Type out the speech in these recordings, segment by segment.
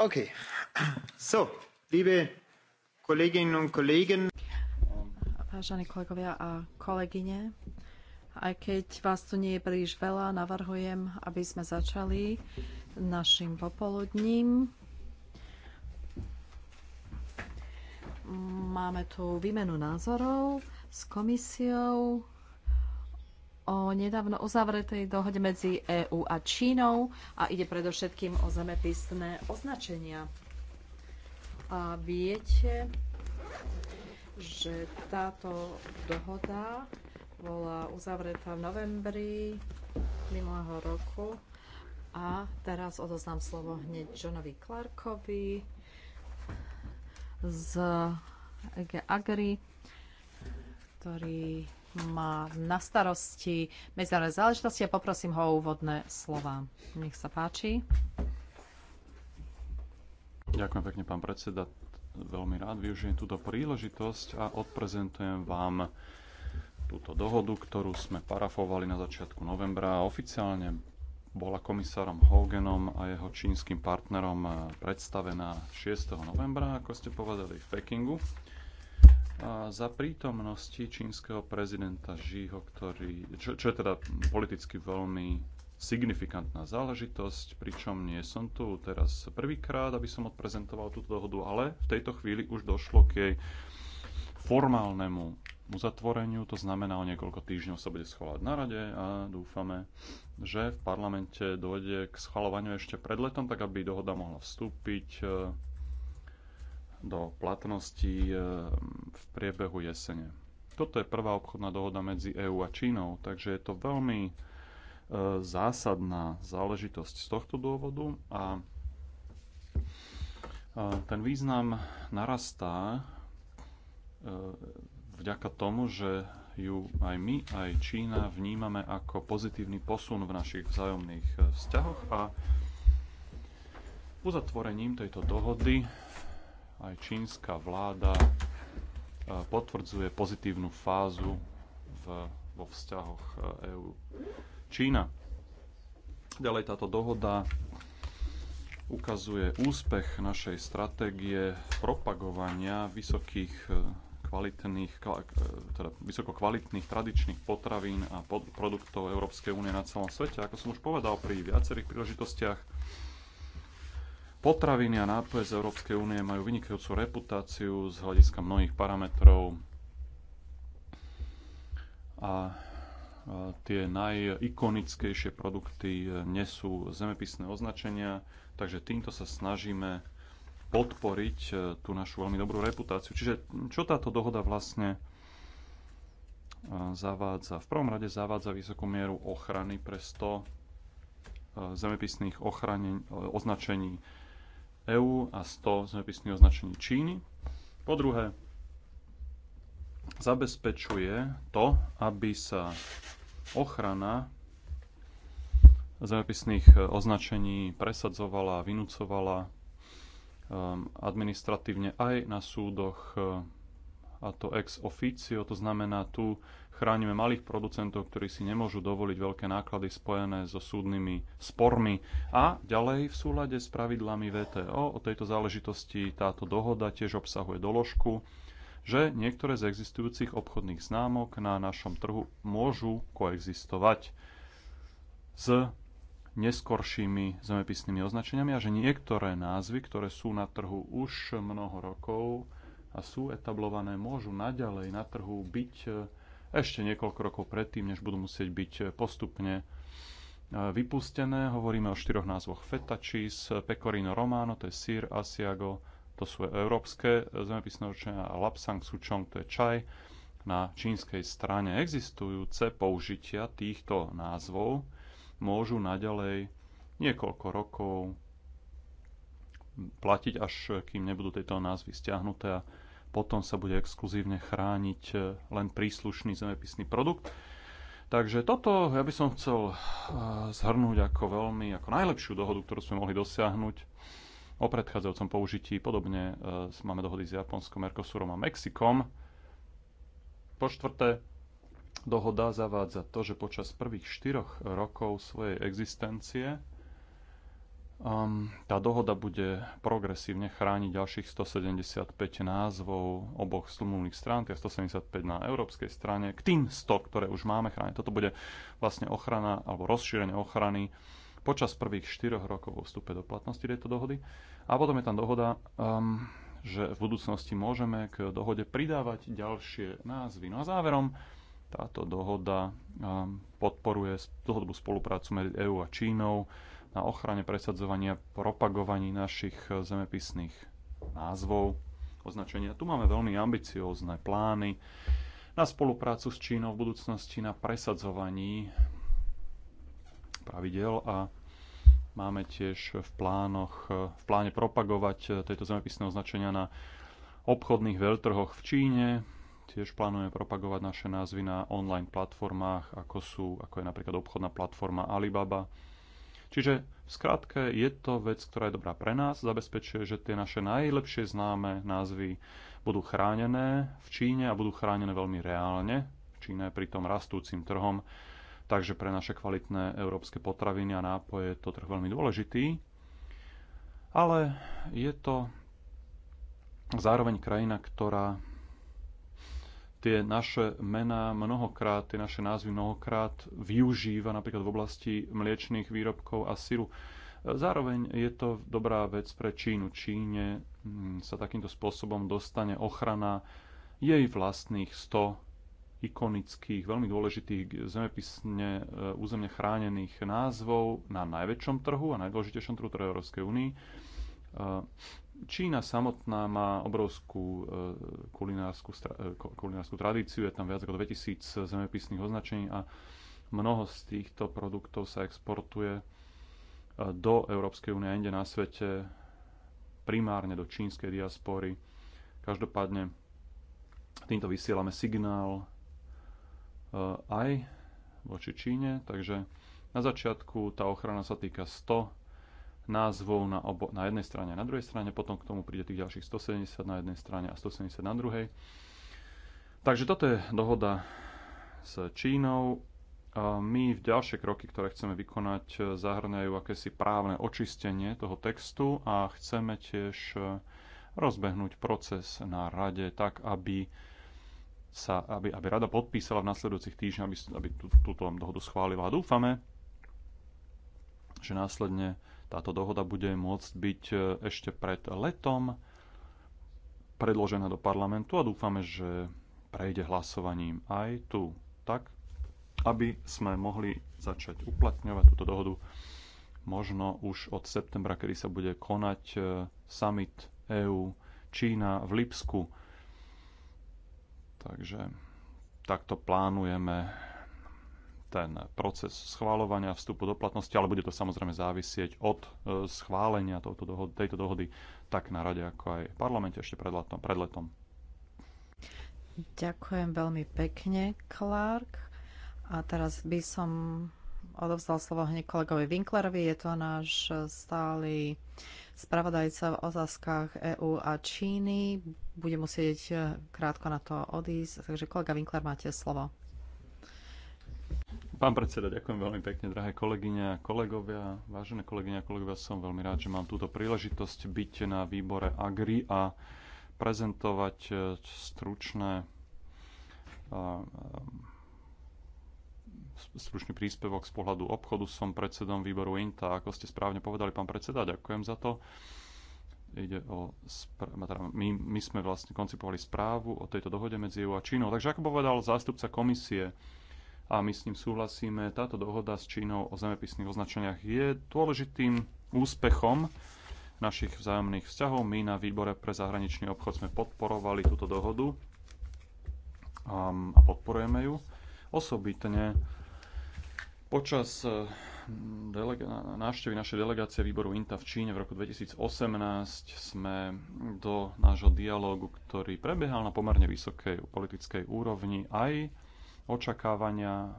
Okay. So, liebe Kolleginnen und Kollegen. Vážení kolegovia a kolegyne, aj keď vás tu nie je príliš veľa, navrhujem, aby sme začali našim popoludním. Máme tu výmenu názorov s komisiou o nedávno uzavretej dohode medzi EÚ a Čínou a ide predovšetkým o zemepisné označenia. A viete, že táto dohoda bola uzavretá v novembri minulého roku a teraz odoznám slovo hneď Johnovi Clarkovi z EG Agri, ktorý má na starosti medzinárodné záležitosti a poprosím ho o úvodné slova. Nech sa páči. Ďakujem pekne, pán predseda. Veľmi rád využijem túto príležitosť a odprezentujem vám túto dohodu, ktorú sme parafovali na začiatku novembra. Oficiálne bola komisárom Hoganom a jeho čínskym partnerom predstavená 6. novembra, ako ste povedali, v Pekingu za prítomnosti čínskeho prezidenta Žího, ktorý, čo, čo je teda politicky veľmi signifikantná záležitosť, pričom nie som tu teraz prvýkrát, aby som odprezentoval túto dohodu, ale v tejto chvíli už došlo k jej formálnemu uzatvoreniu, to znamená o niekoľko týždňov sa bude schváľať na rade a dúfame, že v parlamente dojde k schvalovaniu ešte pred letom, tak aby dohoda mohla vstúpiť e, do platnosti e, v priebehu jesene. Toto je prvá obchodná dohoda medzi EÚ a Čínou, takže je to veľmi e, zásadná záležitosť z tohto dôvodu a e, ten význam narastá vďaka tomu, že ju aj my, aj Čína vnímame ako pozitívny posun v našich vzájomných vzťahoch a uzatvorením tejto dohody aj čínska vláda eh, potvrdzuje pozitívnu fázu v, vo vzťahoch EÚ. Eh, e čína Ďalej táto dohoda ukazuje úspech našej stratégie propagovania vysokých eh, kvalitných, teda vysokokvalitných tradičných potravín a produktov Európskej únie na celom svete. Ako som už povedal pri viacerých príležitostiach, Potraviny a nápoje z Európskej únie majú vynikajúcu reputáciu z hľadiska mnohých parametrov a tie najikonickejšie produkty e, nesú zemepisné označenia, takže týmto sa snažíme podporiť e, tú našu veľmi dobrú reputáciu. Čiže čo táto dohoda vlastne e, zavádza. V prvom rade zavádza vysokú mieru ochrany pre 100 zemepisných ochrane, označení EÚ a 100 zemepisných označení Číny. Po druhé, zabezpečuje to, aby sa ochrana zemepisných označení presadzovala, vynúcovala um, administratívne aj na súdoch, um, a to ex officio, to znamená tu Chránime malých producentov, ktorí si nemôžu dovoliť veľké náklady spojené so súdnymi spormi. A ďalej v súlade s pravidlami VTO o tejto záležitosti táto dohoda tiež obsahuje doložku, že niektoré z existujúcich obchodných známok na našom trhu môžu koexistovať s neskoršími zemepisnými označeniami a že niektoré názvy, ktoré sú na trhu už mnoho rokov a sú etablované, môžu naďalej na trhu byť ešte niekoľko rokov predtým, než budú musieť byť postupne e, vypustené. Hovoríme o štyroch názvoch feta cheese, pecorino romano, to je sír, asiago, to sú európske zemepisné určenia, a lapsang suchong, to je čaj. Na čínskej strane existujúce použitia týchto názvov môžu naďalej niekoľko rokov platiť, až kým nebudú tieto názvy stiahnuté a potom sa bude exkluzívne chrániť e, len príslušný zemepisný produkt. Takže toto ja by som chcel e, zhrnúť ako veľmi, ako najlepšiu dohodu, ktorú sme mohli dosiahnuť o predchádzajúcom použití. Podobne e, máme dohody s Japonskom, Mercosurom a Mexikom. Po štvrté, dohoda zavádza to, že počas prvých štyroch rokov svojej existencie Um, tá dohoda bude progresívne chrániť ďalších 175 názvov oboch slumulných strán, tie 175 na európskej strane, k tým 100, ktoré už máme chrániť. Toto bude vlastne ochrana alebo rozšírenie ochrany počas prvých 4 rokov vo vstupe do platnosti tejto dohody. A potom je tam dohoda, um, že v budúcnosti môžeme k dohode pridávať ďalšie názvy. No a záverom, táto dohoda um, podporuje dlhodobú spoluprácu medzi EÚ a Čínou, na ochrane presadzovania, propagovaní našich eh, zemepisných názvov, označenia. Tu máme veľmi ambiciózne plány na spoluprácu s Čínou v budúcnosti, na presadzovaní pravidel a máme tiež v plánoch, eh, v pláne propagovať eh, tieto zemepisné označenia na obchodných veľtrhoch v Číne. Tiež plánujeme propagovať naše názvy na online platformách, ako, sú, ako je napríklad obchodná platforma Alibaba, Čiže v skratke je to vec, ktorá je dobrá pre nás, zabezpečuje, že tie naše najlepšie známe názvy budú chránené v Číne a budú chránené veľmi reálne. V Číne pri tom rastúcim trhom, takže pre naše kvalitné európske potraviny a nápoje je to trh veľmi dôležitý. Ale je to zároveň krajina, ktorá tie naše mená mnohokrát, tie naše názvy mnohokrát využíva napríklad v oblasti mliečných výrobkov a syru. Zároveň je to dobrá vec pre Čínu. Číne mm, sa takýmto spôsobom dostane ochrana jej vlastných 100 ikonických, veľmi dôležitých zemepisne e, územne chránených názvov na najväčšom trhu a najdôležitejšom trhu, trhu Európskej únii e, Čína samotná má obrovskú kulinárskú, eh, kulinárskú eh, tradíciu, je tam viac ako 2000 zemepisných označení a mnoho z týchto produktov sa exportuje eh, do Európskej únie a inde na svete, primárne do čínskej diaspory. Každopádne týmto vysielame signál aj voči Číne, takže na začiatku tá ochrana sa týka 100 názvov na, obo, na jednej strane a na druhej strane, potom k tomu príde tých ďalších 170 na jednej strane a 170 na druhej. Takže toto je dohoda s Čínou. My v ďalšie kroky, ktoré chceme vykonať, zahrňajú akési právne očistenie toho textu a chceme tiež rozbehnúť proces na rade tak, aby sa, aby, aby rada podpísala v nasledujúcich týždňoch, aby, aby tú, túto dohodu schválila. A dúfame, že následne táto dohoda bude môcť byť e, ešte pred letom predložená do parlamentu a dúfame, že prejde hlasovaním aj tu tak, aby sme mohli začať uplatňovať túto dohodu možno už od septembra, kedy sa bude konať e, summit EU Čína v Lipsku. Takže takto plánujeme ten proces schváľovania vstupu do platnosti, ale bude to samozrejme závisieť od e, schválenia tohoto dohod- tejto dohody tak na rade, ako aj v parlamente ešte pred letom. Pred letom. Ďakujem veľmi pekne, Clark. A teraz by som odovzdal slovo hneď kolegovi Winklerovi. Je to náš stály spravodajca v otázkach EÚ a Číny. Bude musieť e, krátko na to odísť. Takže kolega Winkler, máte slovo. Pán predseda, ďakujem veľmi pekne, drahé kolegyne a kolegovia. Vážené kolegyne a kolegovia, som veľmi rád, že mám túto príležitosť byť na výbore Agri a prezentovať e, stručné e, stručný príspevok z pohľadu obchodu. Som predsedom výboru INTA, ako ste správne povedali, pán predseda, ďakujem za to ide o, teda my, my sme vlastne koncipovali správu o tejto dohode medzi EU a Čínou. Takže ako povedal zástupca komisie, a my s ním súhlasíme. Táto dohoda s Čínou o zemepisných označeniach je dôležitým úspechom našich vzájomných vzťahov. My na výbore pre zahraničný obchod sme podporovali túto dohodu um, a podporujeme ju. Osobitne počas eh, návštevy našej delegácie výboru INTA v Číne v roku 2018 sme do nášho dialógu, ktorý prebiehal na pomerne vysokej politickej úrovni, aj očakávania e,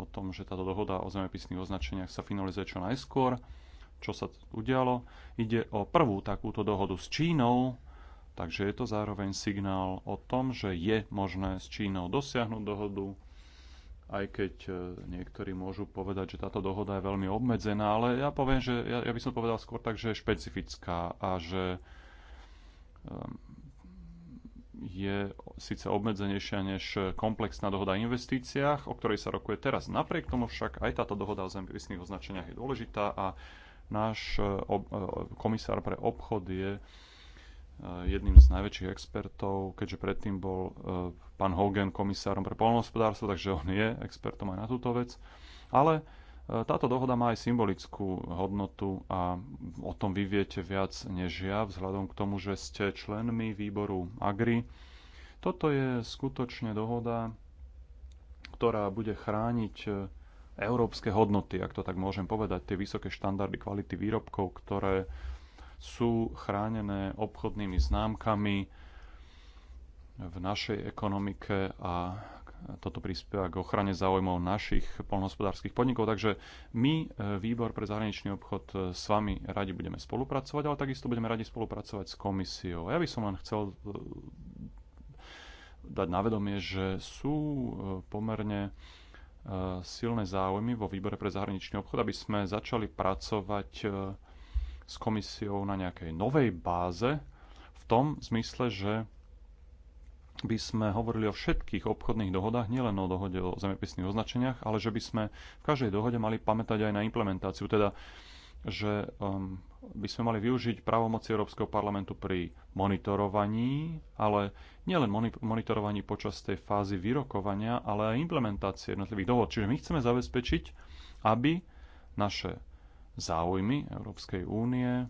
o tom, že táto dohoda o zemepisných označeniach sa finalizuje čo najskôr, čo sa udialo. Ide o prvú takúto dohodu s Čínou, takže je to zároveň signál o tom, že je možné s Čínou dosiahnuť dohodu, aj keď e, niektorí môžu povedať, že táto dohoda je veľmi obmedzená, ale ja poviem, že ja, ja by som povedal skôr tak, že je špecifická a že um, je síce obmedzenejšia než komplexná dohoda o investíciách, o ktorej sa rokuje teraz. Napriek tomu však aj táto dohoda o zemepisných označeniach je dôležitá a náš e, e, komisár pre obchod je e, jedným z najväčších expertov, keďže predtým bol pán Hogan komisárom pre poľnohospodárstvo, takže on je expertom aj na túto vec. Ale táto dohoda má aj symbolickú hodnotu a o tom vy viete viac než ja, vzhľadom k tomu, že ste členmi výboru AGRI. Toto je skutočne dohoda, ktorá bude chrániť e, európske hodnoty, ak to tak môžem povedať, tie vysoké štandardy kvality výrobkov, ktoré sú chránené obchodnými známkami v našej ekonomike a toto prispieva k ochrane záujmov našich polnohospodárskych podnikov. Takže my, e, Výbor pre zahraničný obchod, e, s vami radi budeme spolupracovať, ale takisto budeme radi spolupracovať s komisiou. Ja by som len chcel e, dať na vedomie, že sú pomerne silné záujmy vo výbore pre zahraničný obchod, aby sme začali pracovať s komisiou na nejakej novej báze v tom zmysle, že by sme hovorili o všetkých obchodných dohodách, nielen o dohode o zemepisných označeniach, ale že by sme v každej dohode mali pamätať aj na implementáciu, teda že um, by sme mali využiť právomoci Európskeho parlamentu pri monitorovaní, ale nielen monitorovaní počas tej fázy vyrokovania, ale aj implementácie jednotlivých dohod. Čiže my chceme zabezpečiť, aby naše záujmy Európskej únie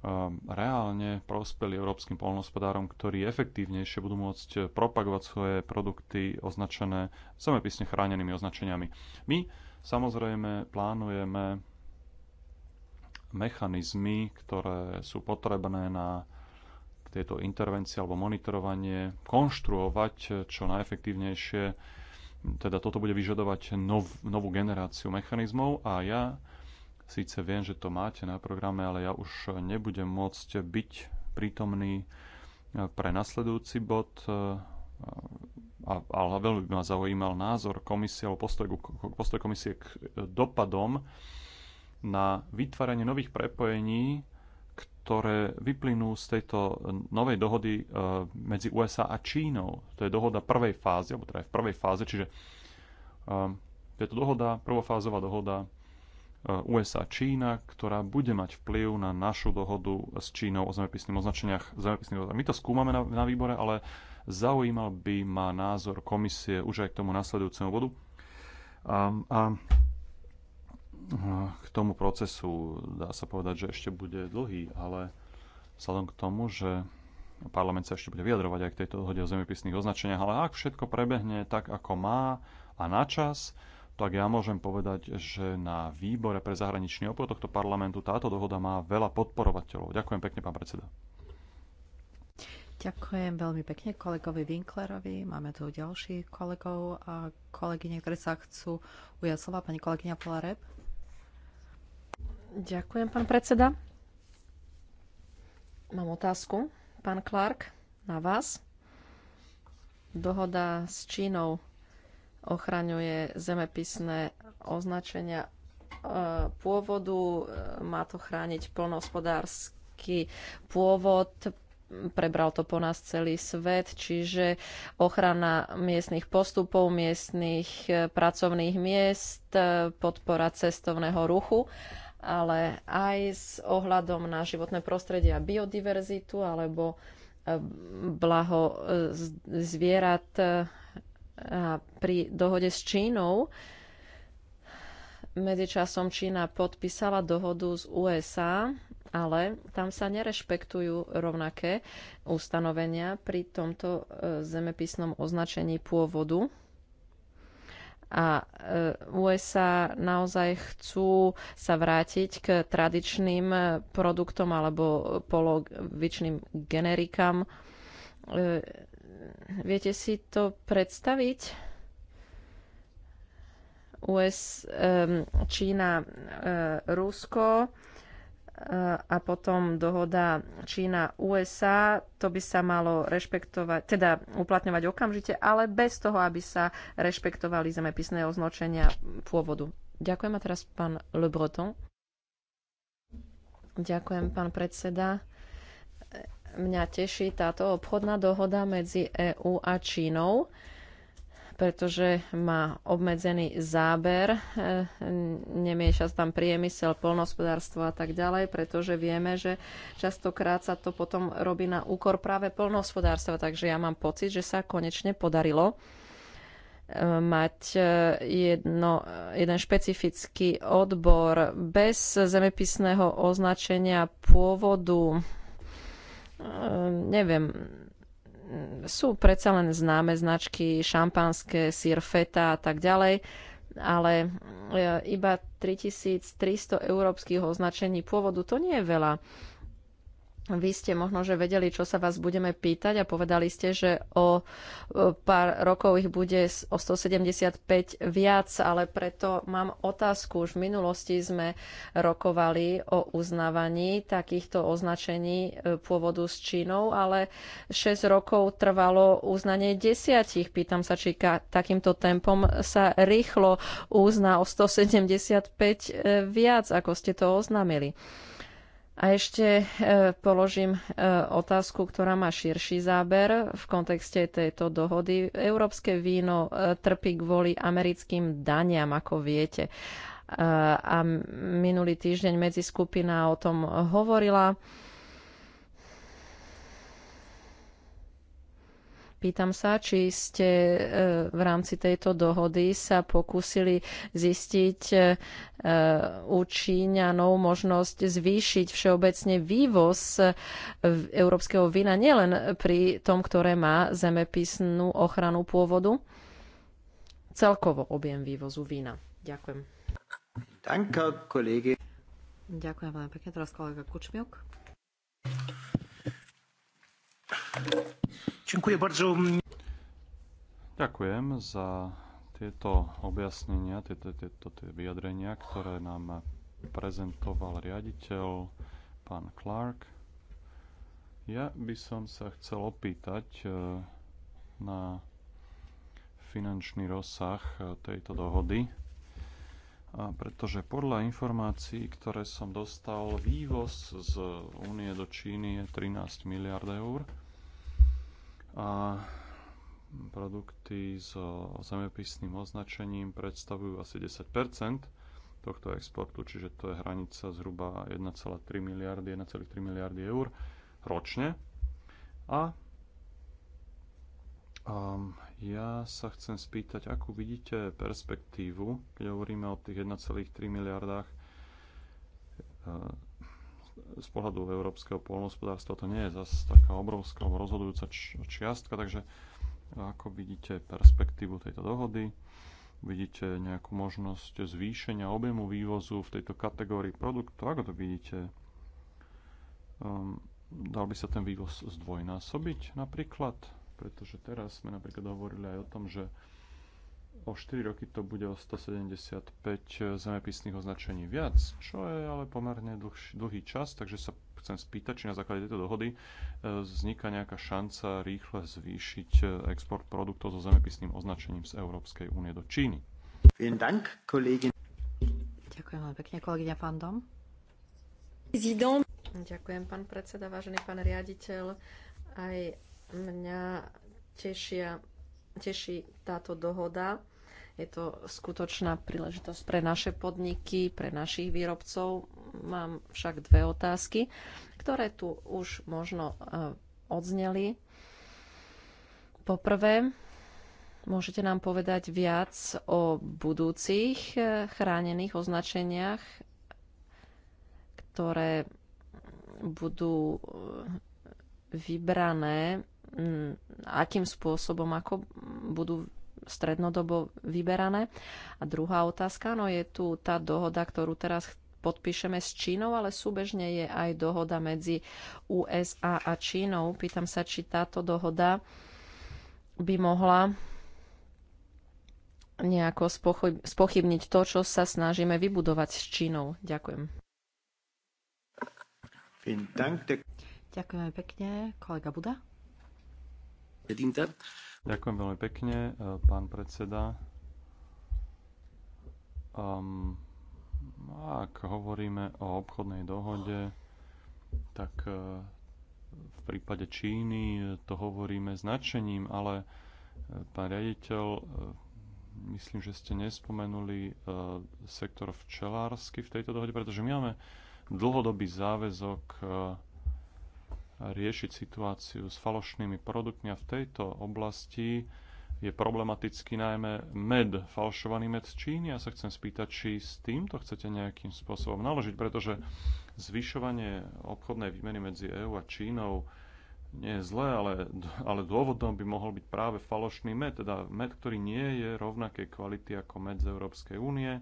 Um, reálne prospeli európskym poľnohospodárom, ktorí efektívnejšie budú môcť propagovať svoje produkty označené samopisne chránenými označeniami. My samozrejme plánujeme mechanizmy, ktoré sú potrebné na tieto intervencie alebo monitorovanie, konštruovať čo najefektívnejšie. Teda toto bude vyžadovať nov, novú generáciu mechanizmov a ja Síce viem, že to máte na programe, ale ja už nebudem môcť byť prítomný e, pre nasledujúci bod, e, a, ale veľmi ma zaujímal názor komisie alebo postoj, postoj komisie k e, dopadom na vytváranie nových prepojení, ktoré vyplynú z tejto novej dohody medzi USA a Čínou. To je dohoda prvej fázy, alebo teda je v prvej fáze, čiže je to dohoda, prvofázová dohoda Eh, USA Čína, ktorá bude mať vplyv na našu dohodu s Čínou o zemepisných označeniach zemepisných My to skúmame na, na výbore, ale zaujímal by ma názor komisie už aj k tomu nasledujúcemu bodu. Ehm, a, a eh, k tomu procesu dá sa povedať, že ešte bude dlhý, ale vzhľadom k tomu, že parlament sa ešte bude vyjadrovať aj k tejto dohode o zemepisných označeniach, ale ak všetko prebehne tak, ako má a na čas, tak ja môžem povedať, že na výbore pre zahraničný obchod tohto parlamentu táto dohoda má veľa podporovateľov. Ďakujem pekne, pán predseda. Ďakujem veľmi pekne kolegovi Winklerovi. Máme tu ďalších kolegov a kolegyne, ktoré sa chcú ujať slova. Pani kolegyňa Polareb. Ďakujem, pán predseda. Mám otázku, pán Clark, na vás. Dohoda s Čínou ochraňuje zemepisné označenia e, pôvodu, e, má to chrániť plnohospodársky pôvod, prebral to po nás celý svet, čiže ochrana miestnych postupov, miestnych e, pracovných miest, podpora cestovného ruchu, ale aj s ohľadom na životné prostredie a biodiverzitu alebo blaho zvierat a pri dohode s Čínou medzičasom Čína podpísala dohodu z USA, ale tam sa nerešpektujú rovnaké ustanovenia pri tomto e, zemepisnom označení pôvodu. A e, USA naozaj chcú sa vrátiť k tradičným e, produktom alebo polovičným generikám E, viete si to predstaviť? US, Čína, e, Rusko e, a potom dohoda Čína-USA, to by sa malo rešpektovať, teda uplatňovať okamžite, ale bez toho, aby sa rešpektovali zemepisné označenia pôvodu. Ďakujem a teraz pán Le Breton. Ďakujem, pán predseda mňa teší táto obchodná dohoda medzi EÚ a Čínou, pretože má obmedzený záber, e, nemieša sa tam priemysel, polnohospodárstvo a tak ďalej, pretože vieme, že častokrát sa to potom robí na úkor práve polnohospodárstva, takže ja mám pocit, že sa konečne podarilo e, mať e, jedno, jeden špecifický odbor bez zemepisného označenia pôvodu Ehm, neviem, sú predsa len známe značky, šampanské, sír feta a tak ďalej, ale e, iba 3300 európskych označení pôvodu, to nie je veľa. Vy ste možno, že vedeli, čo sa vás budeme pýtať a povedali ste, že o pár rokov ich bude o 175 viac, ale preto mám otázku. Už v minulosti sme rokovali o uznávaní takýchto označení e, pôvodu s Čínou, ale 6 rokov trvalo uznanie desiatich. Pýtam sa, či takýmto tempom sa rýchlo uzná o 175 e, viac, ako ste to oznámili. A ešte e, položím e, otázku, ktorá má širší záber v kontexte tejto dohody. Európske víno e, trpí kvôli americkým daniam, ako viete. A minulý týždeň medzi skupina o tom hovorila. Pýtam sa, či ste e, v rámci tejto dohody sa pokúsili zistiť e, u Číňanov možnosť zvýšiť všeobecne vývoz e, európskeho vína nielen pri tom, ktoré má zemepisnú ochranu pôvodu, celkovo objem vývozu vína. Ďakujem. Danke, Ďakujem veľmi pekne. Teraz kolega Kučmiuk. Ďakujem za tieto objasnenia, tieto, tieto tie vyjadrenia, ktoré nám prezentoval riaditeľ pán Clark. Ja by som sa chcel opýtať e, na finančný rozsah e, tejto dohody, pretože podľa informácií, ktoré som dostal, vývoz z únie do Číny je 13 miliard eur a produkty so zemepisným označením predstavujú asi 10 tohto exportu, čiže to je hranica zhruba 1,3 miliardy, 1,3 miliardy eur ročne. A um, ja sa chcem spýtať, akú vidíte perspektívu, keď hovoríme o tých 1,3 miliardách uh, z pohľadu európskeho polnohospodárstva to nie je zase taká obrovská rozhodujúca čiastka, takže ako vidíte perspektívu tejto dohody, vidíte nejakú možnosť zvýšenia objemu vývozu v tejto kategórii produktov, ako to vidíte, um, dal by sa ten vývoz zdvojnásobiť napríklad, pretože teraz sme napríklad hovorili aj o tom, že o 4 roky to bude o 175 zemepisných označení viac, čo je ale pomerne dlhší, dlhý čas, takže sa chcem spýtať, či na základe tejto dohody e, vzniká nejaká šanca rýchle zvýšiť e, export produktov so zemepisným označením z Európskej únie do Číny. Ďakujem veľmi pekne, kolegyňa Dom. Ďakujem, pán predseda, vážený pán riaditeľ. Aj mňa tešia, teší táto dohoda je to skutočná príležitosť pre naše podniky, pre našich výrobcov. Mám však dve otázky, ktoré tu už možno e, odzneli. Poprvé, môžete nám povedať viac o budúcich e, chránených označeniach, ktoré budú e, vybrané, akým spôsobom, ako budú strednodobo vyberané. A druhá otázka, no je tu tá dohoda, ktorú teraz podpíšeme s Čínou, ale súbežne je aj dohoda medzi USA a Čínou. Pýtam sa, či táto dohoda by mohla nejako spochybniť to, čo sa snažíme vybudovať s Čínou. Ďakujem. Ďakujem pekne. Kolega Buda. Ďakujem veľmi pekne, eh, pán predseda. Um, ak hovoríme o obchodnej dohode, tak eh, v prípade Číny eh, to hovoríme značením, ale pán riaditeľ, myslím, že ste nespomenuli sektor včelársky v tejto dohode, pretože my máme dlhodobý záväzok riešiť situáciu s falošnými produktmi a v tejto oblasti je problematický najmä med, falšovaný med z Číny. Ja sa chcem spýtať, či s týmto chcete nejakým spôsobom naložiť, pretože zvyšovanie obchodnej výmeny medzi EÚ a Čínou nie je zlé, ale, ale dôvodom by mohol byť práve falošný med, teda med, ktorý nie je rovnakej kvality ako med z Európskej únie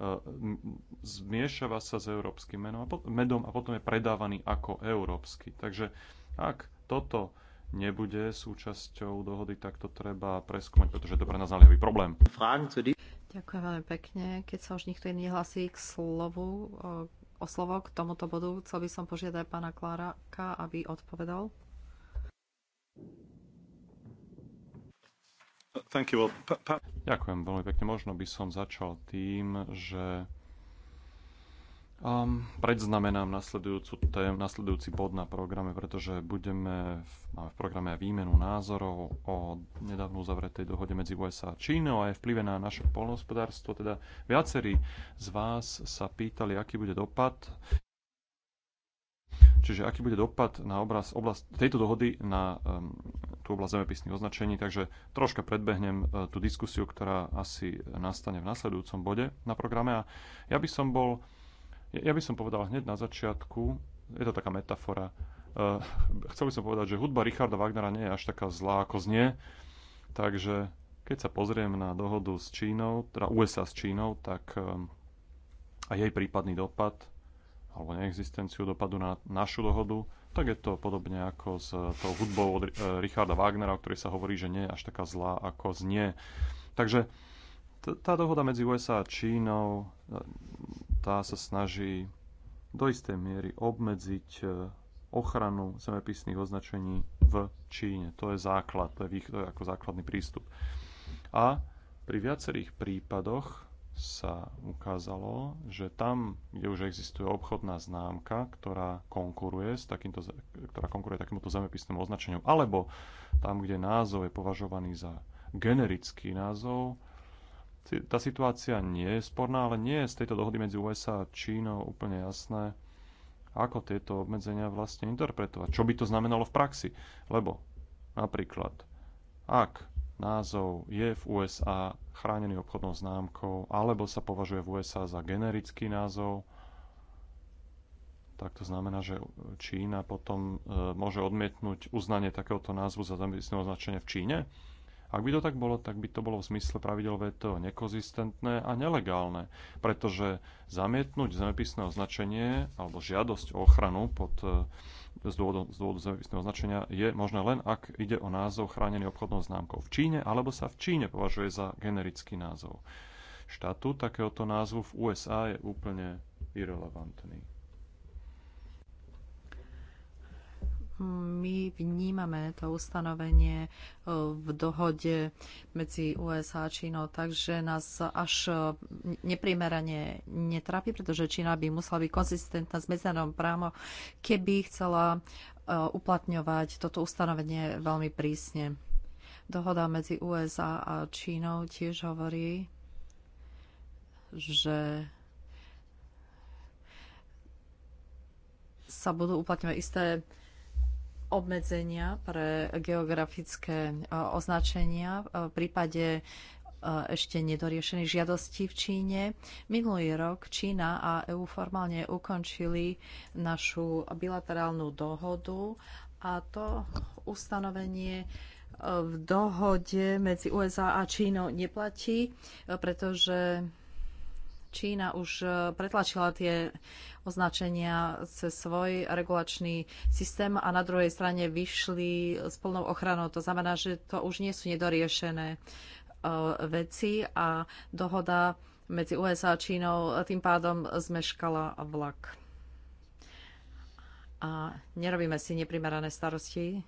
Ehm, zmiešava sa s európskym menom a medom a potom je predávaný ako európsky. Takže ak toto nebude súčasťou dohody, tak to treba preskúmať, pretože to pre nás naliehavý problém. Ďakujem veľmi pekne. Keď sa už nikto iný hlasí k slovu, o slovo k tomuto bodu, chcel by som požiadať pána Kláraka, aby odpovedal. Ďakujem veľmi pekne. Možno by som začal tým, že um, predznamenám nasledujúcu tém, nasledujúci bod na programe, pretože budeme v, máme v programe výmenu názorov o nedávno uzavretej dohode medzi USA a Čínou a aj vplyve na naše polnohospodárstvo. Teda viacerí z vás sa pýtali, aký bude dopad Čiže aký bude dopad na obraz, oblast, tejto dohody na um, tú oblasť zemepisných označení. Takže troška predbehnem uh, tú diskusiu, ktorá asi nastane v nasledujúcom bode na programe. A ja by som bol, ja by som povedal hneď na začiatku, je to taká metafora, uh, chcel by som povedať, že hudba Richarda Wagnera nie je až taká zlá, ako znie. Takže keď sa pozriem na dohodu s Čínou, teda USA s Čínou, tak um, a jej prípadný dopad alebo neexistenciu dopadu na našu dohodu, tak je to podobne ako s tou hudbou od eh, Richarda Wagnera, o ktorej sa hovorí, že nie je až taká zlá, ako znie. Takže tá dohoda medzi USA a Čínou, eh, tá sa snaží do istej miery obmedziť eh, ochranu zemepisných označení v Číne. To je základ, to je, to je ako základný prístup. A pri viacerých prípadoch sa ukázalo, že tam, kde už existuje obchodná známka, ktorá konkuruje, s takýmto, ktorá konkuruje takémuto zemepisnému označeniu, alebo tam, kde názov je považovaný za generický názov, tá situácia nie je sporná, ale nie je z tejto dohody medzi USA a Čínou úplne jasné, ako tieto obmedzenia vlastne interpretovať. Čo by to znamenalo v praxi? Lebo napríklad, ak názov je v USA chránený obchodnou známkou alebo sa považuje v USA za generický názov, tak to znamená, že Čína potom e, môže odmietnúť uznanie takéhoto názvu za zamestnané označenie v Číne. Ak by to tak bolo, tak by to bolo v zmysle pravidel VTO nekozistentné a nelegálne, pretože zamietnúť zemepisné označenie alebo žiadosť o ochranu pod e, z dôvodu, z dôvodu zemepisného značenia je možné len, ak ide o názov chránený obchodnou známkou v Číne, alebo sa v Číne považuje za generický názov. Štátu takéhoto názvu v USA je úplne irrelevantný. my vnímame to ustanovenie e, v dohode medzi USA a Čínou, takže nás až e, neprimerane netrápi, pretože Čína by musela byť konzistentná s medzinárodným právom, keby chcela e, uplatňovať toto ustanovenie veľmi prísne. Dohoda medzi USA a Čínou tiež hovorí, že sa budú uplatňovať isté obmedzenia pre geografické e, označenia e, v prípade e, ešte nedoriešených žiadostí v Číne. Minulý rok Čína a EU formálne ukončili našu bilaterálnu dohodu a to ustanovenie v dohode medzi USA a Čínou neplatí, pretože Čína už e, pretlačila tie označenia cez svoj regulačný systém a na druhej strane vyšli s plnou ochranou. To znamená, že to už nie sú nedoriešené e, veci a dohoda medzi USA a Čínou e, tým pádom zmeškala vlak. A nerobíme si neprimerané starosti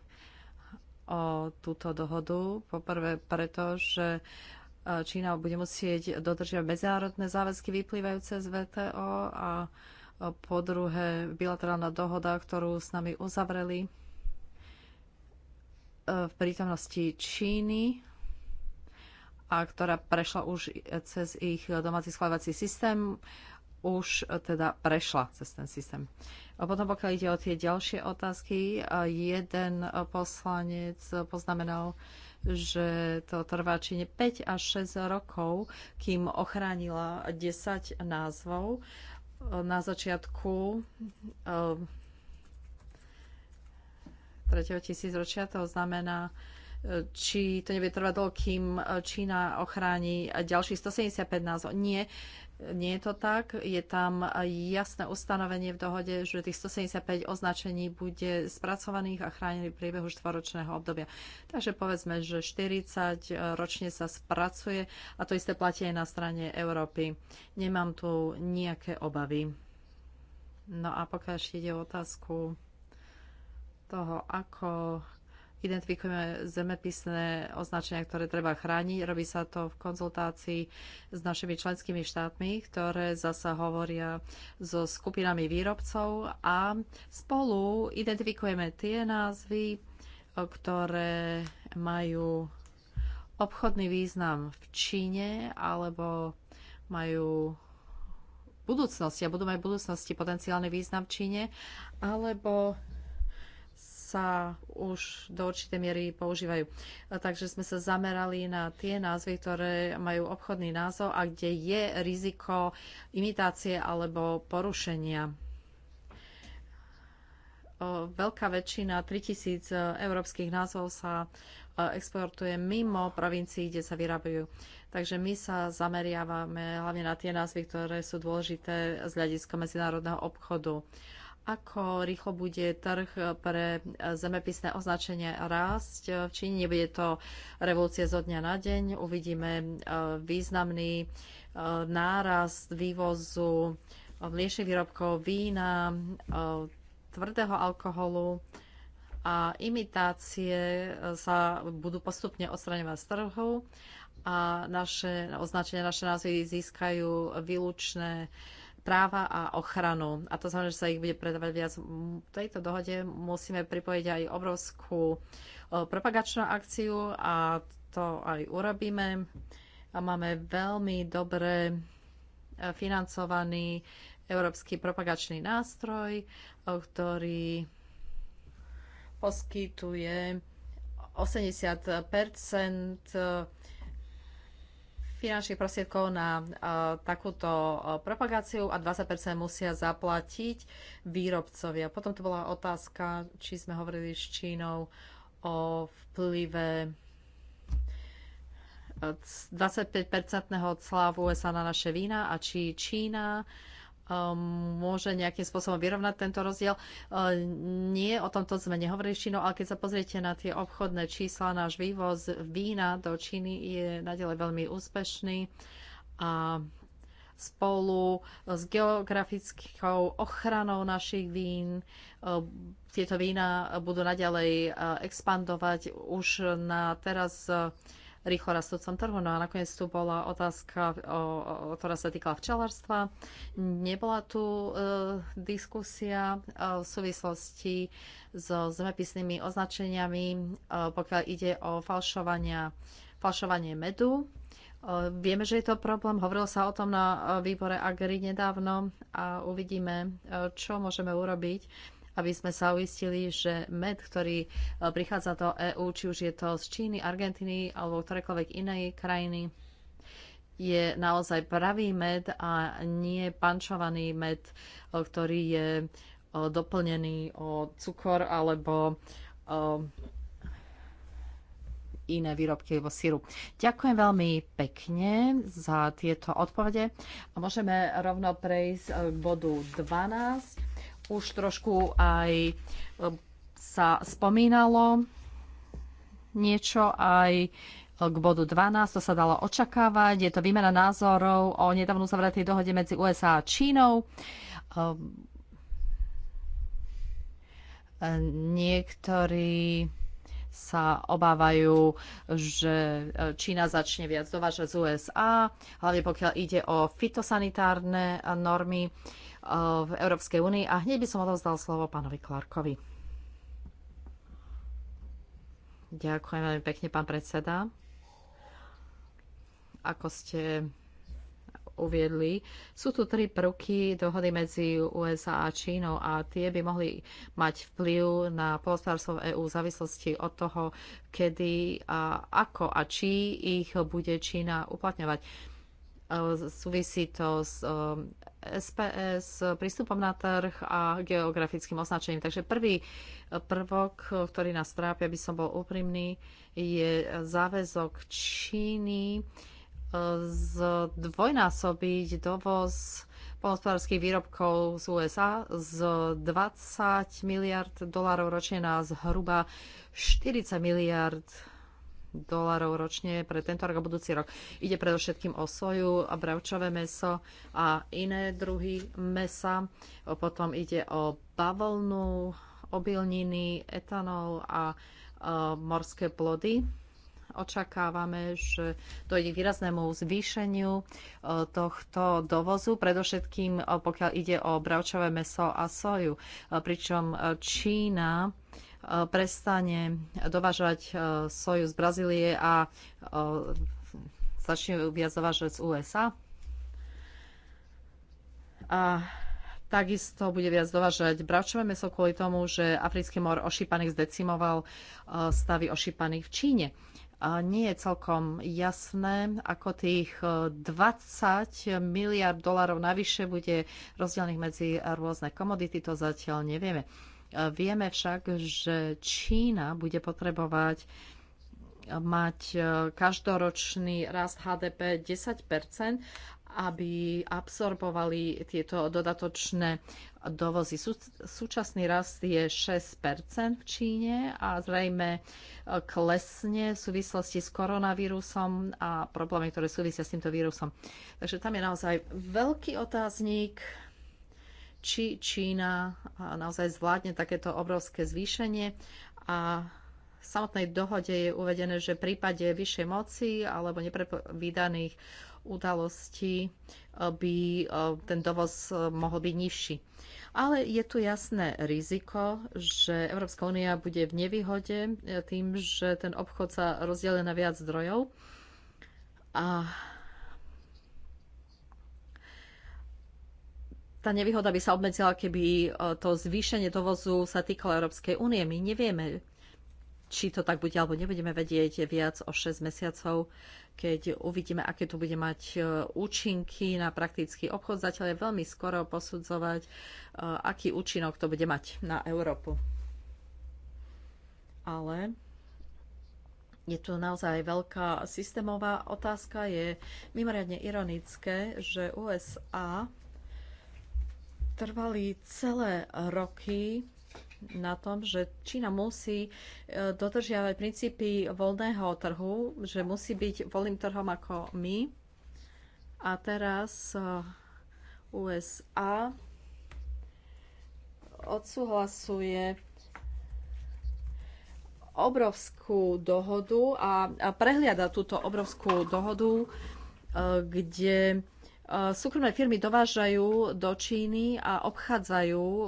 o túto dohodu. Poprvé preto, že Čína bude musieť dodržiavať medzinárodné záväzky vyplývajúce z VTO a po druhé bilaterálna dohoda, ktorú s nami uzavreli e, v prítomnosti Číny a ktorá prešla už cez ich domáci schváľovací systém, už teda prešla cez ten systém. A potom pokiaľ ide o tie ďalšie otázky, jeden poslanec poznamenal, že to trvá čine 5 až 6 rokov, kým ochránila 10 názvov. Na začiatku eh, tretieho tisícročia to znamená eh, či to nebude trvať dlho, kým eh, Čína ochráni ďalších 175 názov. Nie, nie je to tak. Je tam jasné ustanovenie v dohode, že tých 175 označení bude spracovaných a chránených v priebehu štvoročného obdobia. Takže povedzme, že 40 ročne sa spracuje a to isté platí aj na strane Európy. Nemám tu nejaké obavy. No a pokiaľ ešte ide o otázku toho, ako identifikujeme zemepisné označenia, ktoré treba chrániť. Robí sa to v konzultácii s našimi členskými štátmi, ktoré zasa hovoria so skupinami výrobcov a spolu identifikujeme tie názvy, ktoré majú obchodný význam v Číne alebo majú budúcnosti a budú mať v budúcnosti potenciálny význam v Číne, alebo sa už do určitej miery používajú. Takže sme sa zamerali na tie názvy, ktoré majú obchodný názov a kde je riziko imitácie alebo porušenia. Veľká väčšina 3000 európskych názvov sa e, exportuje mimo provincií, kde sa vyrábajú. Takže my sa zameriavame hlavne na tie názvy, ktoré sú dôležité z hľadiska medzinárodného obchodu. Ako rýchlo bude trh pre zemepisné označenie rásť v Číne? Nebude to revolúcia zo dňa na deň. Uvidíme e, významný e, nárast vývozu mliečných výrobkov, vína, e, tvrdého alkoholu a imitácie sa budú postupne odstraňovať z trhu a naše označenia, naše názvy získajú výlučné uh, práva a ochranu. A to znamená, že sa ich bude predávať viac. V tejto dohode musíme pripojiť aj obrovskú propagačnú akciu a to aj urobíme. A máme veľmi dobre e, financovaný európsky propagačný nástroj, ktorý poskytuje 80 finančných prostriedkov na e, takúto e, propagáciu a 20% musia zaplatiť výrobcovia. Potom to bola otázka, či sme hovorili s Čínou o vplyve 25-percentného e, cla v USA na naše vína a či Čína Ehm, môže nejakým spôsobom vyrovnať tento rozdiel. Ehm, nie, o tomto sme nehovorili s Čínou, ale keď sa pozriete na tie obchodné čísla, náš vývoz vína do Číny je nadalej veľmi úspešný a spolu s geografickou ochranou našich vín. Ehm, tieto vína budú naďalej expandovať. Už na teraz rýchlo rastúcom trhu. No a nakoniec tu bola otázka, o, o, ktorá sa týkala včelárstva. Nebola tu e, diskusia e, v súvislosti so zemepisnými označeniami, e, pokiaľ ide o falšovania, falšovanie medu. E, vieme, že je to problém. Hovorilo sa o tom na e, výbore Agri nedávno a uvidíme, e, čo môžeme urobiť aby sme sa uistili, že med, ktorý e, prichádza do EÚ, či už je to z Číny, Argentíny alebo ktorékoľvek inej krajiny, je naozaj pravý med a nie pančovaný med, e, ktorý je e, doplnený o cukor alebo o iné výrobky alebo síru. Ďakujem veľmi pekne za tieto odpovede a môžeme rovno prejsť k bodu 12 už trošku aj um, sa spomínalo niečo aj um, k bodu 12, to sa dalo očakávať. Je to výmena názorov o nedávno zavretej dohode medzi USA a Čínou. Um, niektorí sa obávajú, že Čína začne viac dovážať z USA, hlavne pokiaľ ide o fitosanitárne uh, normy v Európskej únii. A hneď by som odovzdal slovo pánovi Clarkovi. Ďakujem veľmi pekne, pán predseda. Ako ste uviedli, sú tu tri prvky dohody medzi USA a Čínou a tie by mohli mať vplyv na polostárstvo EÚ v závislosti od toho, kedy a ako a či ich bude Čína uplatňovať. Súvisí to s SPS, eh, eh, prístupom na trh a geografickým označením. Takže prvý eh, prvok, ktorý nás trápia, aby som bol úprimný, je záväzok Číny zdvojnásobiť dovoz polnospodárských výrobkov z USA z 20 miliard dolárov ročne na zhruba 40 miliard dolárov ročne pre tento rok a budúci rok. Ide predovšetkým o soju a bravčové meso a iné druhy mesa. Potom ide o bavlnu, obilniny, etanol a e, morské plody. Očakávame, že dojde k výraznému zvýšeniu e, tohto dovozu, predovšetkým e, pokiaľ ide o bravčové meso a soju. Pričom Čína Eh, prestane dovážať eh, soju z Brazílie a eh, začne viac dovážať z USA. A takisto bude viac dovážať bravčové meso kvôli tomu, že Africký mor ošípaných zdecimoval stavy ošípaných v Číne. A nie je celkom jasné, ako tých 20 miliard dolárov navyše bude rozdelených medzi rôzne komodity, to zatiaľ nevieme. Vieme však, že Čína bude potrebovať eh, mať eh, každoročný rast HDP 10 aby absorbovali tieto dodatočné dovozy. Súčasný rast je 6 v Číne a zrejme eh, klesne v súvislosti s koronavírusom a problémy, ktoré súvisia s týmto vírusom. Takže tam je naozaj veľký otáznik či Čína naozaj zvládne takéto obrovské zvýšenie a v samotnej dohode je uvedené, že v prípade vyššej moci alebo neprepovídaných udalostí e, by e, ten dovoz e, mohol byť nižší. Ale je tu jasné riziko, že Európska únia bude v nevýhode tým, že ten obchod sa rozdieluje na viac zdrojov a tá nevýhoda by sa obmedzila, keby e, to zvýšenie dovozu sa týkalo Európskej únie. My nevieme, či to tak bude, alebo nebudeme vedieť viac o 6 mesiacov, keď uvidíme, aké to bude mať e, účinky na praktický obchod. Zatiaľ je veľmi skoro posudzovať, e, aký účinok to bude mať na Európu. Ale je tu naozaj veľká systémová otázka. Je mimoriadne ironické, že USA trvali celé roky na tom, že Čína musí e, dodržiavať princípy voľného trhu, že musí byť voľným trhom ako my. A teraz e, USA odsúhlasuje obrovskú dohodu a, a prehliada túto obrovskú dohodu, e, kde E, súkromné firmy dovážajú do Číny a obchádzajú e,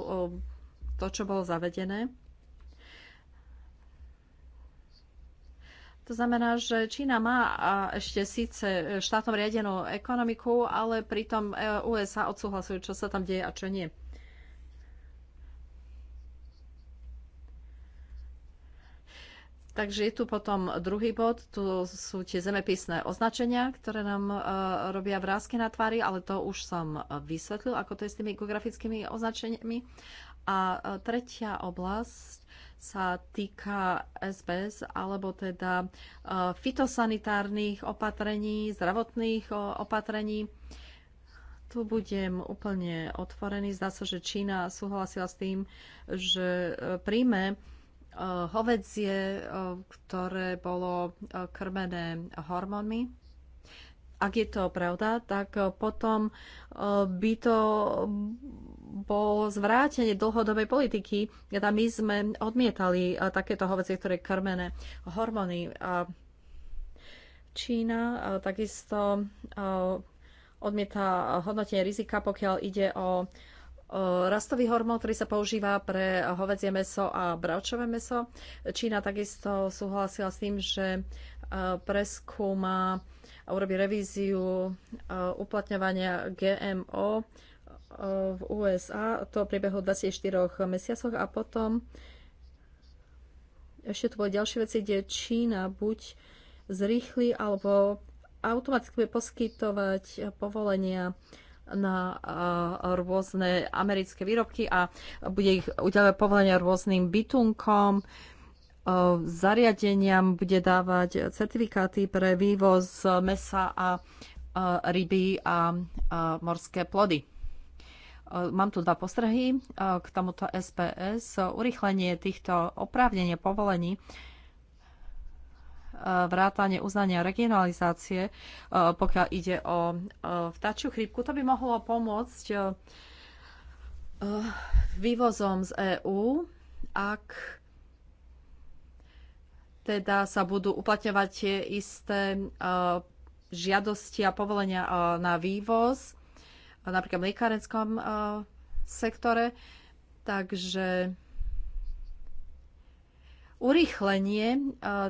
to, čo bolo zavedené. To znamená, že Čína má ešte síce štátom riadenú ekonomiku, ale pritom e, USA odsúhlasujú, čo sa tam deje a čo nie. Takže je tu potom druhý bod, tu sú tie zemepisné označenia, ktoré nám e, robia vrázky na tvári, ale to už som vysvetlil, ako to je s tými geografickými označeniami. A e, tretia oblasť sa týka SBS, alebo teda e, fitosanitárnych opatrení, zdravotných opatrení. Tu budem úplne otvorený. Zdá sa, že Čína súhlasila s tým, že e, príjme E, hovedzie, e, ktoré bolo e, krmené hormónmi. Ak je to pravda, tak potom by to bolo zvrátenie dlhodobej politiky, teda my sme odmietali takéto hovedzie, ktoré je krmené hormóny. Čína takisto odmieta hodnotenie rizika, pokiaľ ide o rastový hormón, ktorý sa používa pre hovedzie meso a bravčové meso. Čína takisto súhlasila s tým, že e, preskúma a urobí revíziu e, uplatňovania GMO e, v USA, to priebehu 24 mesiacoch a potom ešte tu boli ďalšie veci, kde Čína buď zrýchli alebo automaticky poskytovať povolenia na eh, rôzne americké výrobky a bude ich udelať povolenia rôznym bytunkom, eh, zariadeniam, bude dávať certifikáty pre vývoz mesa a eh, ryby a morské plody. Mám tu dva postrehy k tomuto SPS. Urychlenie týchto oprávnenie povolení vrátanie uznania regionalizácie, e, pokiaľ ide o e, vtáčiu chrípku. To by mohlo pomôcť e, vývozom z EÚ, ak teda sa budú uplatňovať tie isté žiadosti a povolenia na vývoz, napríklad v lekárenskom sektore. Takže Urýchlenie e,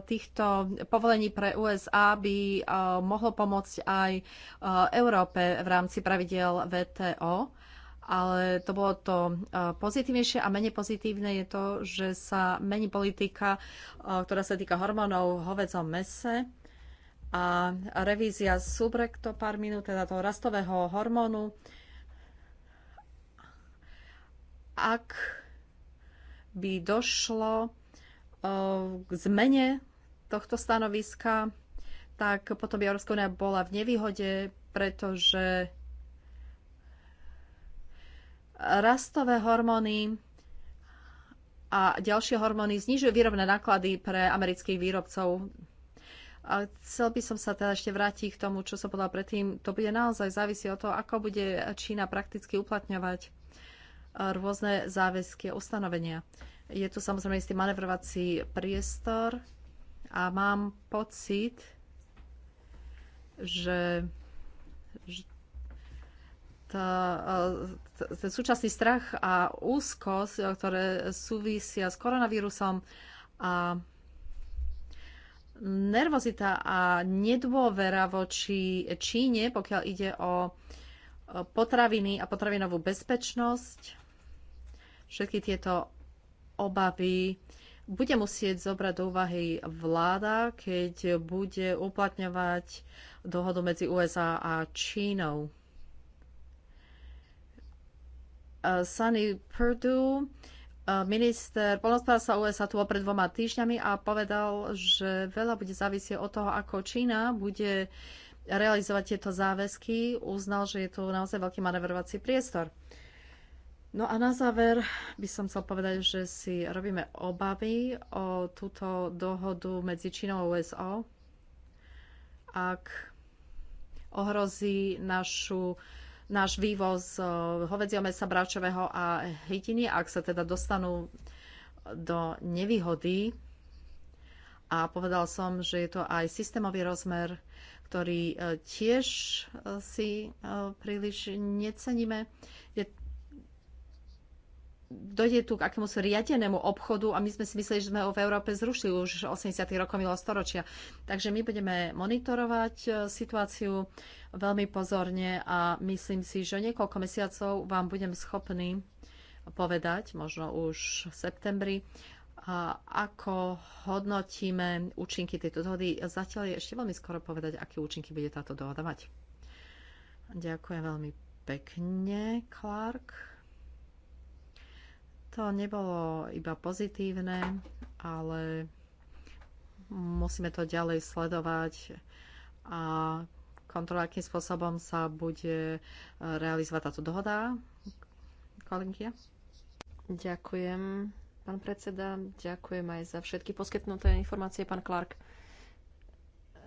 týchto povolení pre USA by e, mohlo pomôcť aj e, Európe v rámci pravidel VTO, ale to bolo to pozitívnejšie a menej pozitívne je to, že sa mení politika, ktorá sa týka hormónov hovedzom mese a revízia subrektopárminu, teda toho rastového hormónu. Ak by došlo Eh, k zmene tohto stanoviska, tak potom by Európska únia bola v nevýhode, pretože rastové hormóny a ďalšie hormóny znižujú výrobné náklady pre amerických výrobcov. A chcel by som sa teda ešte vrátiť k tomu, čo som povedal predtým. To bude naozaj závisí od toho, ako bude Čína prakticky uplatňovať eh, rôzne záväzky a ustanovenia. Je tu samozrejme istý manevrovací priestor a mám pocit, že tá, e, ten súčasný strach a úzkosť, e, ktoré súvisia s koronavírusom a nervozita a nedôvera voči Číne, pokiaľ ide o e, potraviny a potravinovú bezpečnosť, všetky tieto obavy bude musieť zobrať do úvahy vláda, keď bude uplatňovať dohodu medzi USA a Čínou. Sunny Purdue, minister polnospodárstva USA tu pred dvoma týždňami a povedal, že veľa bude závisieť od toho, ako Čína bude realizovať tieto záväzky. Uznal, že je tu naozaj veľký manevrovací priestor. No a na záver by som chcel povedať, že si robíme obavy o túto dohodu medzi Čínou a USA, ak ohrozí našu, náš vývoz eh, hovedzieho mesa bráčového a hytiny, ak sa teda dostanú do nevýhody. A povedal som, že je to aj systémový rozmer, ktorý eh, tiež eh, si príliš neceníme. Je dojde tu k akému riadenému obchodu a my sme si mysleli, že sme ho v Európe zrušili už 80. rokov milého storočia. Takže my budeme monitorovať e, situáciu veľmi pozorne a myslím si, že niekoľko mesiacov vám budem schopný povedať, možno už v septembri, a ako hodnotíme účinky tejto dohody. Zatiaľ je ešte veľmi skoro povedať, aké účinky bude táto dohoda mať. Ďakujem veľmi pekne, Clark. To nebolo iba pozitívne, ale musíme to ďalej sledovať a kontrolovať, akým spôsobom sa bude e, realizovať táto dohoda. Kolinkia? Ďakujem, pán predseda. Ďakujem aj za všetky poskytnuté informácie, pán Clark.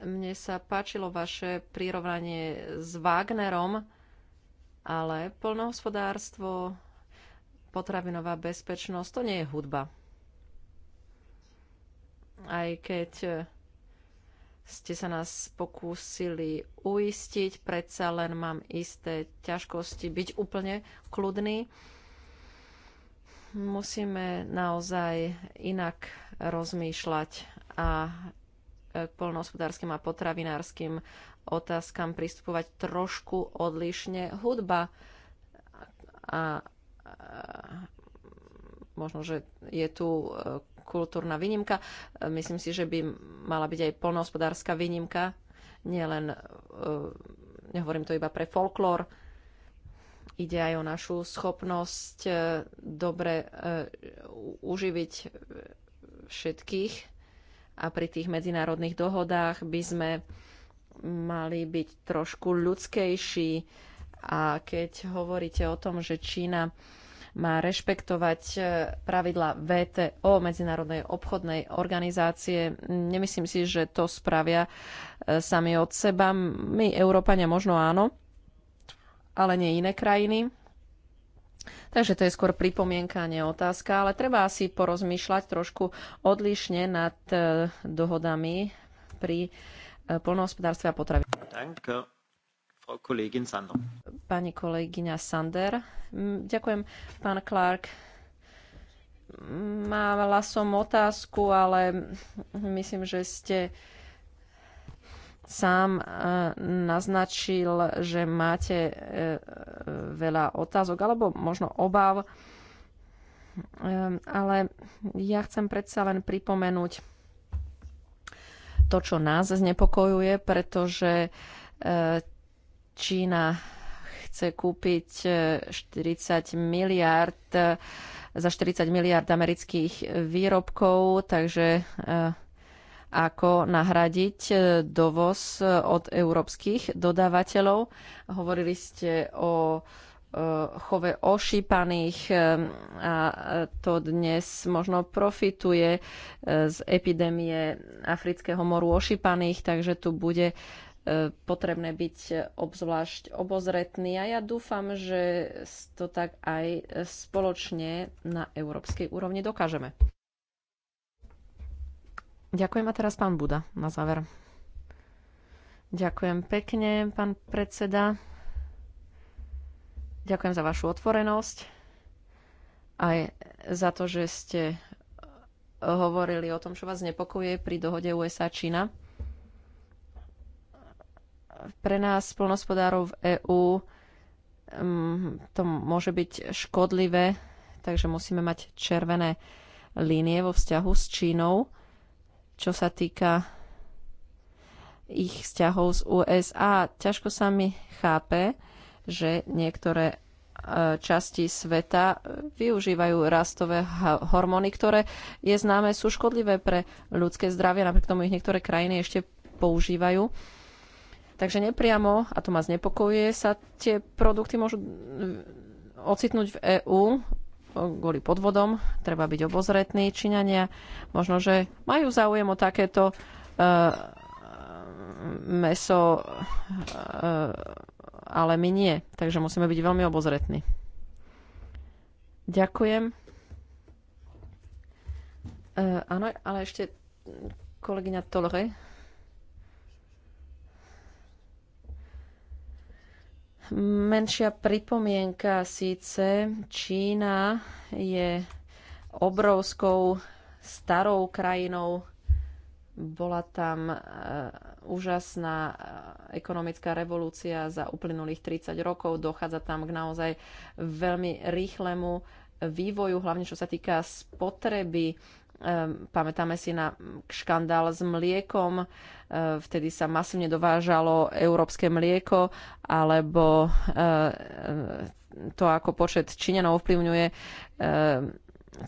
Mne sa páčilo vaše prirovnanie s Wagnerom, ale polnohospodárstvo potravinová bezpečnosť, to nie je hudba. Aj keď e, ste sa nás pokúsili uistiť, predsa len mám isté ťažkosti byť úplne kľudný. Musíme naozaj inak rozmýšľať a e, k polnohospodárským a potravinárskym otázkam pristupovať trošku odlišne. Hudba a možno, že je tu e, kultúrna výnimka. E, myslím si, že by mala byť aj polnohospodárska výnimka, nielen, e, nehovorím to iba pre folklór, ide aj o našu schopnosť dobre uživiť všetkých a pri tých medzinárodných dohodách by sme mali byť trošku ľudskejší a keď hovoríte o tom, že Čína má rešpektovať e, pravidla VTO, Medzinárodnej obchodnej organizácie. Nemyslím si, že to spravia e, sami od seba. My, Európania, možno áno, ale nie iné krajiny. Takže to je skôr pripomienka, nie otázka, ale treba asi porozmýšľať trošku odlišne nad e, dohodami pri polnohospodárstve a potravinách pani kolegyňa Sander. Ďakujem, pán Clark. Mala som otázku, ale myslím, že ste sám e, naznačil, že máte e, veľa otázok alebo možno obav, e, ale ja chcem predsa len pripomenúť to, čo nás znepokojuje, pretože Čína chce kúpiť 40 e, miliard e, za 40 miliard amerických výrobkov, takže e, ako nahradiť dovoz od európskych dodávateľov. Hovorili ste o chove ošípaných a to dnes možno profituje z epidémie afrického moru ošípaných, takže tu bude E, potrebné byť obzvlášť obozretný a ja dúfam, že to tak aj spoločne na európskej úrovni dokážeme. Ďakujem a teraz pán Buda na záver. Ďakujem pekne, pán predseda. Ďakujem za vašu otvorenosť aj za to, že ste hovorili o tom, čo vás nepokojuje pri dohode USA-Čína pre nás, plnospodárov v EÚ, mm, to môže byť škodlivé, takže musíme mať červené línie vo vzťahu s Čínou, čo sa týka ich vzťahov z USA. Ťažko sa mi chápe, že niektoré e, časti sveta e, využívajú rastové hormóny, ktoré je známe sú škodlivé pre ľudské zdravie, napriek tomu ich niektoré krajiny ešte používajú. Takže nepriamo, a to ma znepokojuje, sa tie produkty môžu ocitnúť v EÚ kvôli podvodom, treba byť obozretný. Číňania možno, že majú záujem o takéto uh, meso, uh, ale my nie. Takže musíme byť veľmi obozretní. Ďakujem. Uh, áno, ale ešte kolegyňa Tolre. Menšia pripomienka síce Čína je obrovskou starou krajinou. Bola tam e, úžasná e, ekonomická revolúcia za uplynulých 30 rokov. Dochádza tam k naozaj veľmi rýchlemu vývoju, hlavne čo sa týka spotreby Pamätáme si na škandál s mliekom, vtedy sa masívne dovážalo európske mlieko, alebo to, ako počet Číňanov ovplyvňuje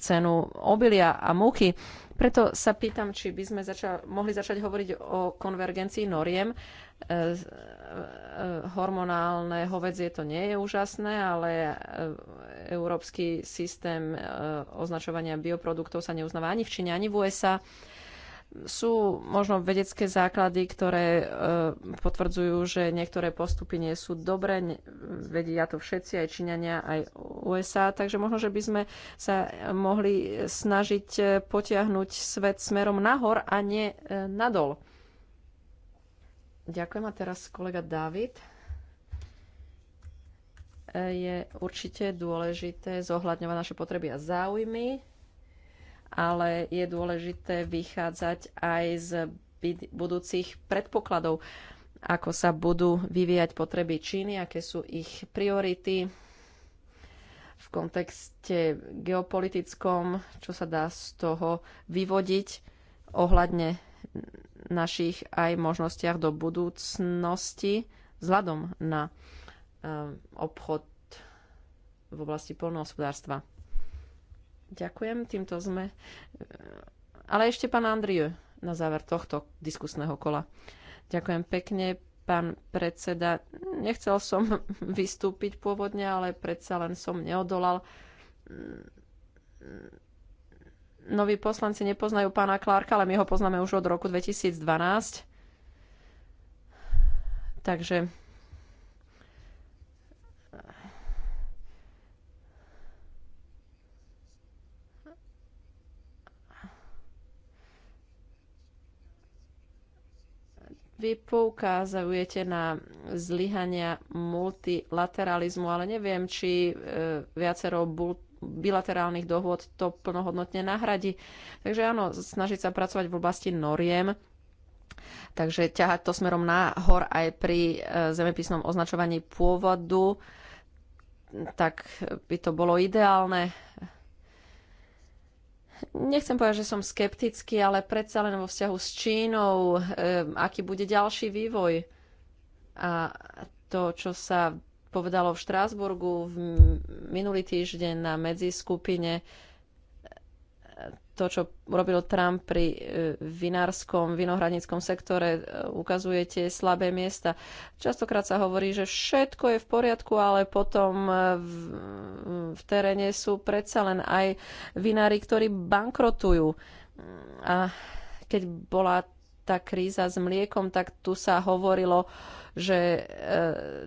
cenu obilia a múky. Preto sa pýtam, či by sme zača- mohli začať hovoriť o konvergencii noriem. E, e, hormonálne hovedzie to nie je úžasné, ale e, európsky systém e, označovania bioproduktov sa neuznáva ani v Číne, ani v USA. E, sú možno vedecké základy, ktoré eh, potvrdzujú, že niektoré postupy nie sú dobré. Vedia to všetci, aj Číňania, aj USA. Takže možno, že by sme sa mohli snažiť eh, potiahnuť svet smerom nahor a nie eh, nadol. Ďakujem. A teraz kolega David. je určite dôležité zohľadňovať naše potreby a záujmy ale je dôležité vychádzať aj z budúcich predpokladov, ako sa budú vyvíjať potreby Číny, aké sú ich priority v kontexte geopolitickom, čo sa dá z toho vyvodiť ohľadne našich aj možnostiach do budúcnosti vzhľadom na eh, obchod v oblasti polnohospodárstva. Ďakujem, týmto sme. E, ale ešte pán Andriu na záver tohto diskusného kola. Ďakujem pekne, pán predseda. Nechcel som vystúpiť pôvodne, ale predsa len som neodolal. Noví poslanci nepoznajú pána Klárka, ale my ho poznáme už od roku 2012. Takže Vy poukázujete na zlyhania multilateralizmu, ale neviem, či e, viacero bilaterálnych dohôd to plnohodnotne nahradí. Takže áno, snažiť sa pracovať v oblasti noriem, takže ťahať to smerom nahor aj pri e, zemepisnom označovaní pôvodu, tak by to bolo ideálne. Nechcem povedať, že som skeptický, ale predsa len vo vzťahu s Čínou, e, aký bude ďalší vývoj. A to, čo sa povedalo v Štrásburgu v minulý týždeň na medziskupine, skupine to, čo robil Trump pri e, vinárskom, vinohradníckom sektore, e, ukazuje tie slabé miesta. Častokrát sa hovorí, že všetko je v poriadku, ale potom e, v, v teréne sú predsa len aj vinári, ktorí bankrotujú. A keď bola tá kríza s mliekom, tak tu sa hovorilo, uh, že e,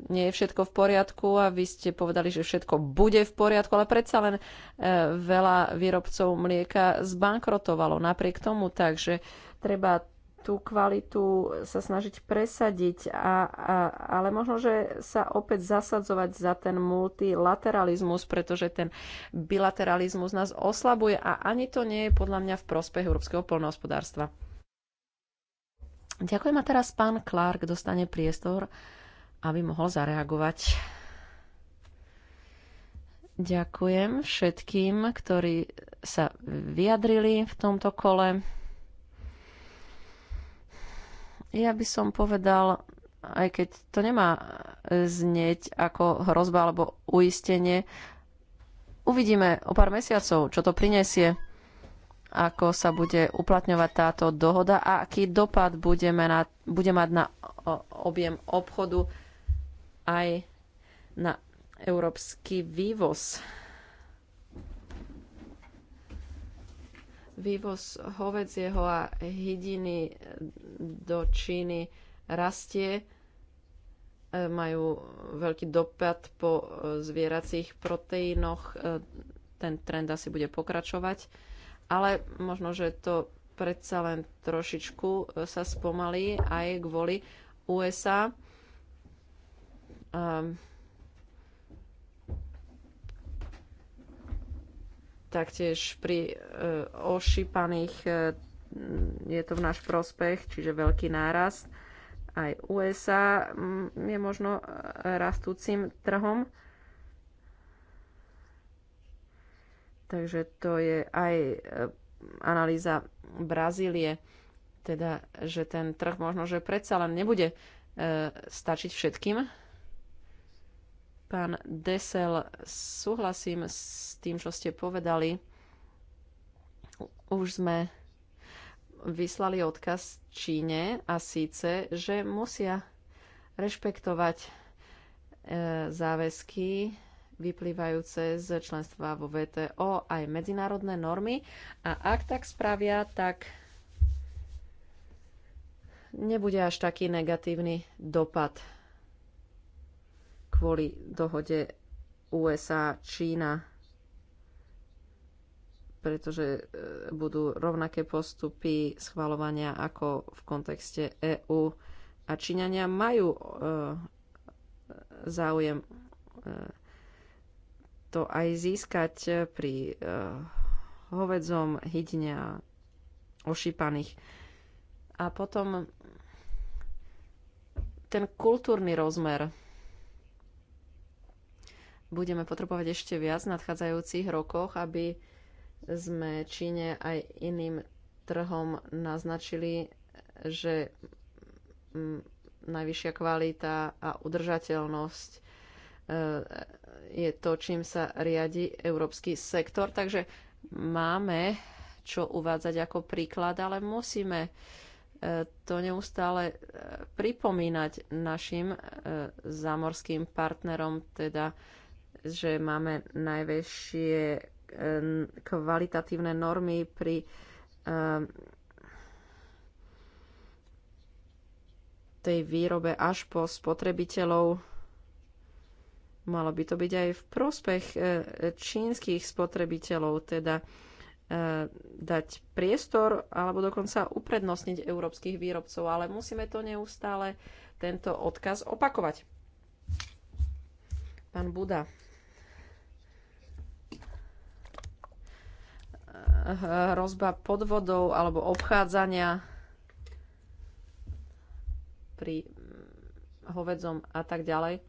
nie je všetko v poriadku a vy ste povedali, že všetko bude v poriadku, ale predsa len e, veľa výrobcov mlieka zbankrotovalo napriek tomu, takže treba tú kvalitu sa snažiť presadiť, a, a, ale možno, že sa opäť zasadzovať za ten multilateralizmus, pretože ten bilateralizmus nás oslabuje a ani to nie je podľa mňa v prospech európskeho polnohospodárstva. Ďakujem a teraz pán Clark dostane priestor, aby mohol zareagovať. Ďakujem všetkým, ktorí sa vyjadrili v tomto kole. Ja by som povedal, aj keď to nemá znieť ako hrozba alebo uistenie, uvidíme o pár mesiacov, čo to prinesie ako sa bude uplatňovať táto dohoda a aký dopad budeme na, bude mať na objem obchodu aj na európsky vývoz. Vývoz hovedzieho a hydiny do Číny rastie. E, majú veľký dopad po e, zvieracích proteínoch. E, ten trend asi bude pokračovať ale možno, že to predsa len trošičku e, sa spomalí aj kvôli USA. Um, ehm. taktiež pri uh, ošípaných uh, je to v náš prospech, čiže veľký nárast. Aj USA je možno rastúcim trhom. Takže to je aj e, analýza Brazílie, teda, že ten trh možno, že predsa len nebude e, stačiť všetkým. Pán Desel, súhlasím s tým, čo ste povedali. Už sme vyslali odkaz Číne a síce, že musia rešpektovať e, záväzky vyplývajúce z členstva vo VTO aj medzinárodné normy a ak tak spravia, tak nebude až taký negatívny dopad kvôli dohode USA-Čína, pretože e, budú rovnaké postupy schvalovania ako v kontexte EÚ. A Číňania majú e, záujem e, to aj získať eh, pri eh, hovedzom hydine a ošípaných. A potom ten kultúrny rozmer budeme potrebovať ešte viac v nadchádzajúcich rokoch, aby sme Číne aj iným trhom naznačili, že mm, najvyššia kvalita a udržateľnosť E, je to, čím sa riadi európsky sektor. Takže máme čo uvádzať ako príklad, ale musíme e, to neustále e, pripomínať našim zamorským partnerom, teda, že máme najväčšie kvalitatívne normy pri tej výrobe až po spotrebiteľov Malo by to byť aj v prospech e, čínskych spotrebiteľov, teda e, dať priestor alebo dokonca uprednostniť európskych výrobcov, ale musíme to neustále tento odkaz opakovať. Pán Buda. Hrozba podvodov alebo obchádzania pri hovedzom a tak ďalej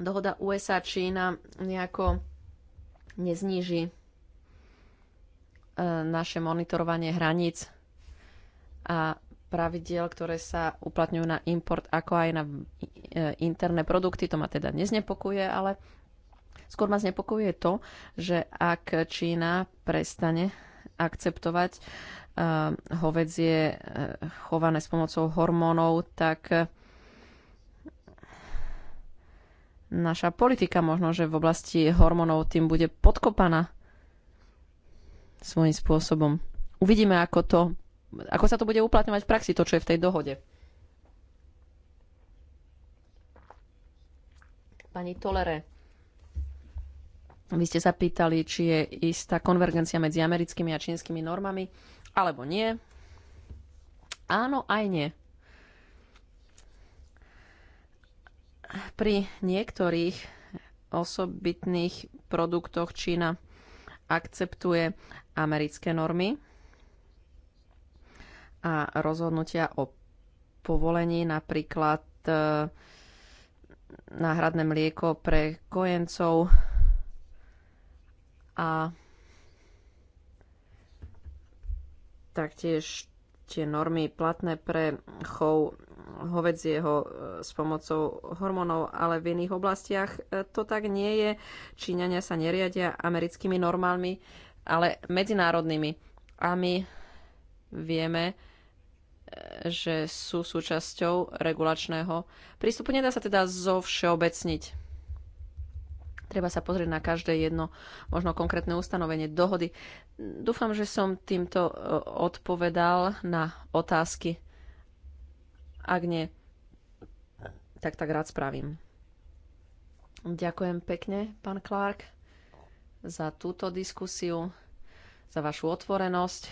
dohoda USA-Čína nejako nezníži e, naše monitorovanie hraníc a pravidiel, ktoré sa uplatňujú na import, ako aj na e, interné produkty. To ma teda neznepokuje, ale skôr ma znepokuje to, že ak Čína prestane akceptovať e, hovedzie chované s pomocou hormónov, tak naša politika. Možno, že v oblasti hormónov tým bude podkopaná svojím spôsobom. Uvidíme, ako, to, ako sa to bude uplatňovať v praxi, to, čo je v tej dohode. Pani Tolere, vy ste sa pýtali, či je istá konvergencia medzi americkými a čínskymi normami, alebo nie. Áno, aj nie. pri niektorých osobitných produktoch Čína akceptuje americké normy a rozhodnutia o povolení napríklad e, náhradné mlieko pre kojencov a taktiež tie normy platné pre chov hovedzieho e, s pomocou hormónov, ale v iných oblastiach e, to tak nie je. Číňania sa neriadia americkými normálmi, ale medzinárodnými. A my vieme, e, že sú súčasťou regulačného prístupu. Nedá sa teda zo všeobecniť. Treba sa pozrieť na každé jedno možno konkrétne ustanovenie dohody. Dúfam, že som týmto odpovedal na otázky. Ak nie, tak tak rád spravím. Ďakujem pekne, pán Clark, za túto diskusiu, za vašu otvorenosť.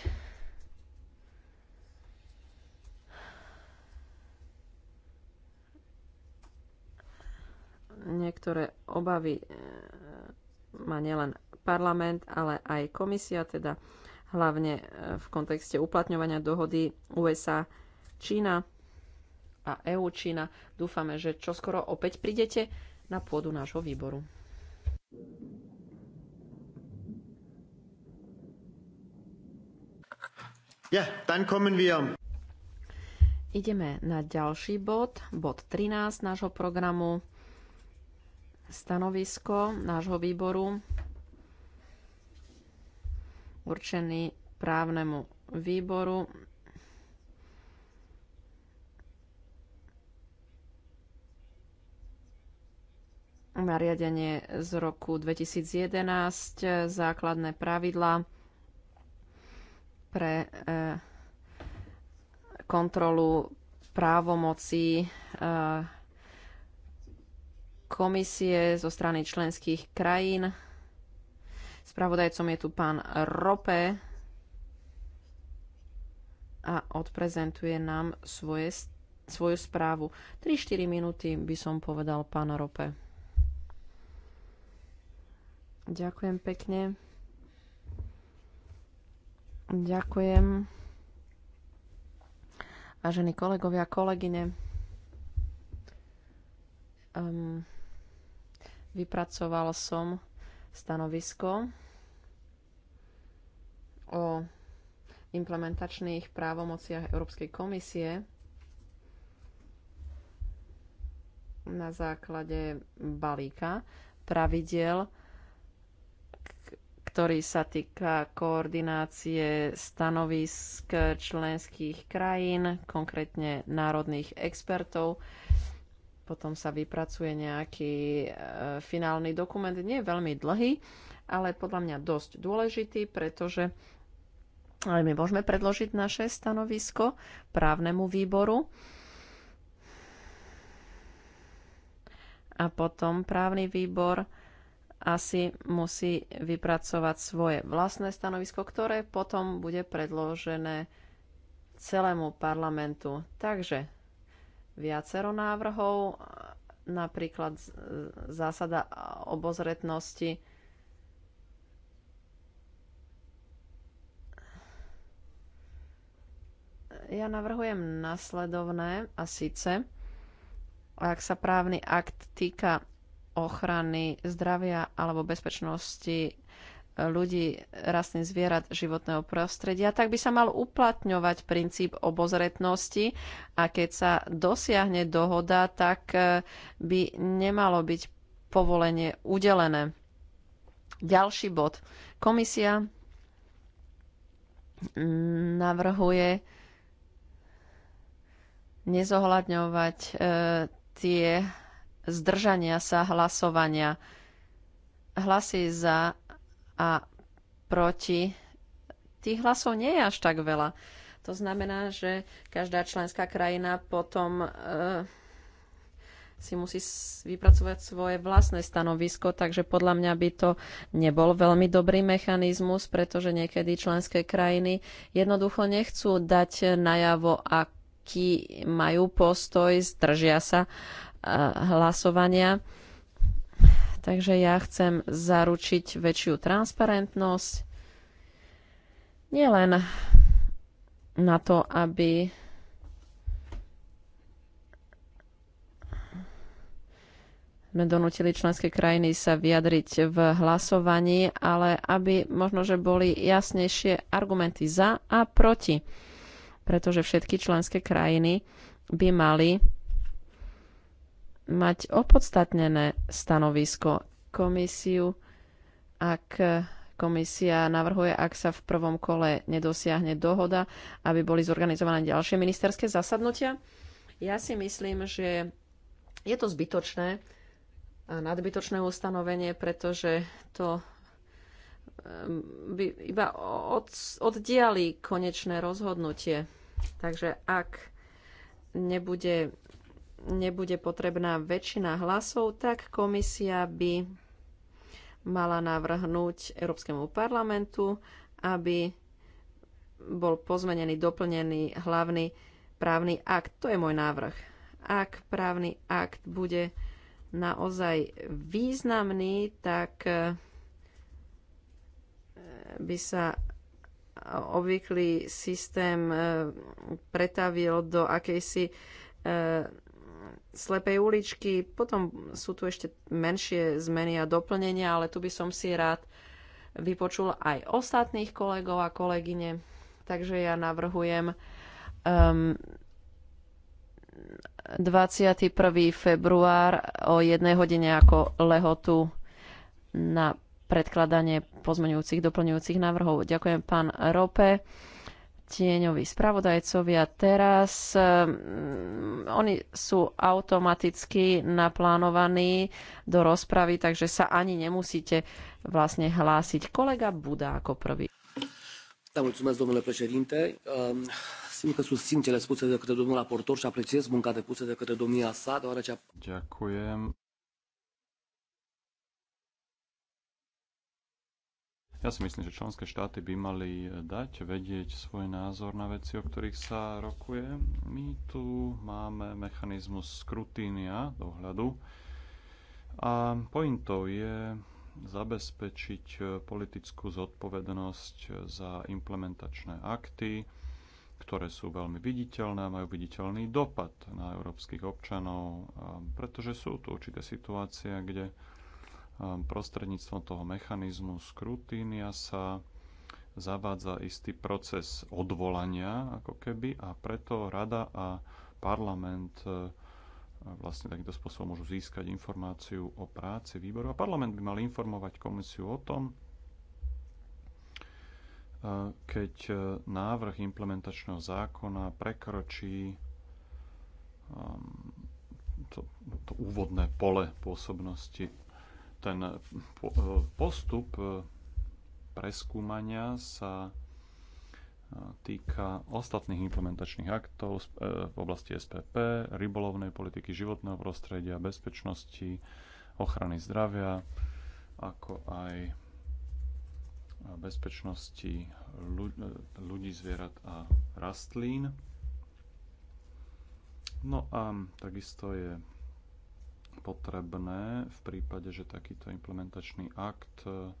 Niektoré obavy e, má nielen parlament, ale aj komisia, teda hlavne e, v kontexte uplatňovania dohody USA-Čína a EU Čína. Dúfame, že čoskoro opäť prídete na pôdu nášho výboru. Ja, dann kommen wir. Ideme na ďalší bod, bod 13 nášho programu, stanovisko nášho výboru určený právnemu výboru nariadenie z roku 2011, základné pravidla pre eh, kontrolu právomocí eh, komisie zo strany členských krajín. Spravodajcom je tu pán Rope a odprezentuje nám svoje, svoju správu. 3-4 minúty by som povedal pán Rope. Ďakujem pekne. Ďakujem. Vážení kolegovia, kolegyne, um, vypracoval som stanovisko o implementačných právomociach Európskej komisie na základe balíka pravidiel ktorý sa týka koordinácie stanovisk členských krajín, konkrétne národných expertov. Potom sa vypracuje nejaký e, finálny dokument, nie je veľmi dlhý, ale podľa mňa dosť dôležitý, pretože aj my môžeme predložiť naše stanovisko právnemu výboru. A potom právny výbor asi musí vypracovať svoje vlastné stanovisko, ktoré potom bude predložené celému parlamentu. Takže viacero návrhov, napríklad zásada obozretnosti, ja navrhujem nasledovné a síce, ak sa právny akt týka ochrany zdravia alebo bezpečnosti ľudí, rastných zvierat, životného prostredia, tak by sa mal uplatňovať princíp obozretnosti a keď sa dosiahne dohoda, tak e, by nemalo byť povolenie udelené. Ďalší bod. Komisia navrhuje nezohľadňovať e, tie zdržania sa hlasovania. Hlasy za a proti. Tých hlasov nie je až tak veľa. To znamená, že každá členská krajina potom e, si musí vypracovať svoje vlastné stanovisko, takže podľa mňa by to nebol veľmi dobrý mechanizmus, pretože niekedy členské krajiny jednoducho nechcú dať najavo, aký majú postoj, zdržia sa hlasovania. Takže ja chcem zaručiť väčšiu transparentnosť. Nielen na to, aby sme donútili členské krajiny sa vyjadriť v hlasovaní, ale aby možno, že boli jasnejšie argumenty za a proti. Pretože všetky členské krajiny by mali mať opodstatnené stanovisko komisiu, ak komisia navrhuje, ak sa v prvom kole nedosiahne dohoda, aby boli zorganizované ďalšie ministerské zasadnutia. Ja si myslím, že je to zbytočné a nadbytočné ustanovenie, pretože to ehm, by iba od, oddiali konečné rozhodnutie. Takže ak nebude nebude potrebná väčšina hlasov, tak komisia by mala navrhnúť Európskemu parlamentu, aby bol pozmenený, doplnený hlavný právny akt. To je môj návrh. Ak právny akt bude naozaj významný, tak e, by sa obvyklý systém e, pretavil do akejsi e, slepej uličky. Potom sú tu ešte menšie zmeny a doplnenia, ale tu by som si rád vypočul aj ostatných kolegov a kolegyne. Takže ja navrhujem um, 21. február o 1 hodine ako lehotu na predkladanie pozmeňujúcich, doplňujúcich návrhov. Ďakujem pán Rope tieňoví spravodajcovia teraz. Um, oni sú automaticky naplánovaní do rozpravy, takže sa ani nemusíte vlastne hlásiť. Kolega Buda ako prvý. Da, mulțumesc, domnule președinte. Um, simt că susțin cele spuse de către domnul raportor și apreciez munca depusă de către domnia sa, deoarece... Ďakujem. Ja si myslím, že členské štáty by mali eh, dať vedieť svoj názor na veci, o ktorých sa rokuje. My tu máme mechanizmus skrutínia dohľadu a pointou je zabezpečiť eh, politickú zodpovednosť eh, za implementačné akty, ktoré sú veľmi viditeľné a majú viditeľný dopad na európskych občanov, pretože sú tu určité situácie, kde Ehm, prostredníctvom toho mechanizmu skrutínia sa zavádza istý proces odvolania ako keby a preto rada a parlament e, vlastne takýmto spôsobom môžu získať informáciu o práci výboru a parlament by mal informovať komisiu o tom, e, keď e, návrh implementačného zákona prekročí ehm, to, to úvodné pole pôsobnosti ten eh, eh, postup eh, preskúmania sa týka ostatných implementačných aktov v oblasti SPP, rybolovnej politiky, životného prostredia, bezpečnosti, ochrany zdravia, ako aj bezpečnosti ľudí, zvierat a rastlín. No a takisto je potrebné v prípade, že takýto implementačný akt e,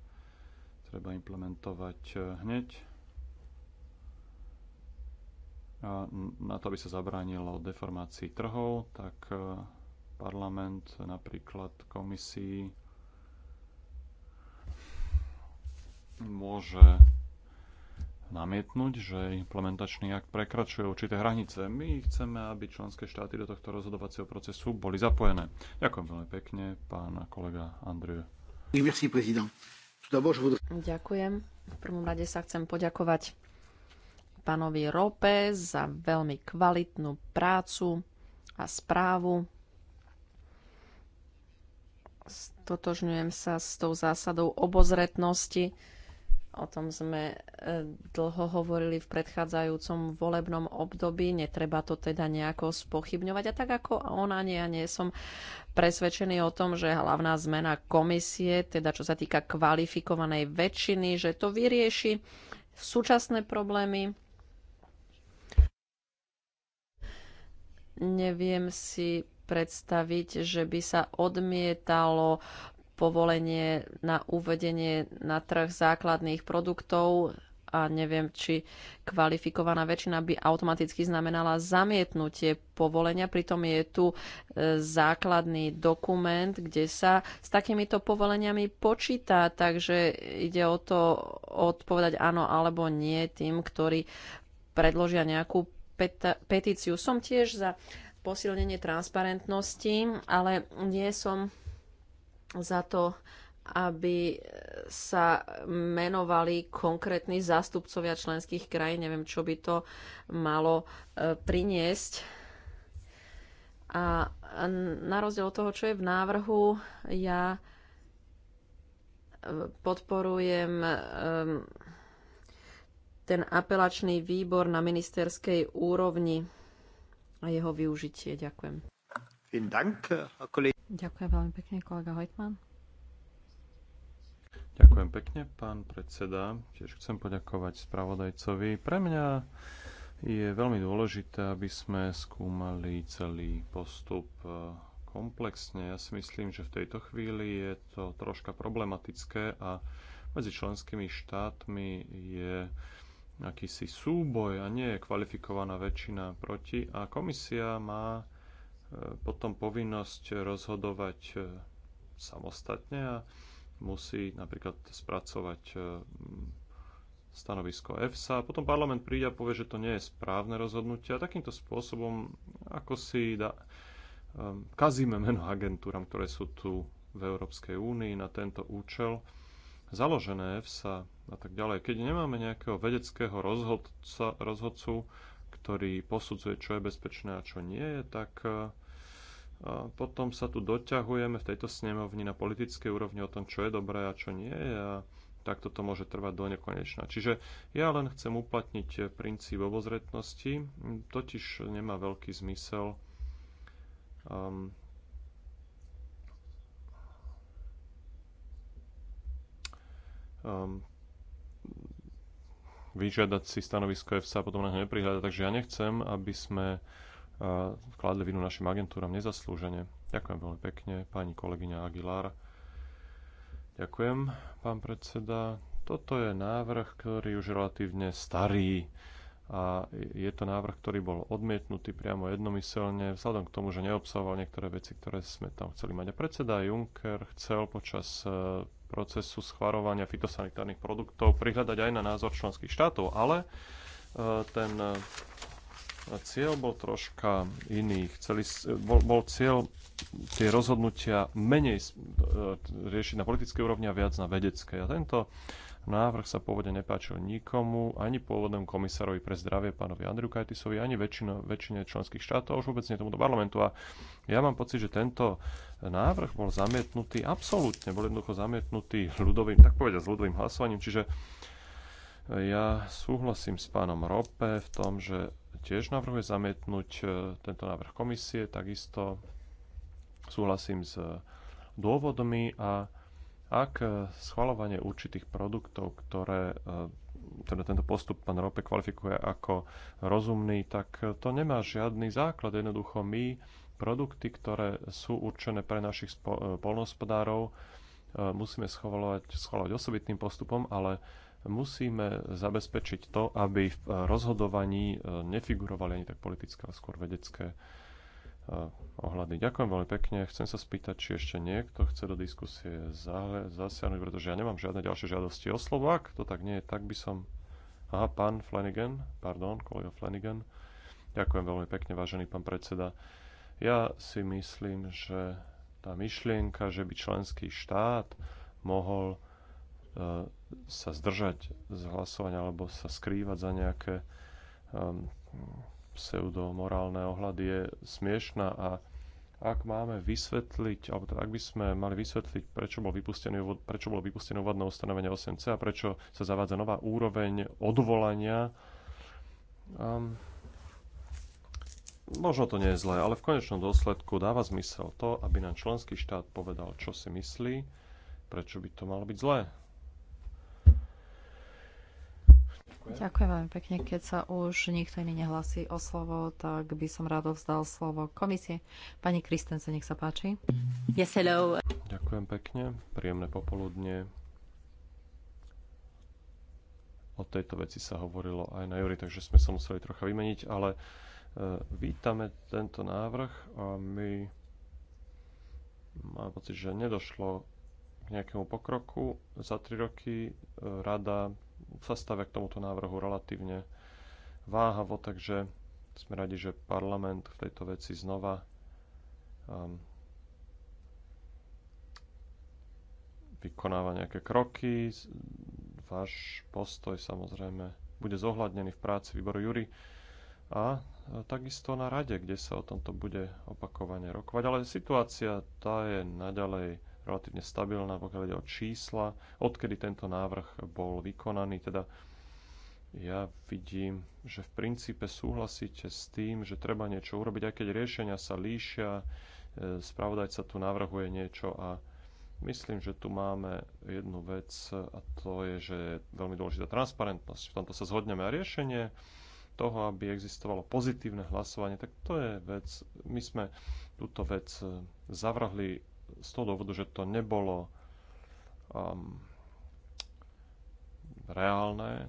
treba implementovať e, hneď. A na to, aby sa zabránilo deformácii trhov, tak e, parlament napríklad komisii môže namietnúť, že implementačný akt prekračuje určité hranice. My chceme, aby členské štáty do tohto rozhodovacieho procesu boli zapojené. Ďakujem veľmi pekne, pán kolega Andrew. Ďakujem. V prvom rade sa chcem poďakovať pánovi Rope za veľmi kvalitnú prácu a správu. Stotožňujem sa s tou zásadou obozretnosti, O tom sme e, dlho hovorili v predchádzajúcom volebnom období. Netreba to teda nejako spochybňovať. A tak ako ona, nie, ja nie som presvedčený o tom, že hlavná zmena komisie, teda čo sa týka kvalifikovanej väčšiny, že to vyrieši súčasné problémy. Neviem si predstaviť, že by sa odmietalo povolenie na uvedenie na trh základných produktov a neviem, či kvalifikovaná väčšina by automaticky znamenala zamietnutie povolenia. Pritom je tu e, základný dokument, kde sa s takýmito povoleniami počíta, takže ide o to odpovedať áno alebo nie tým, ktorí predložia nejakú petíciu. Som tiež za posilnenie transparentnosti, ale nie som za to, aby sa menovali konkrétni zástupcovia členských krajín. Neviem, čo by to malo e, priniesť. A na rozdiel od toho, čo je v návrhu, ja e, podporujem e, ten apelačný výbor na ministerskej úrovni a jeho využitie. Ďakujem. Vielen Dank, Herr Ďakujem veľmi pekne, kolega Hojtman. Ďakujem pekne, pán predseda. Tiež chcem poďakovať spravodajcovi. Pre mňa je veľmi dôležité, aby sme skúmali celý postup e, komplexne. Ja si myslím, že v tejto chvíli je to troška problematické a medzi členskými štátmi je akýsi súboj a nie je kvalifikovaná väčšina proti a komisia má potom povinnosť rozhodovať e, samostatne a musí napríklad spracovať e, stanovisko EFSA. Potom parlament príde a povie, že to nie je správne rozhodnutie a takýmto spôsobom ako si da, um, e, kazíme meno agentúram, ktoré sú tu v Európskej únii na tento účel založené EFSA a tak ďalej. Keď nemáme nejakého vedeckého rozhodca, rozhodcu, ktorý posudzuje, čo je bezpečné a čo nie je, tak uh, a potom sa tu doťahujeme v tejto snemovni na politickej úrovni o tom, čo je dobré a čo nie. A takto toto môže trvať do nekonečna. Čiže ja len chcem uplatniť princíp obozretnosti, totiž nemá veľký zmysel um, um, vyžiadať si stanovisko EFSA a potom na neprihľadať. Takže ja nechcem, aby sme kladli vinu našim agentúram nezaslúžene. Ďakujem veľmi pekne, pani kolegyňa Aguilar. Ďakujem, pán predseda. Toto je návrh, ktorý už relatívne starý a je to návrh, ktorý bol odmietnutý priamo jednomyselne, vzhľadom k tomu, že neobsahoval niektoré veci, ktoré sme tam chceli mať. A predseda Juncker chcel počas e, procesu schvarovania fitosanitárnych produktov prihľadať aj na názor členských štátov, ale e, ten cieľ bol troška iný. Chceli, bol, bol cieľ tie rozhodnutia menej e, riešiť na politické úrovni a viac na vedeckej. A tento návrh sa pôvodne nepáčil nikomu, ani pôvodnému komisárovi pre zdravie, pánovi Andriu Kajtisovi, ani väčšino, väčšine členských štátov, už vôbec nie tomuto parlamentu. A ja mám pocit, že tento návrh bol zamietnutý absolútne, bol jednoducho zamietnutý ľudovým, tak povedať, s ľudovým hlasovaním. Čiže ja súhlasím s pánom Rope v tom, že tiež navrhuje zamietnúť e, tento návrh komisie, takisto súhlasím s dôvodmi a ak e, schvalovanie určitých produktov, ktoré e, teda tento postup pán Rope kvalifikuje ako rozumný, tak to nemá žiadny základ. Jednoducho my produkty, ktoré sú určené pre našich polnohospodárov, musíme schvalovať, schvalovať osobitným postupom, ale musíme zabezpečiť to, aby v rozhodovaní e, nefigurovali ani tak politické, ale skôr vedecké e, ohľady. Ďakujem veľmi pekne. Chcem sa spýtať, či ešte niekto chce do diskusie zasiahnuť, pretože ja nemám žiadne ďalšie žiadosti o slovo. Ak to tak nie je, tak by som... Aha, pán Flanagan, pardon, kolega Flanagan. Ďakujem veľmi pekne, vážený pán predseda. Ja si myslím, že tá myšlienka, že by členský štát mohol e, sa zdržať z hlasovania alebo sa skrývať za nejaké um, pseudomorálne ohľady je smiešná a ak máme vysvetliť, alebo teda ak by sme mali vysvetliť, prečo, bol vypustený, prečo bolo vypustené úvodné ustanovenie 8c a prečo sa zavádza nová úroveň odvolania, um, možno to nie je zlé, ale v konečnom dôsledku dáva zmysel to, aby nám členský štát povedal, čo si myslí, prečo by to malo byť zlé. Ďakujem. Ďakujem veľmi pekne. Keď sa už nikto iný nehlasí o slovo, tak by som rád vzdal slovo komisie. Pani Kristence, nech sa páči. Yes, hello. Ďakujem pekne. Príjemné popoludne. O tejto veci sa hovorilo aj na Juri, takže sme sa museli trocha vymeniť, ale e, vítame tento návrh a my mám pocit, že nedošlo k nejakému pokroku. Za tri roky e, rada sa stavia k tomuto návrhu relatívne váhavo, takže sme radi, že parlament v tejto veci znova um, vykonáva nejaké kroky. Váš postoj samozrejme bude zohľadnený v práci výboru Jury a e, takisto na rade, kde sa o tomto bude opakovane rokovať. Ale situácia tá je naďalej relatívne stabilná, pokiaľ ide o čísla, odkedy tento návrh bol vykonaný. Teda ja vidím, že v princípe súhlasíte s tým, že treba niečo urobiť, aj keď riešenia sa líšia, e, spravodajca tu navrhuje niečo a myslím, že tu máme jednu vec a to je, že je veľmi dôležitá transparentnosť. V tomto sa zhodneme a riešenie toho, aby existovalo pozitívne hlasovanie, tak to je vec, my sme túto vec e, zavrhli z toho dôvodu, že to nebolo um, reálne.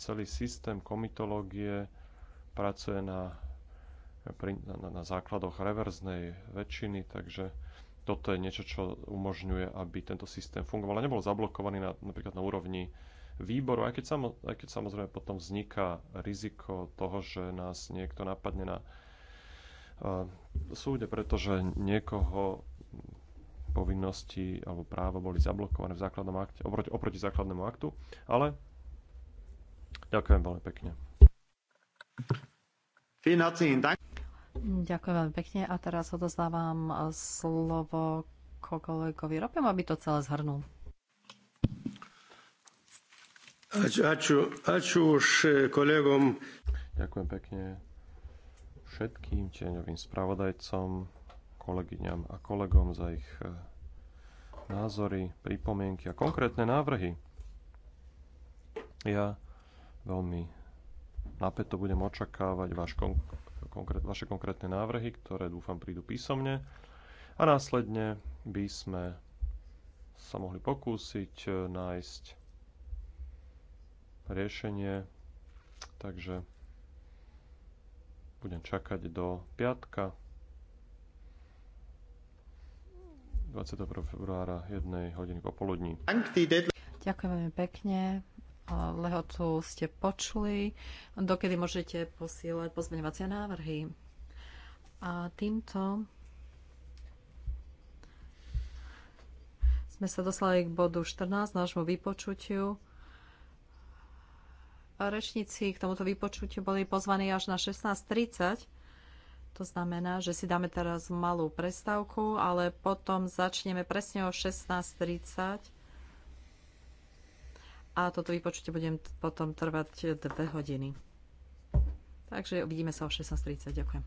Celý systém komitológie pracuje na, na, na základoch reverznej väčšiny, takže toto je niečo, čo umožňuje, aby tento systém fungoval a nebol zablokovaný na, napríklad na úrovni výboru, aj keď, samo, aj keď samozrejme potom vzniká riziko toho, že nás niekto napadne na uh, súde, pretože niekoho povinnosti alebo právo boli zablokované v základnom akte, oproti, oproti základnému aktu, ale ďakujem veľmi pekne. Ďakujem veľmi pekne a teraz odozdávam slovo kolegovi Ropem, aby to celé zhrnul. E, ďakujem pekne všetkým tieňovým spravodajcom kolegyňam a kolegom za ich e, názory, pripomienky a konkrétne návrhy. Ja veľmi napäto budem očakávať vaš konk- konkrét, vaše konkrétne návrhy, ktoré dúfam prídu písomne a následne by sme sa mohli pokúsiť e, nájsť riešenie. Takže budem čakať do piatka 21. februára 1 hodiny popoludní. Ďakujem veľmi pekne. Lehotu ste počuli. Dokedy môžete posielať pozmeňovacie návrhy? A týmto sme sa dostali k bodu 14 nášmu vypočutiu. Rečníci k tomuto vypočutiu boli pozvaní až na 16.30 to znamená, že si dáme teraz malú prestávku, ale potom začneme presne o 16.30 a toto vypočutie budem potom trvať dve hodiny. Takže uvidíme sa o 16.30. Ďakujem.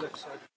zlepšovať.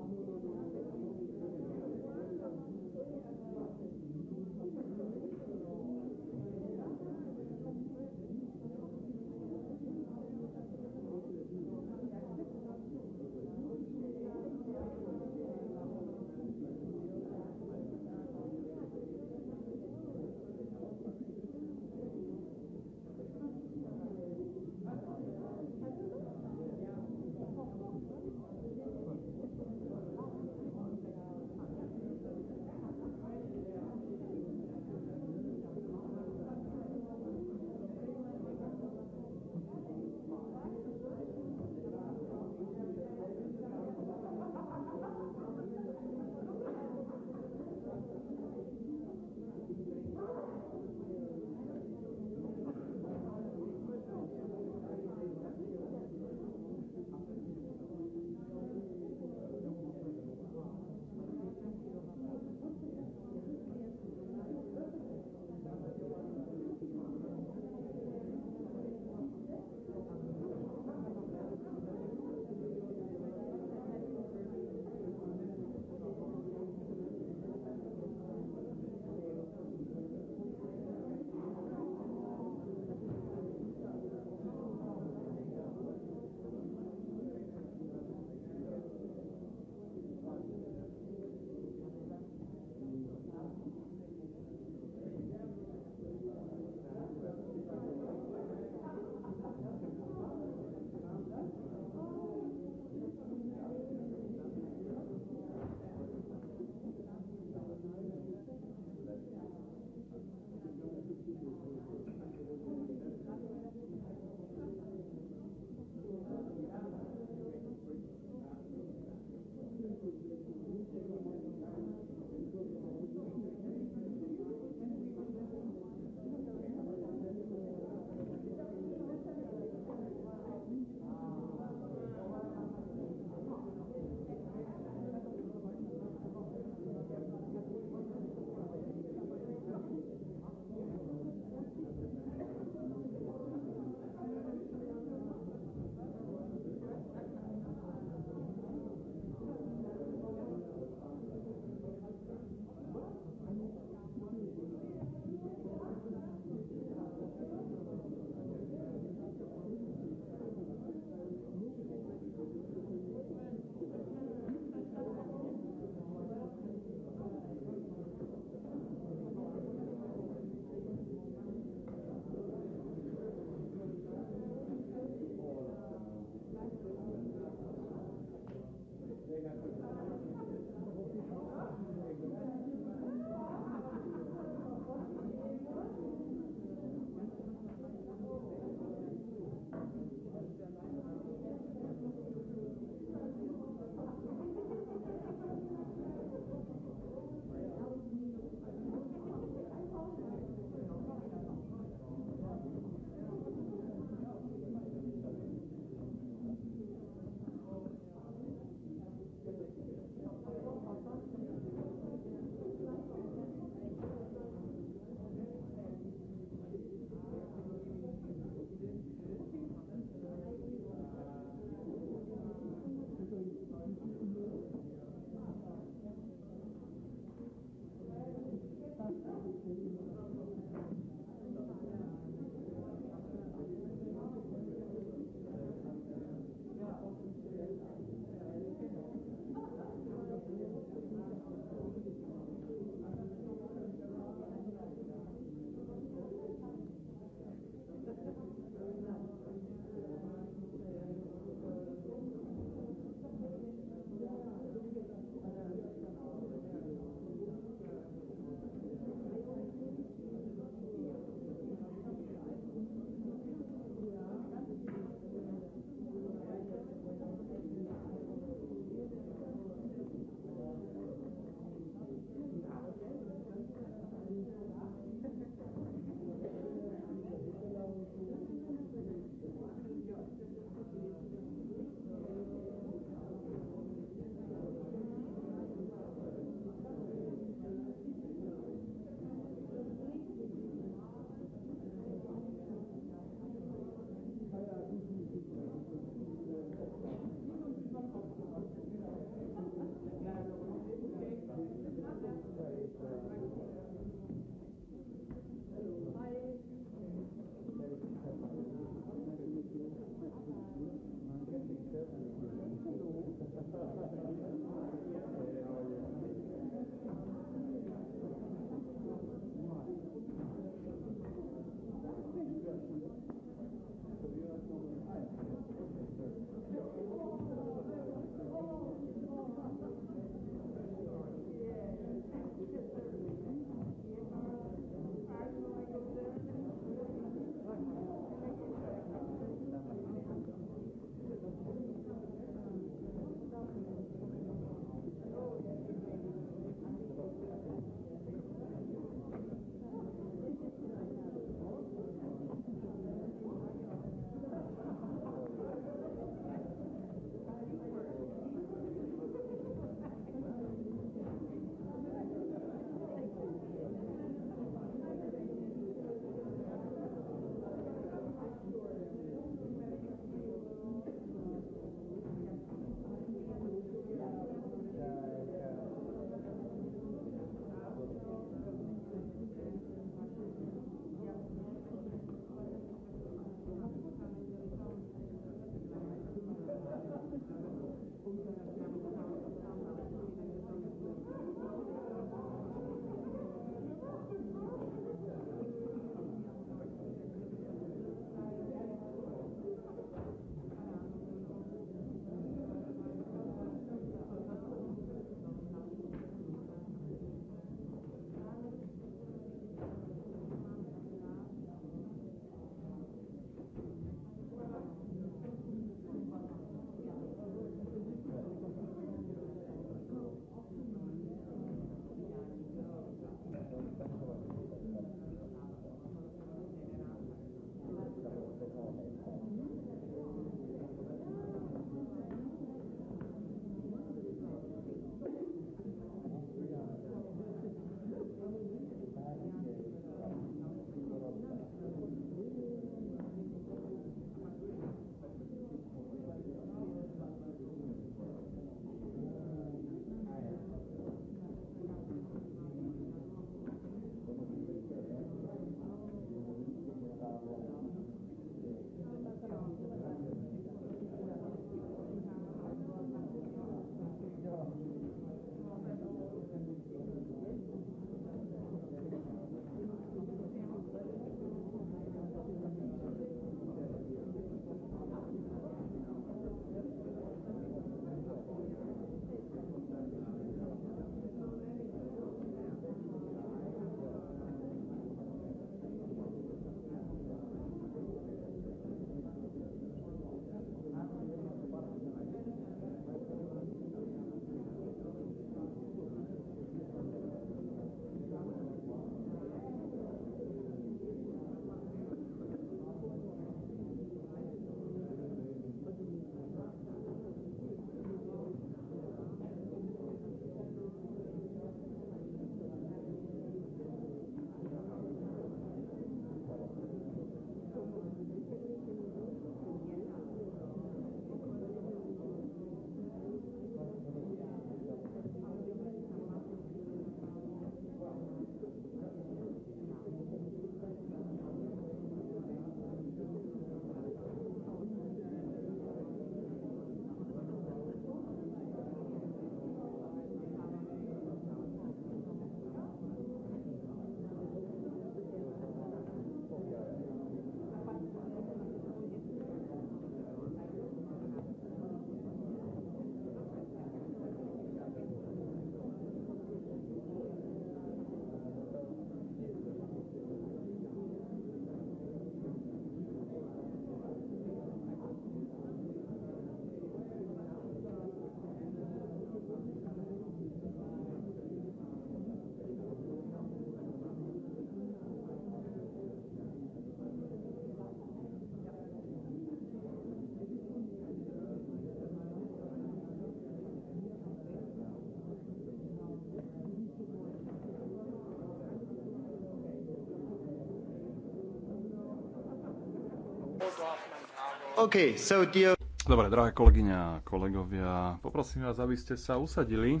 Okay, so dear... Dobre, drahé kolegyňa a kolegovia, poprosím vás, aby ste sa usadili.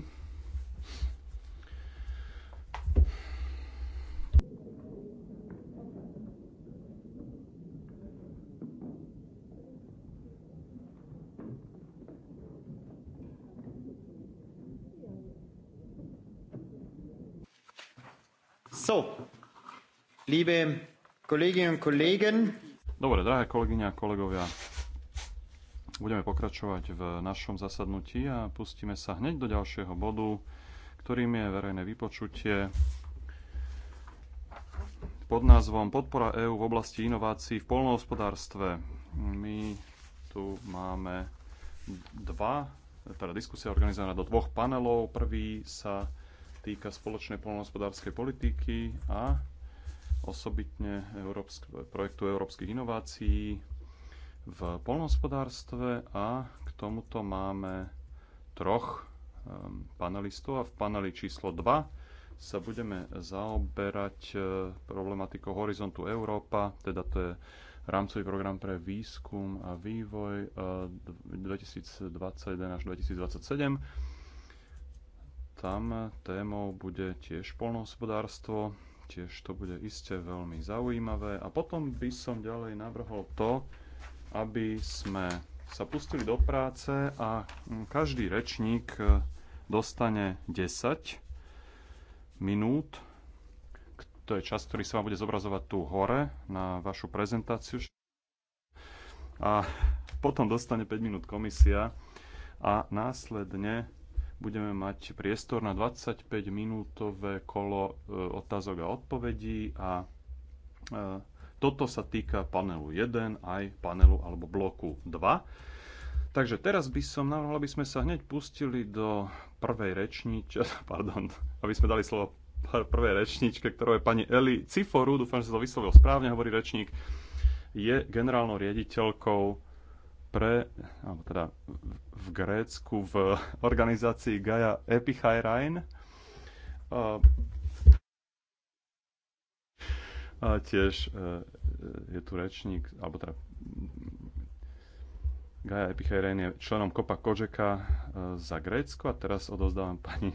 So, liebe Kolleginnen und Kollegen. Dobre, drahé kolegyňa a kolegovia, budeme pokračovať v našom zasadnutí a pustíme sa hneď do ďalšieho bodu, ktorým je verejné vypočutie pod názvom Podpora EÚ v oblasti inovácií v polnohospodárstve. My tu máme dva, teda diskusia organizovaná do dvoch panelov. Prvý sa týka spoločnej polnohospodárskej politiky a osobitne Európsk, projektu európskych inovácií v polnohospodárstve a k tomuto máme troch ehm, panelistov a v paneli číslo 2 sa budeme zaoberať e, problematikou Horizontu Európa, teda to je rámcový program pre výskum a vývoj 2021 e, až 2027. Tam témou bude tiež polnohospodárstvo, tiež to bude iste veľmi zaujímavé. A potom by som ďalej navrhol to, aby sme sa pustili do práce a každý rečník e, dostane 10 minút. To je čas, ktorý sa vám bude zobrazovať tu hore na vašu prezentáciu. A potom dostane 5 minút komisia a následne budeme mať priestor na 25 minútové kolo e, otázok a odpovedí a e, toto sa týka panelu 1 aj panelu alebo bloku 2. Takže teraz by som navrhol, aby sme sa hneď pustili do prvej rečníčky. pardon, aby sme dali slovo prvej rečničke, ktorou je pani Eli Ciforu, dúfam, že sa to vyslovil správne, hovorí rečník, je generálnou riaditeľkou pre, alebo teda v Grécku v organizácii Gaia Epichairain. A tiež e, e, je tu rečník, alebo teda Gaja Epichajren je členom Kopa Kožeka e, za Grécko a teraz odozdávam pani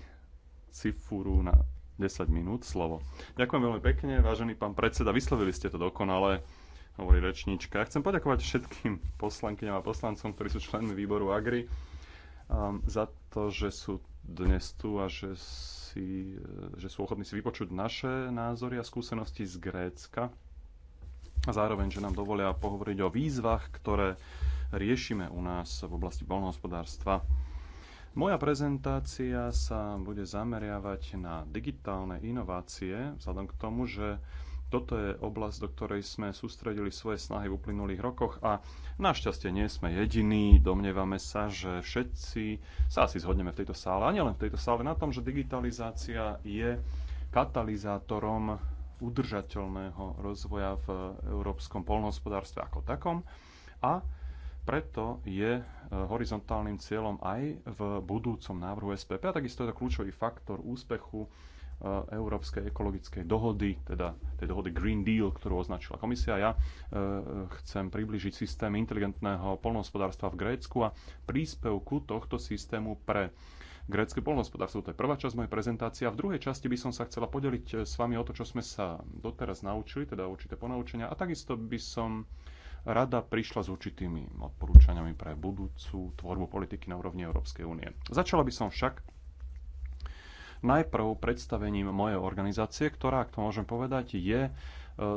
Cifuru na 10 minút slovo. Ďakujem veľmi pekne, vážený pán predseda, vyslovili ste to dokonale, hovorí rečníčka. Chcem poďakovať všetkým poslankyňam a poslancom, ktorí sú členmi výboru Agri um, za to, že sú dnes tu a že, si, e, že sú ochotní si vypočuť naše názory a skúsenosti z Grécka a zároveň, že nám dovolia pohovoriť o výzvach, ktoré riešime u nás v oblasti poľnohospodárstva. Moja prezentácia sa bude zameriavať na digitálne inovácie, vzhľadom k tomu, že toto je oblasť, do ktorej sme sústredili svoje snahy v uplynulých rokoch a našťastie nie sme jediní. Domnievame sa, že všetci sa asi zhodneme v tejto sále, a nielen v tejto sále, na tom, že digitalizácia je katalizátorom udržateľného rozvoja v európskom polnohospodárstve ako takom a preto je e, horizontálnym cieľom aj v budúcom návrhu SPP a takisto je to kľúčový faktor úspechu E, Európskej ekologickej dohody, teda tej dohody Green Deal, ktorú označila komisia. Ja e, chcem približiť systém inteligentného polnohospodárstva v Grécku a príspevku tohto systému pre grécke polnohospodárstvo. To je prvá časť mojej prezentácie. A v druhej časti by som sa chcela podeliť e, s vami o to, čo sme sa doteraz naučili, teda určité ponaučenia. A takisto by som rada prišla s určitými odporúčaniami pre budúcu tvorbu politiky na úrovni Európskej únie. Začala by som však Najprv predstavením mojej organizácie, ktorá, ak to môžem povedať, je e,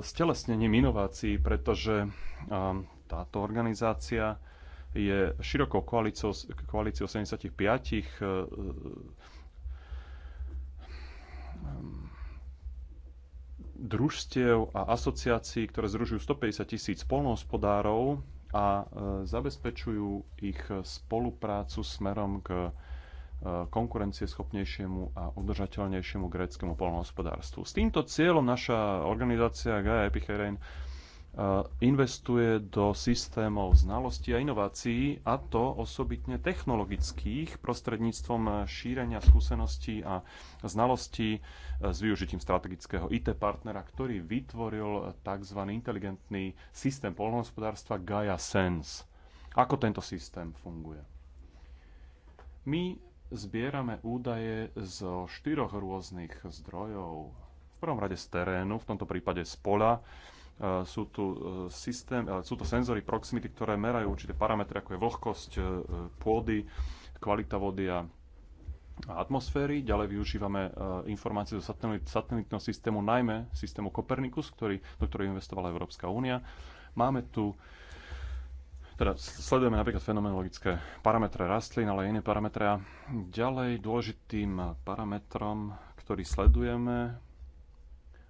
stelesnením inovácií, pretože e, táto organizácia je širokou koalíciou, koalíciou 75 e, družstiev a asociácií, ktoré združujú 150 tisíc polnohospodárov a zabezpečujú ich spoluprácu smerom k konkurencieschopnejšiemu a udržateľnejšiemu gréckému polnohospodárstvu. S týmto cieľom naša organizácia Gaia Epicherein e, investuje do systémov znalostí a inovácií, a to osobitne technologických, prostredníctvom šírenia skúseností a znalostí e, s využitím strategického IT partnera, ktorý vytvoril tzv. inteligentný systém polnohospodárstva Gaia Sense. Ako tento systém funguje? My zbierame údaje zo štyroch rôznych zdrojov. V prvom rade z terénu, v tomto prípade z pola. E, sú tu, e, systém, e, sú to senzory proximity, ktoré merajú určité parametre, ako je vlhkosť pôdy, kvalita vody a atmosféry. Ďalej využívame informácie zo satelitného systému, najmä systému Copernicus, ktorý, do ktorého investovala Európska únia. Máme tu teda sledujeme napríklad fenomenologické parametre rastlín, ale aj iné parametre. A ďalej dôležitým parametrom, ktorý sledujeme,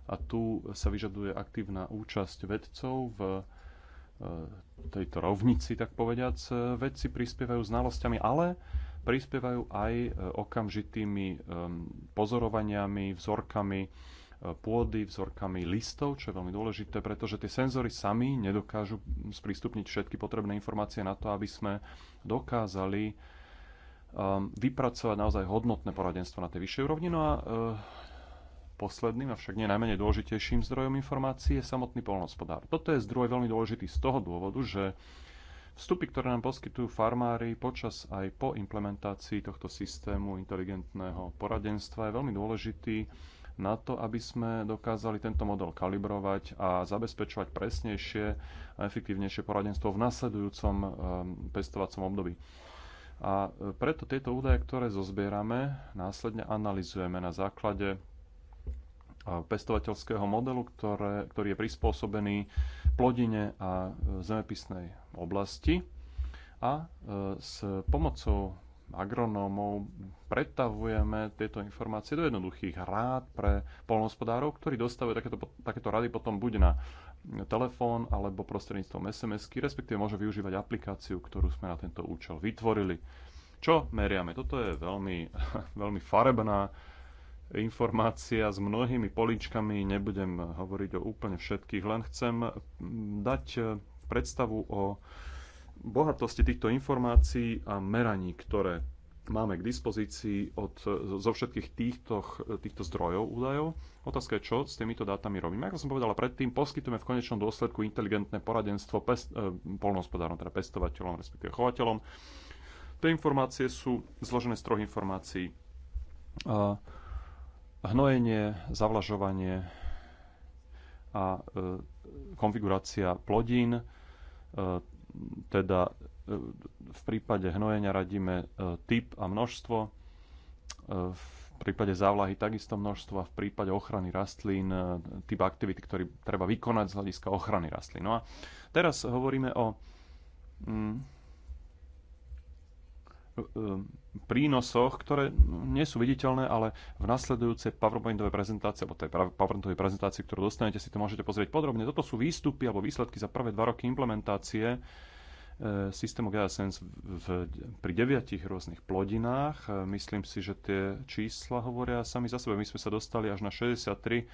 a tu sa vyžaduje aktívna účasť vedcov v e, tejto rovnici, tak povediac. Vedci prispievajú znalosťami, ale prispievajú aj e, okamžitými e, pozorovaniami, vzorkami, pôdy, vzorkami listov, čo je veľmi dôležité, pretože tie senzory sami nedokážu sprístupniť všetky potrebné informácie na to, aby sme dokázali um, vypracovať naozaj hodnotné poradenstvo na tej vyššej úrovni. No a uh, posledným, avšak nie najmenej dôležitejším zdrojom informácií je samotný polnospodár. Toto je zdroj veľmi dôležitý z toho dôvodu, že vstupy, ktoré nám poskytujú farmári počas aj po implementácii tohto systému inteligentného poradenstva je veľmi dôležitý na to, aby sme dokázali tento model kalibrovať a zabezpečovať presnejšie a efektívnejšie poradenstvo v nasledujúcom pestovacom eh, období. A eh, preto tieto údaje, ktoré zozbierame, následne analizujeme na základe eh, pestovateľského modelu, ktoré, ktorý je prispôsobený plodine a zemepisnej oblasti. A s pomocou agronómov predtavujeme tieto informácie do jednoduchých rád pre polnohospodárov, ktorí dostávajú takéto, takéto rady potom buď na telefón alebo prostredníctvom SMS-ky, respektíve môže využívať aplikáciu, ktorú sme na tento účel vytvorili. Čo meriame? Toto je veľmi, veľmi farebná informácia s mnohými políčkami, nebudem hovoriť o úplne všetkých, len chcem dať predstavu o bohatosti týchto informácií a meraní, ktoré máme k dispozícii od, zo všetkých týchto, týchto zdrojov údajov. Otázka je, čo s týmito dátami robíme. Ako som povedala predtým, poskytujeme v konečnom dôsledku inteligentné poradenstvo pest, eh, polnohospodárom, teda pestovateľom, respektíve chovateľom. Tie informácie sú zložené z troch informácií. Eh, hnojenie, zavlažovanie a eh, konfigurácia plodín, eh, teda e, v prípade hnojenia radíme e, typ a množstvo, e, v prípade závlahy takisto množstvo a v prípade ochrany rastlín typ aktivity, ktorý treba vykonať z hľadiska ochrany rastlín. No a teraz hovoríme o mm, Um, prínosoch, ktoré nie sú viditeľné, ale v nasledujúcej PowerPointovej prezentácii, alebo tej PowerPointovej prezentácii, ktorú dostanete, si to môžete pozrieť podrobne. Toto sú výstupy alebo výsledky za prvé dva roky implementácie e, systému GeoSense pri deviatich rôznych plodinách. E, myslím si, že tie čísla hovoria sami za sebe. My sme sa dostali až na 63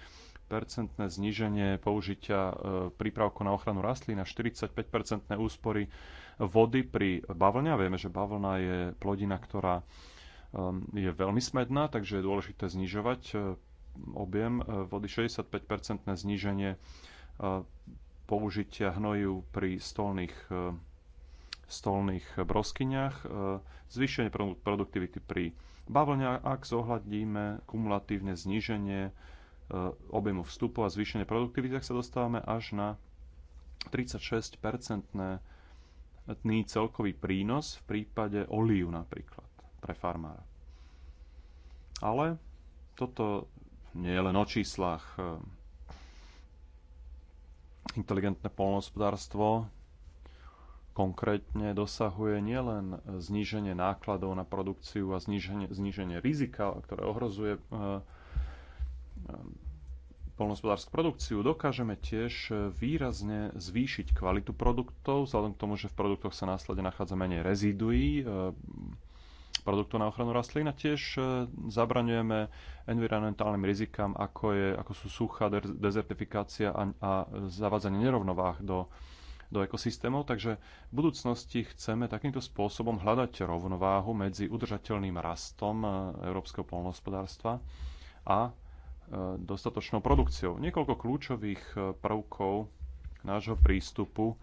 percentné zníženie použitia e, prípravku na ochranu rastlín a 45 percentné úspory vody pri bavlne. vieme, že bavlna je plodina, ktorá um, je veľmi smedná, takže je dôležité znižovať uh, objem uh, vody. 65-percentné zníženie uh, použitia hnojiv pri stolných, stolných broskyniach, zvýšenie produktivity pri bavlne, ak zohľadíme kumulatívne zníženie objemu vstupu a zvýšenie produktivity, tak sa dostávame až na 36-percentné celkový prínos v prípade olív napríklad pre farmára. Ale toto nie je len o číslach. Inteligentné polnohospodárstvo konkrétne dosahuje nielen zníženie nákladov na produkciu a zníženie, zníženie rizika, ktoré ohrozuje eh, polnospodárskú produkciu, dokážeme tiež výrazne zvýšiť kvalitu produktov, vzhľadom k tomu, že v produktoch sa následne nachádza menej reziduí, e, produktov na ochranu rastlín a tiež e, zabraňujeme environmentálnym rizikám, ako, je, ako sú suchá dezertifikácia a, a zavádzanie nerovnováh do, do ekosystémov. Takže v budúcnosti chceme takýmto spôsobom hľadať rovnováhu medzi udržateľným rastom e, európskeho polnohospodárstva a dostatočnou produkciou. Niekoľko kľúčových e, prvkov nášho prístupu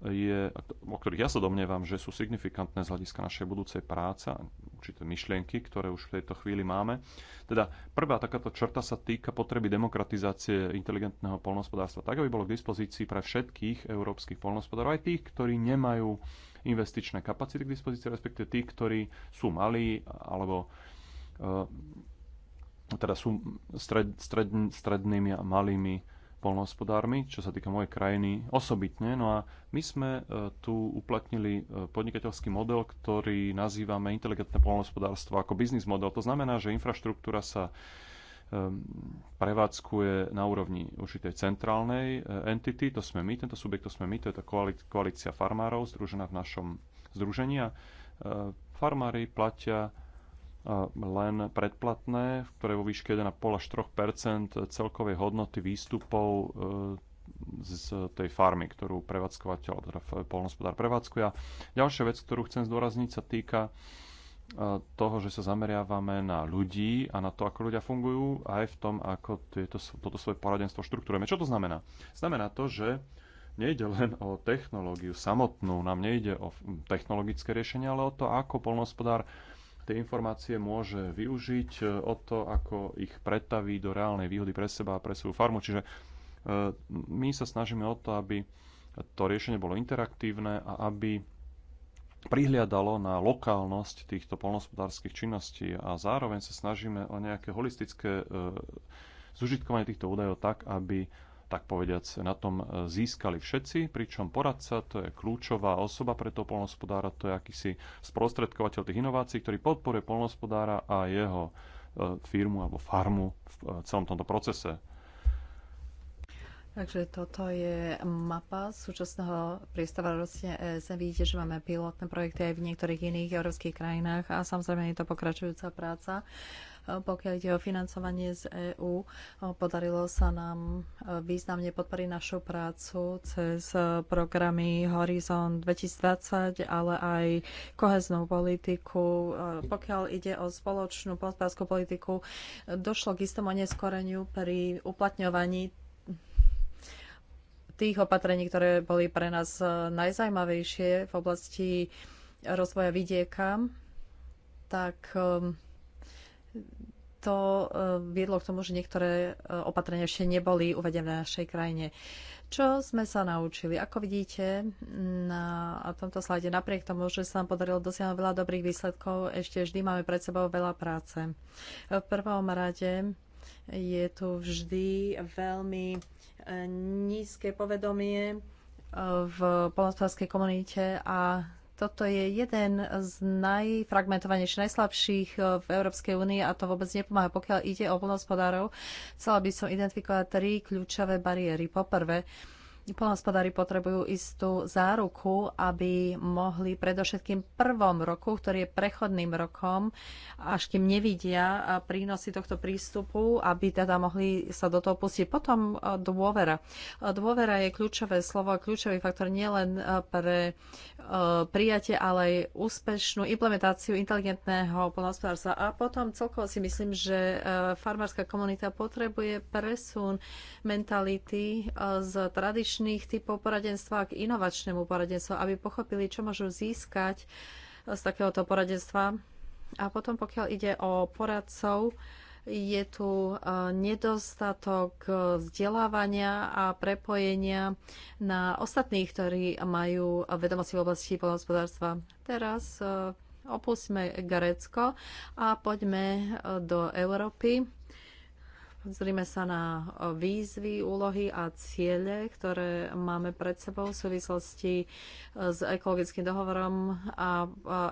je, o ktorých ja sa domnievam, že sú signifikantné z hľadiska našej budúcej práce, určité myšlienky, ktoré už v tejto chvíli máme. Teda prvá takáto črta sa týka potreby demokratizácie inteligentného polnospodárstva, tak aby bolo k dispozícii pre všetkých európskych polnospodárov, aj tých, ktorí nemajú investičné kapacity k dispozícii, respektíve tých, ktorí sú malí alebo e, No teda sú stred, stred, strednými a malými polnohospodármi, čo sa týka mojej krajiny osobitne. No a my sme e, tu uplatnili e, podnikateľský model, ktorý nazývame inteligentné polnohospodárstvo ako biznis model. To znamená, že infraštruktúra sa prevádzkuje na úrovni určitej centrálnej e, entity, to sme my, tento subjekt to sme my, to je tá koalícia farmárov združená v našom združení a farmári platia len predplatné, ktoré vo výške 1,5 až 3 celkovej hodnoty výstupov e, z tej farmy, ktorú prevádzkovateľ, teda polnospodár prevádzkuje. Ďalšia vec, ktorú chcem zdôrazniť, sa týka e, toho, že sa zameriavame na ľudí a na to, ako ľudia fungujú, aj v tom, ako tieto, toto svoje poradenstvo štruktúrujeme. Čo to znamená? Znamená to, že nejde len o technológiu samotnú, nám nejde o technologické riešenie, ale o to, ako polnospodár tie informácie môže využiť e, o to, ako ich pretaví do reálnej výhody pre seba a pre svoju farmu. Čiže e, my sa snažíme o to, aby to riešenie bolo interaktívne a aby prihliadalo na lokálnosť týchto polnospodárských činností a zároveň sa snažíme o nejaké holistické e, zužitkovanie týchto údajov tak, aby tak povediac, na tom e, získali všetci, pričom poradca to je kľúčová osoba pre toho polnospodára, to je akýsi sprostredkovateľ tých inovácií, ktorý podporuje polnospodára a jeho e, firmu alebo farmu v e, celom tomto procese. Takže toto je mapa súčasného priestava Rusie. Sem vidíte, že máme pilotné projekty aj v niektorých iných európskych krajinách a samozrejme je to pokračujúca práca. Pokiaľ ide o financovanie z EÚ, podarilo sa nám e, významne podporiť našu prácu cez e, programy Horizon 2020, ale aj koheznú politiku. E, pokiaľ ide o spoločnú hospodárskú politiku, došlo k istému neskoreniu pri uplatňovaní tých opatrení, ktoré boli pre nás najzajímavejšie v oblasti rozvoja vidieka, tak um, to eh, viedlo k tomu, že niektoré eh, opatrenia ešte neboli uvedené v našej krajine. Čo sme sa naučili? Ako vidíte na tomto slajde, napriek tomu, že sa nám podarilo dosiahnuť veľa dobrých výsledkov, ešte vždy máme pred sebou veľa práce. V prvom rade je tu vždy veľmi eh, nízke povedomie v polnospodárskej komunite a toto je jeden z najfragmentovanejších, najslabších eh, v Európskej únii a to vôbec nepomáha. Pokiaľ ide o plnohospodárov, chcela by som identifikovať tri kľúčové bariéry. Poprvé, prvé, Polnospodári potrebujú istú záruku, aby mohli predovšetkým prvom roku, ktorý je prechodným rokom, až kým nevidia prínosy tohto prístupu, aby teda mohli sa do toho pustiť. Potom dôvera. Dôvera je kľúčové slovo, kľúčový faktor nielen pre prijatie, ale aj úspešnú implementáciu inteligentného polnospodárstva. A potom celkovo si myslím, že farmárska komunita potrebuje presun mentality z tradičných tradičných typov poradenstva k inovačnému poradenstvu, aby pochopili, čo môžu získať eh, z takéhoto poradenstva. A potom, pokiaľ ide o poradcov, je tu eh, nedostatok eh, vzdelávania a prepojenia na ostatných, ktorí majú vedomosti v oblasti poľnohospodárstva. Teraz opustíme Grécko a poďme do Európy Pozrime sa na výzvy, úlohy a ciele, ktoré máme pred sebou v súvislosti e, s ekologickým dohovorom a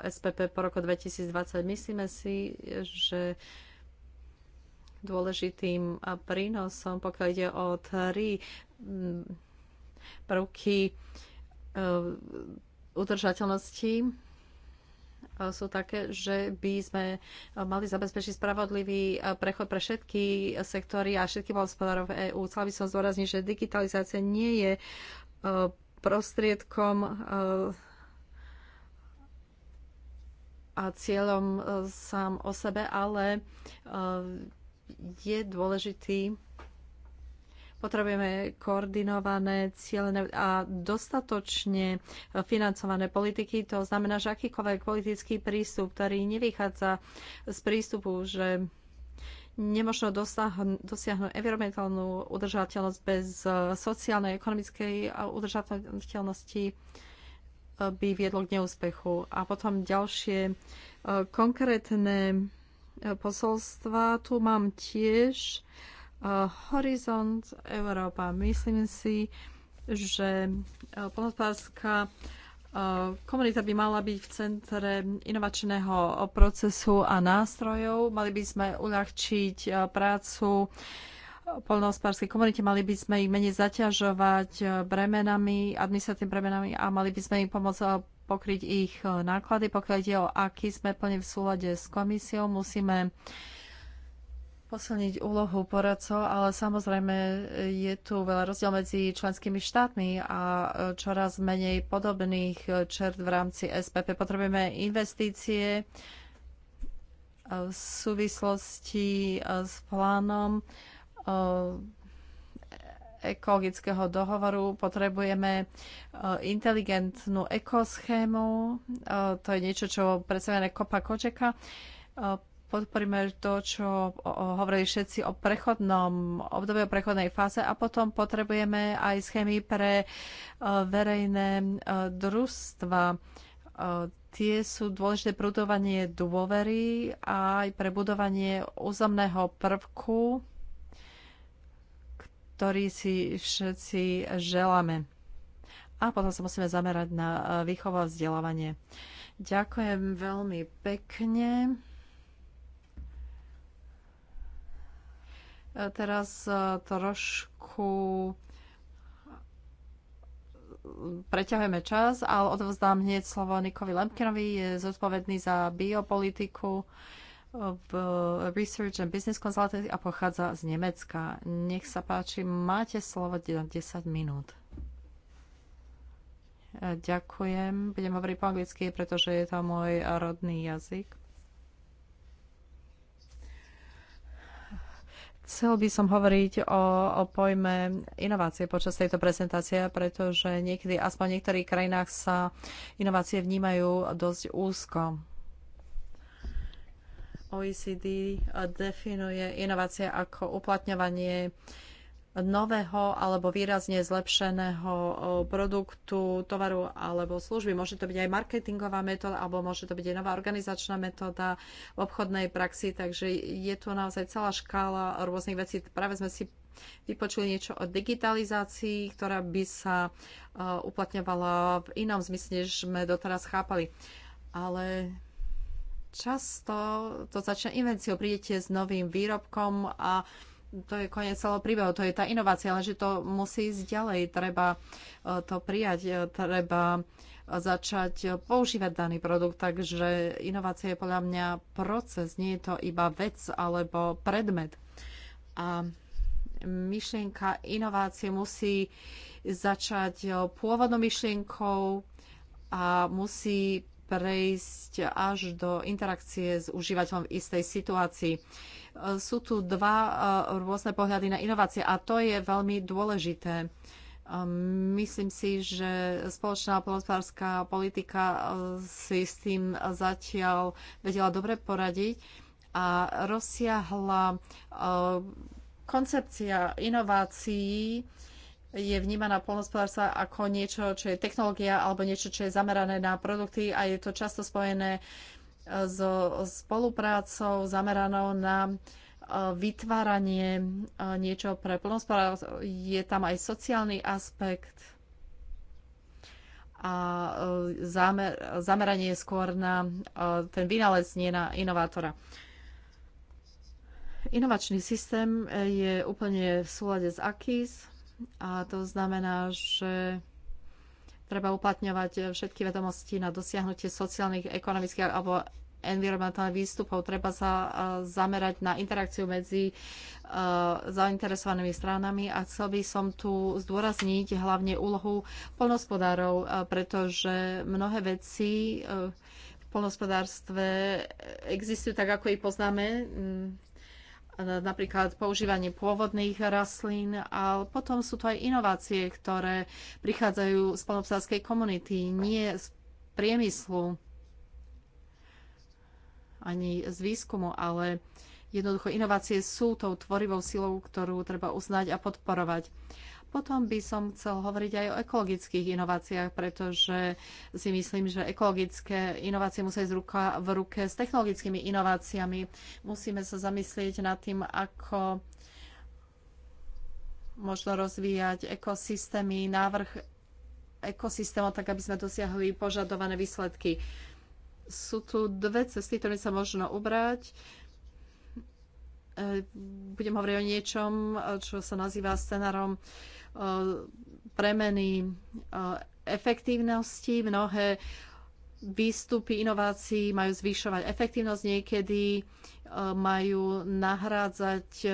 SPP po roku 2020. Myslíme si, že dôležitým prínosom, pokiaľ ide o tri prvky e, udržateľnosti sú také, že by sme mali zabezpečiť spravodlivý eh, prechod pre všetky sektory a všetky hospodárov EÚ. Chcela by som zdôrazniť, že digitalizácia nie je eh, prostriedkom eh, a cieľom sám o sebe, ale je dôležitý Potrebujeme koordinované, cieľené a dostatočne financované politiky. To znamená, že akýkoľvek politický prístup, ktorý nevychádza z prístupu, že nemožno dosiahnuť environmentálnu udržateľnosť bez eh, sociálnej, ekonomickej eh, udržateľnosti eh, by viedlo k neúspechu. A potom ďalšie konkrétne posolstva. Tu mám tiež Horizont Európa. Myslím si, že e, polnospodárska e, komunita by mala byť v centre inovačného procesu a nástrojov. Mali by sme uľahčiť e, prácu poľnohospodárskej komunite, mali by sme ich menej zaťažovať bremenami, administratívnymi bremenami a mali by sme im pomôcť pokryť ich náklady. Pokiaľ ide o aký sme plne v súlade s komisiou, musíme posilniť úlohu poradcov, ale samozrejme je tu veľa rozdiel medzi členskými štátmi a čoraz menej podobných čert v rámci SPP. Potrebujeme investície v súvislosti s plánom eh, ekologického dohovoru. Potrebujeme eh, inteligentnú ekoschému. Eh, to je niečo, čo predstavené Kopa Kočeka podporíme to, čo hovorili všetci o prechodnom období, o prechodnej fáze a potom potrebujeme aj schémy pre e, verejné e, družstva. E, tie sú dôležité pre budovanie dôvery a aj pre budovanie územného prvku, ktorý si všetci želáme. A potom sa musíme zamerať na výchovo a vzdelávanie. Ďakujem veľmi pekne. teraz e, trošku e, preťahujeme čas, ale odovzdám hneď slovo Nikovi Lemkinovi, je zodpovedný za biopolitiku e, v Research and Business Consulting a pochádza z Nemecka. Nech sa páči, máte slovo 10 minút. Ďakujem. Budem hovoriť po anglicky, pretože je to môj rodný jazyk. Chcel by som hovoriť o, o pojme inovácie počas tejto prezentácie, pretože niekedy, aspoň v niektorých krajinách sa inovácie vnímajú dosť úzko. OECD definuje inovácie ako uplatňovanie nového alebo výrazne zlepšeného produktu, tovaru alebo služby. Môže to byť aj marketingová metóda, alebo môže to byť aj nová organizačná metóda v obchodnej praxi, takže je tu naozaj celá škála rôznych vecí. Práve sme si vypočuli niečo o digitalizácii, ktorá by sa uplatňovala v inom zmysle, než sme doteraz chápali. Ale často to začne invenciou. Prídete s novým výrobkom a to je koniec celého príbehu, to je tá inovácia, ale že to musí ísť ďalej, treba e, to prijať, e, treba začať e, používať daný produkt, takže inovácia je podľa mňa proces, nie je to iba vec alebo predmet. A myšlienka inovácie musí začať pôvodnou myšlienkou a musí prejsť až do interakcie s užívateľom v istej situácii sú tu dva eh, rôzne pohľady na inovácie a to je veľmi dôležité. Eh, myslím si, že spoločná polospodárska politika eh, si s tým zatiaľ vedela dobre poradiť a rozsiahla koncepcia inovácií je vnímaná polnospodárstva ako niečo, čo je technológia alebo niečo, čo je zamerané na produkty a je to často spojené so spoluprácou zameranou na e, vytváranie e, niečo pre plnospodárov. Je tam aj sociálny aspekt a e, zamer, zameranie je skôr na ten vynález, nie na inovátora. Inovačný systém je úplne v súlade s AKIS a to znamená, že Treba uplatňovať e, všetky vedomosti na dosiahnutie sociálnych, ekonomických alebo environmentálnych výstupov. Treba sa e, zamerať na interakciu medzi e, zainteresovanými stranami a chcel by som tu zdôrazniť hlavne úlohu polnospodárov, pretože mnohé veci v polnospodárstve existujú tak, ako ich poznáme mm, E, napríklad používanie pôvodných rastlín, ale potom sú to aj inovácie, ktoré prichádzajú z polnopsárskej komunity, nie z priemyslu ani z výskumu, ale jednoducho inovácie sú tou tvorivou silou, ktorú treba uznať a podporovať. Potom by som chcel hovoriť aj o ekologických inováciách, pretože si myslím, že ekologické inovácie musia ísť ruka v ruke s technologickými inováciami. Musíme sa zamyslieť nad tým, ako možno rozvíjať ekosystémy, návrh ekosystémov, tak aby sme dosiahli požadované výsledky. Sú tu dve cesty, ktoré sa možno ubrať e, budem hovoriť o niečom, čo sa nazýva scenárom premeny e, efektívnosti. Mnohé výstupy inovácií majú zvyšovať efektívnosť, niekedy e, majú nahrádzať e,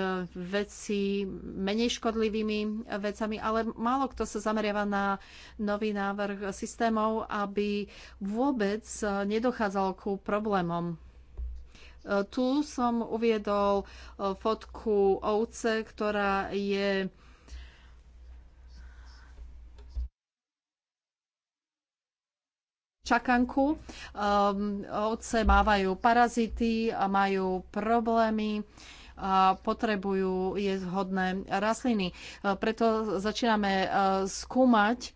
veci menej škodlivými vecami, ale málo kto sa zameriava na nový návrh systémov, aby vôbec nedochádzalo ku problémom. Tu som uviedol fotku ovce, ktorá je čakanku. Um, ehm, ovce mávajú parazity a majú problémy a potrebujú jesť hodné rastliny. Ehm, preto začíname ehm, skúmať,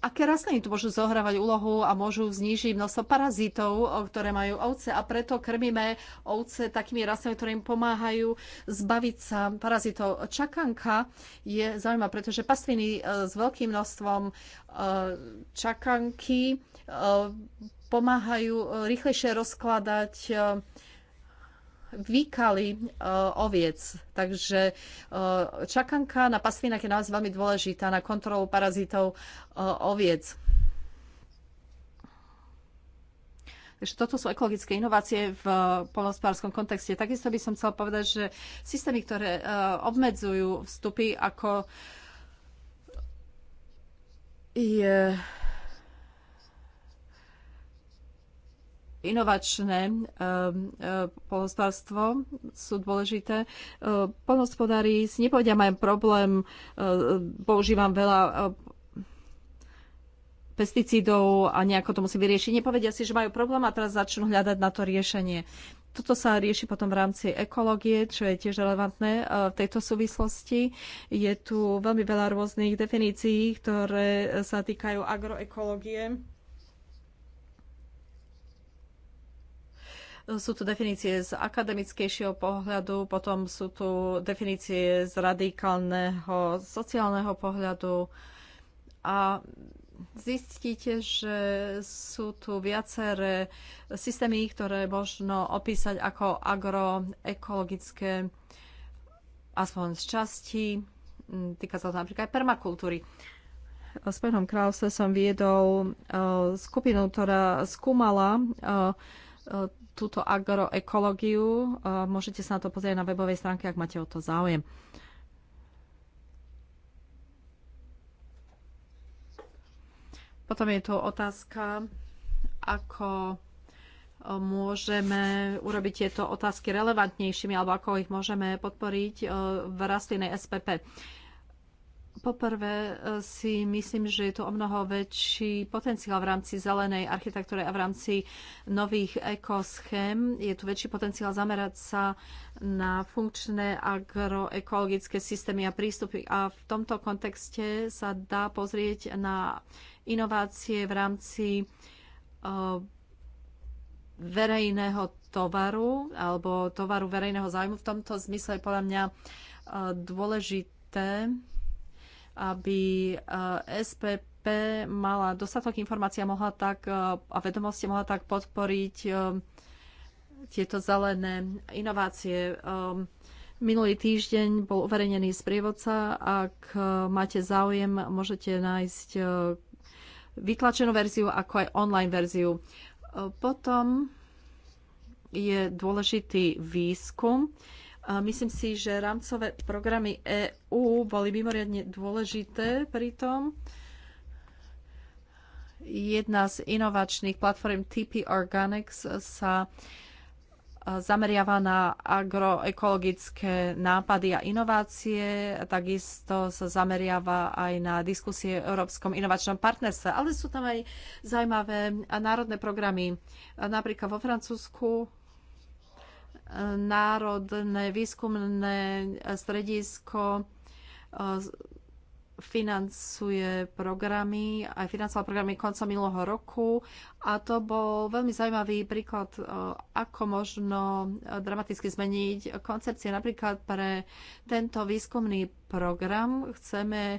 aké rastliny tu môžu zohrávať úlohu a môžu znížiť množstvo parazitov, ktoré majú ovce a preto krmíme ovce takými rastlinami, ktoré im pomáhajú zbaviť sa parazitov. Čakanka je zaujímavá, pretože pastviny e, s veľkým množstvom e, čakanky e, pomáhajú rýchlejšie rozkladať uh, oviec. Takže e, čakanka na pastvinách je naozaj veľmi dôležitá na kontrolu parazitov e, oviec. Takže toto sú ekologické inovácie v polnospodárskom kontexte. Takisto by som chcel povedať, že systémy, ktoré obmedzujú vstupy ako je inovačné um, um, pohospodárstvo sú dôležité. Um, polnospodári si nepovedia, majú problém, uh, používam veľa uh, pesticídov a nejako to musí vyriešiť. Nepovedia si, že majú problém a teraz začnú hľadať na to riešenie. Toto sa rieši potom v rámci ekológie, čo je tiež relevantné uh, v tejto súvislosti. Je tu veľmi veľa rôznych definícií, ktoré sa týkajú agroekológie Sú tu definície z akademickejšieho pohľadu, potom sú tu definície z radikálneho sociálneho pohľadu a zistíte, že sú tu viaceré systémy, ktoré možno opísať ako agroekologické, aspoň z časti. Týka sa to napríklad aj permakultúry. V Spojenom kráľovstve som viedol e, skupinu, ktorá skúmala e, e, túto agroekológiu. Môžete sa na to pozrieť na webovej stránke, ak máte o to záujem. Potom je tu otázka, ako e, môžeme urobiť tieto otázky relevantnejšími alebo ako ich môžeme podporiť e, v rastlinnej SPP. Poprvé e, si myslím, že je tu o mnoho väčší potenciál v rámci zelenej architektúry a v rámci nových ekoschém. Je tu väčší potenciál zamerať sa na funkčné agroekologické systémy a prístupy. A v tomto kontexte sa dá pozrieť na inovácie v rámci e, verejného tovaru alebo tovaru verejného zájmu. V tomto zmysle je podľa mňa e, dôležité aby eh, SPP mala dostatok informácií a, mohla tak, eh, a vedomosti mohla tak podporiť eh, tieto zelené inovácie. Minulý týždeň bol uverejnený sprievodca. Ak máte záujem, môžete nájsť vytlačenú verziu, ako aj online verziu. Potom je dôležitý výskum. Myslím si, že rámcové programy EÚ boli mimoriadne dôležité pri tom. Jedna z inovačných platform TP Organics sa zameriava na agroekologické nápady a inovácie, takisto sa zameriava aj na diskusie o Európskom inovačnom partnerstve, ale sú tam aj zaujímavé národné programy. Napríklad vo Francúzsku Národné výskumné stredisko e, financuje programy, aj financoval programy koncom minulého roku a to bol veľmi zaujímavý príklad, e, ako možno dramaticky zmeniť koncepcie. Napríklad pre tento výskumný program chceme e,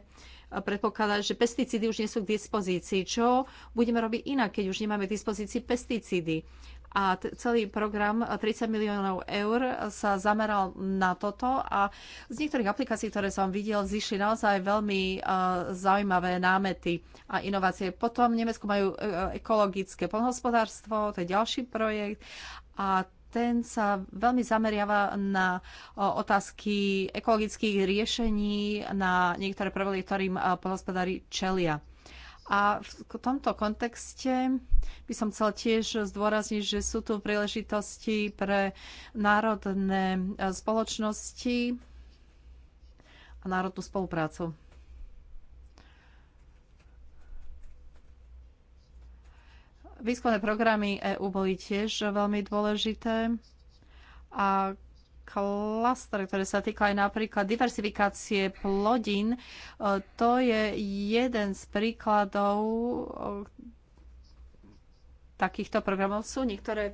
predpokladať, že pesticídy už nie sú k dispozícii. Čo budeme robiť inak, keď už nemáme k dispozícii pesticídy? a celý program 30 eh, miliónov eur eh, sa zameral na toto a z niektorých aplikácií, ktoré som videl, zišli naozaj veľmi uh, zaujímavé námety a inovácie. Potom v Nemecku majú ekologické polnohospodárstvo, to je ďalší projekt a ten sa veľmi zameriava na otázky ekologických riešení, na niektoré prvely, ktorým polnohospodári čelia. A v tomto kontexte by som chcel tiež zdôrazniť, že sú tu príležitosti pre národné e, spoločnosti a národnú spoluprácu. Výskumné programy EU boli tiež veľmi dôležité a klastre, ktoré sa týka aj napríklad diversifikácie plodín. E, to je jeden z príkladov e, takýchto programov sú. Niektoré e,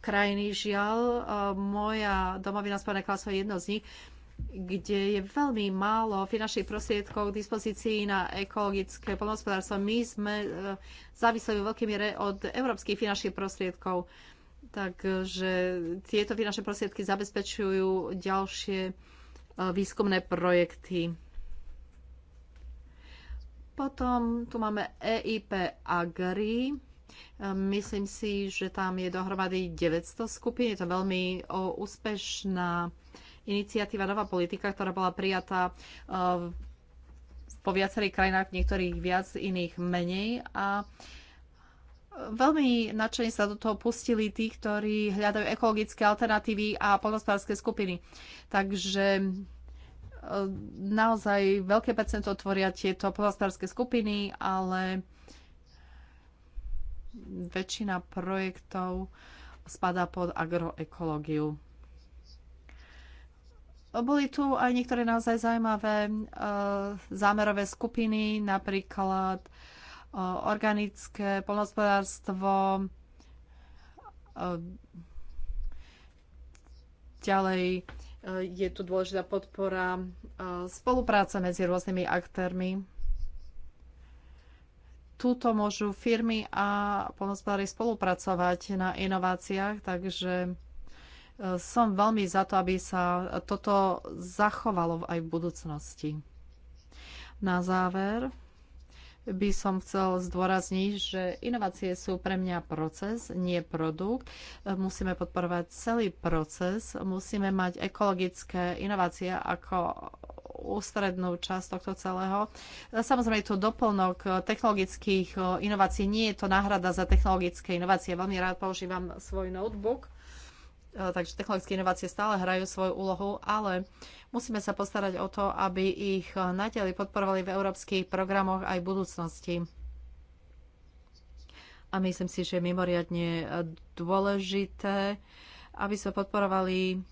krajiny, žiaľ, moja domovina Spojené kráľovstvo je jedno z nich, kde je veľmi málo finančných prostriedkov k dispozícii na ekologické poľnohospodárstvo. My sme závisli vo veľkej miere od európskych finančných prostriedkov Takže tieto finančné prostriedky zabezpečujú ďalšie e, výskumné projekty. Potom tu máme EIP Agri. E, myslím si, že tam je dohromady 900 skupín. Je to veľmi úspešná iniciatíva, nová politika, ktorá bola prijatá e, po viacerých krajinách, v niektorých viac, iných menej. A veľmi nadšení sa do toho pustili tí, ktorí hľadajú ekologické alternatívy a polnospodárske skupiny. Takže e, naozaj veľké percento tvoria tieto polnospodárske skupiny, ale väčšina projektov spadá pod agroekológiu. Boli tu aj niektoré naozaj zaujímavé e, zámerové skupiny, napríklad organické polnospodárstvo, ďalej je tu dôležitá podpora spolupráce medzi rôznymi aktérmi. Tuto môžu firmy a polnospodári spolupracovať na inováciách, takže som veľmi za to, aby sa toto zachovalo aj v budúcnosti. Na záver by som chcel zdôrazniť, že inovácie sú pre mňa proces, nie produkt. Musíme podporovať celý proces, musíme mať ekologické inovácie ako ústrednú časť tohto celého. Samozrejme je to doplnok technologických inovácií, nie je to náhrada za technologické inovácie. Veľmi rád používam svoj notebook Eh, takže technologické inovácie stále hrajú svoju úlohu, ale musíme sa postarať o to, aby ich eh, nadalej podporovali v európskych programoch aj v budúcnosti. A myslím si, že je mimoriadne eh, dôležité, aby sme podporovali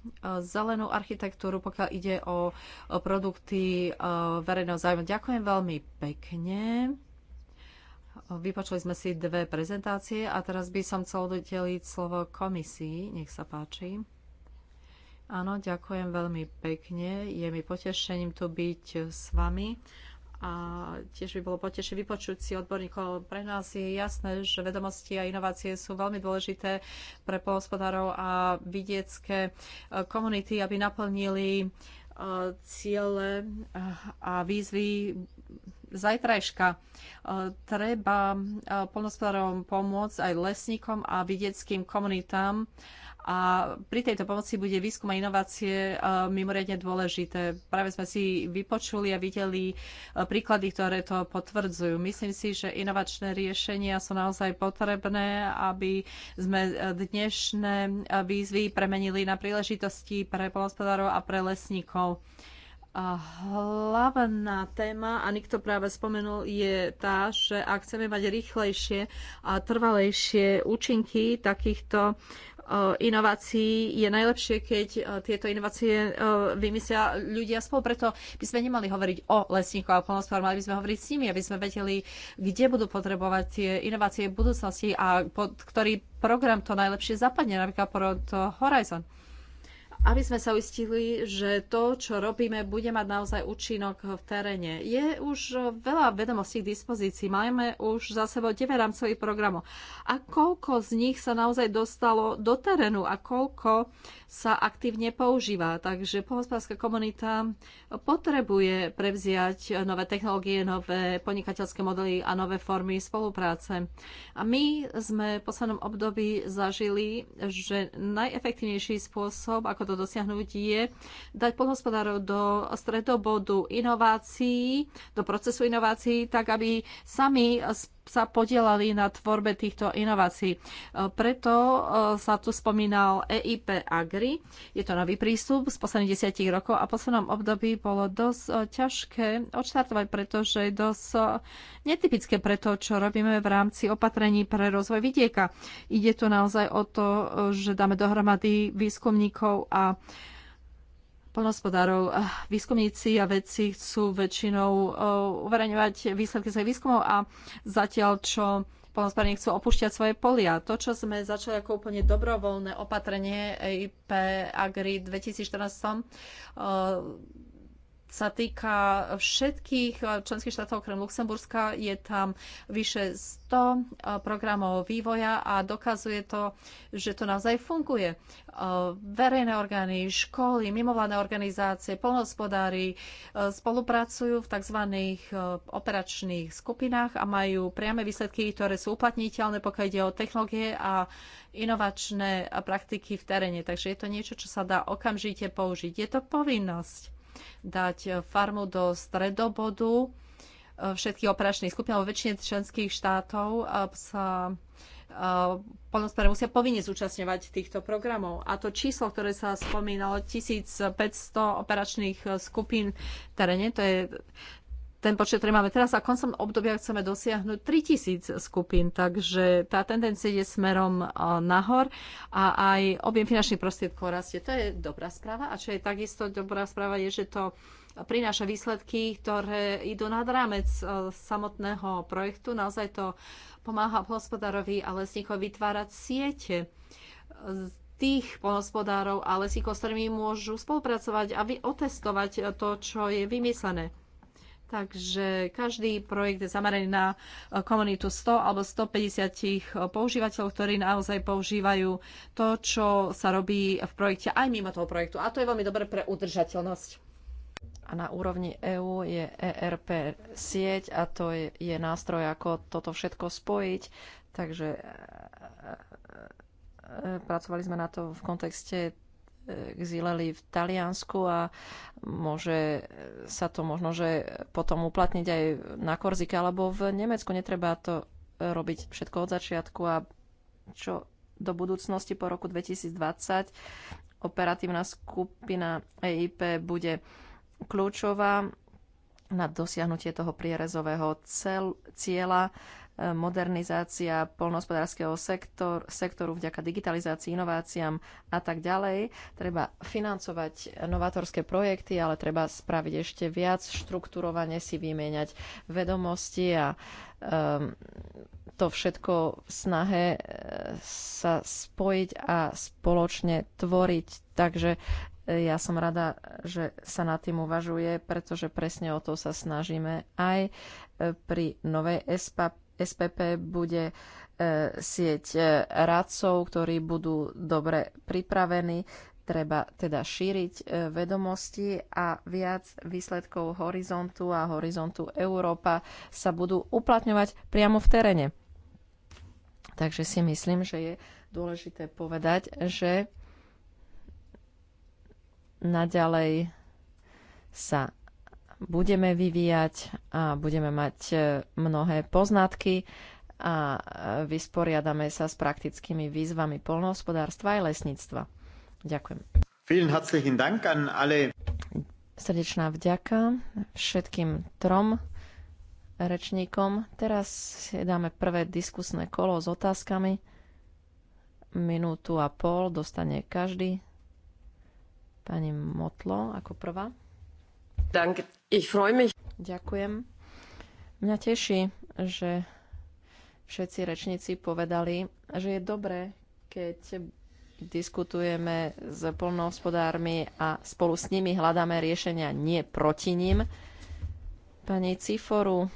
zelenú architektúru, pokiaľ ide o produkty verejného zájmu. Ďakujem veľmi pekne. Vypočuli sme si dve prezentácie a teraz by som chcel udeliť slovo komisii. Nech sa páči. Áno, ďakujem veľmi pekne. Je mi potešením tu byť s vami. A tiež by bolo poteše vypočuť si odborníkov. Pre nás je jasné, že vedomosti a inovácie sú veľmi dôležité pre polhospodárov a vidiecké eh, komunity, aby naplnili eh, ciele eh, a výzvy zajtrajška. E, treba e, polnospodárom pomôcť aj lesníkom a vidieckým komunitám a pri tejto pomoci bude výskum a inovácie e, mimoriadne dôležité. Práve sme si vypočuli a videli príklady, ktoré to potvrdzujú. Myslím si, že inovačné riešenia sú naozaj potrebné, aby sme dnešné výzvy premenili na príležitosti pre polnospodárov a pre lesníkov. A hlavná téma, a nikto práve spomenul, je tá, že ak chceme mať rýchlejšie a trvalejšie účinky takýchto e, inovácií, je najlepšie, keď e, tieto inovácie e, vymyslia ľudia spolu. Preto by sme nemali hovoriť o lesníkoch a polnospodárom, mali by sme hovoriť s nimi, aby sme vedeli, kde budú potrebovať tie inovácie v budúcnosti a pod ktorý program to najlepšie zapadne, napríklad pod Horizon aby sme sa uistili, že to, čo robíme, bude mať naozaj účinok v teréne. Je už veľa vedomostí k dispozícii. Máme už za sebou 9 rámcových programov. A koľko z nich sa naozaj dostalo do terénu a koľko sa aktívne používa. Takže pohospodárska komunita potrebuje prevziať nové technológie, nové podnikateľské modely a nové formy spolupráce. A my sme v poslednom období zažili, že najefektívnejší spôsob, ako to to dosiahnuť, je dať podhospodárov do stredobodu inovácií, do procesu inovácií, tak aby sami sa podielali na tvorbe týchto inovácií. E, preto e, sa tu spomínal EIP Agri. Je to nový prístup z posledných desiatich rokov a v poslednom období bolo dosť e, ťažké odštartovať, pretože je dosť netypické pre to, čo robíme v rámci opatrení pre rozvoj vidieka. Ide tu naozaj o to, že dáme dohromady výskumníkov a polnospodárov. Výskumníci a vedci chcú väčšinou eh, uverejňovať výsledky svojich výskumov a zatiaľ, čo polnospodári chcú opúšťať svoje polia. To, čo sme začali ako úplne dobrovoľné opatrenie eh, IP Agri 2014, sa týka všetkých eh, členských štátov okrem Luxemburska. Je tam vyše 100 eh, programov vývoja a dokazuje to, že to naozaj funguje. Eh, verejné orgány, školy, mimovládne organizácie, polnohospodári spolupracujú v tzv. operačných skupinách a majú priame výsledky, ktoré sú uplatniteľné, pokiaľ ide o technológie a inovačné praktiky v teréne. Takže je to niečo, čo sa dá okamžite použiť. Je to povinnosť dať eh, farmu do stredobodu eh, všetkých operačných skupín, alebo väčšine členských štátov eh, sa poľnohospodári musia povinne zúčastňovať týchto programov. A to číslo, ktoré sa spomínalo, 1500 operačných skupín v teréne, to je ten počet, ktorý máme teraz a koncom obdobia chceme dosiahnuť 3000 skupín, takže tá tendencia ide smerom e, nahor a aj objem finančných prostriedkov rastie. To je dobrá správa a čo je takisto dobrá správa je, že to prináša výsledky, ktoré idú nad rámec e, samotného projektu. Naozaj to pomáha hospodárovi a lesníkovi vytvárať siete e, tých polnospodárov a lesíkov, s ktorými môžu spolupracovať a otestovať to, čo je vymyslené. Takže každý projekt je zameraný na eh, komunitu 100 alebo 150 eh, používateľov, ktorí naozaj používajú to, čo sa robí v projekte aj mimo toho projektu. A to je veľmi dobré pre udržateľnosť. A na úrovni EÚ je ERP sieť a to je, je nástroj, ako toto všetko spojiť. Takže eh, pracovali sme na to v kontexte exileli v Taliansku a môže sa to možno, že potom uplatniť aj na Korzike alebo v Nemecku. Netreba to robiť všetko od začiatku a čo do budúcnosti po roku 2020 operatívna skupina EIP bude kľúčová na dosiahnutie toho prierezového cel, cieľa modernizácia polnohospodárskeho sektor, sektoru vďaka digitalizácii, inováciám a tak ďalej. Treba financovať novatorské projekty, ale treba spraviť ešte viac, štruktúrovanie si vymieňať vedomosti a um, to všetko v snahe e, sa spojiť a spoločne tvoriť. Takže e, ja som rada, že sa nad tým uvažuje, pretože presne o to sa snažíme aj e, pri novej ESPA, SPP bude e, sieť e, radcov, ktorí budú dobre pripravení. Treba teda šíriť e, vedomosti a viac výsledkov Horizontu a Horizontu Európa sa budú uplatňovať priamo v teréne. Takže si myslím, že je dôležité povedať, že naďalej sa budeme vyvíjať a budeme mať e, mnohé poznatky a e, vysporiadame sa s praktickými výzvami polnohospodárstva aj lesníctva. Ďakujem. Srdečná vďaka všetkým trom rečníkom. Teraz dáme prvé diskusné kolo s otázkami. Minútu a pol dostane každý. Pani Motlo ako prvá. Danke. Ich freue mich. Ďakujem. Mňa teší, že všetci rečníci povedali, že je dobré, keď diskutujeme s polnohospodármi a spolu s nimi hľadáme riešenia, nie proti ním. Pani Ciforu,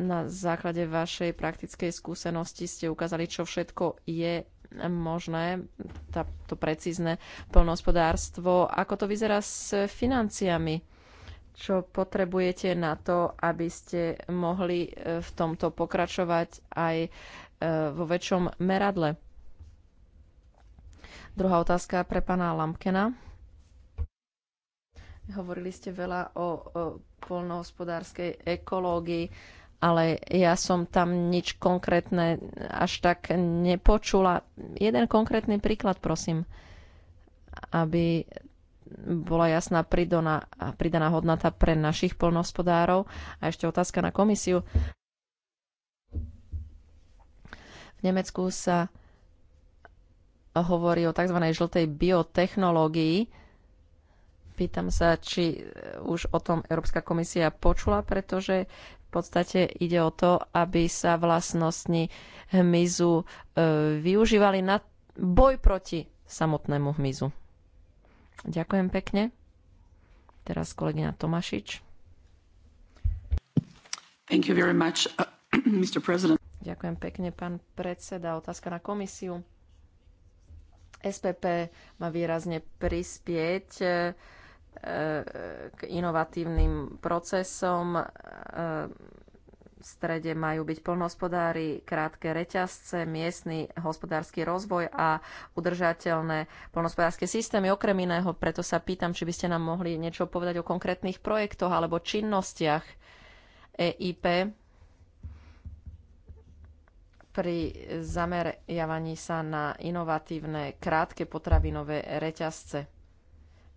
na základe vašej praktickej skúsenosti ste ukázali, čo všetko je možné, tá, to precízne plnohospodárstvo. Ako to vyzerá s financiami? čo potrebujete na to, aby ste mohli e, v tomto pokračovať aj e, vo väčšom meradle. Druhá otázka pre pána Lampkena. Hovorili ste veľa o, o polnohospodárskej ekológii, ale ja som tam nič konkrétne až tak nepočula. Jeden konkrétny príklad, prosím, aby bola jasná pridaná, pridaná hodnota pre našich polnohospodárov. A ešte otázka na komisiu. V Nemecku sa hovorí o tzv. žltej biotechnológii. Pýtam sa, či e, už o tom Európska komisia počula, pretože v podstate ide o to, aby sa vlastnosti hmyzu e, využívali na boj proti samotnému hmyzu. Ďakujem pekne. Teraz kolegyňa Tomašič. Thank you very much, uh, Mr. President. Ďakujem pekne, pán predseda. Otázka na komisiu. SPP má výrazne prispieť eh, eh, k inovatívnym procesom eh, v strede majú byť plnohospodári, krátke reťazce, miestny hospodársky rozvoj a udržateľné plnohospodárske systémy. Okrem iného, preto sa pýtam, či by ste nám mohli niečo povedať o konkrétnych projektoch alebo činnostiach EIP pri zameriavaní sa na inovatívne krátke potravinové reťazce.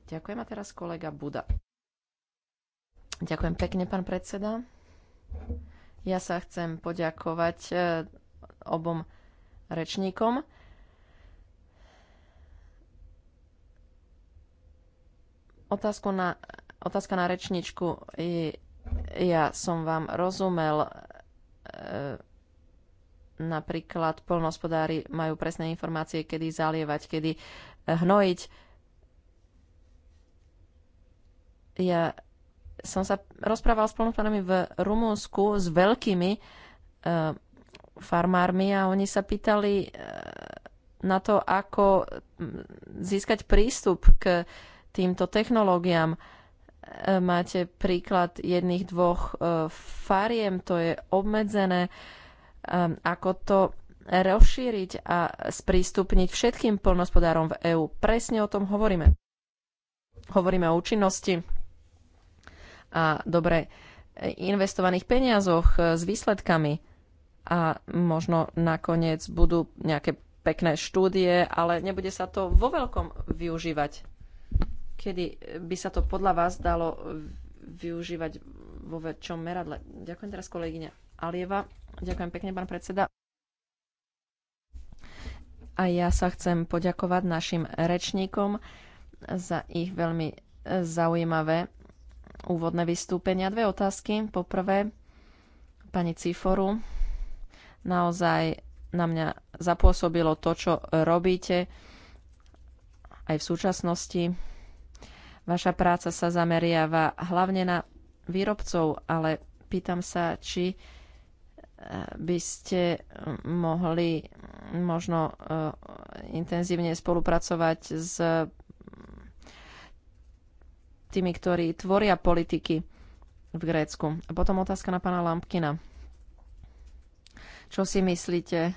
Ďakujem a teraz kolega Buda. Ďakujem pekne, pán predseda. Ja sa chcem poďakovať e, obom rečníkom. Otázku na, otázka na rečničku. Ja som vám rozumel. E, napríklad polnospodári majú presné informácie, kedy zalievať, kedy hnojiť. Ja som sa rozprával s plnopanami v Rumunsku s veľkými e, farmármi a oni sa pýtali e, na to, ako získať prístup k týmto technológiám. E, máte príklad jedných dvoch e, fariem, to je obmedzené, e, ako to rozšíriť a sprístupniť všetkým plnospodárom v EÚ. Presne o tom hovoríme. Hovoríme o účinnosti a dobre e, investovaných peniazoch e, s výsledkami. A možno nakoniec budú nejaké pekné štúdie, ale nebude sa to vo veľkom využívať. Kedy by sa to podľa vás dalo využívať vo väčšom meradle? Ďakujem teraz kolegyňa Alieva. Ďakujem pekne, pán predseda. A ja sa chcem poďakovať našim rečníkom za ich veľmi e, zaujímavé úvodné vystúpenia. Dve otázky. Poprvé, pani Ciforu, naozaj na mňa zapôsobilo to, čo robíte aj v súčasnosti. Vaša práca sa zameriava hlavne na výrobcov, ale pýtam sa, či eh, by ste mohli možno eh, intenzívne spolupracovať s tými, ktorí tvoria politiky v Grécku. A potom otázka na pána Lampkina. Čo si myslíte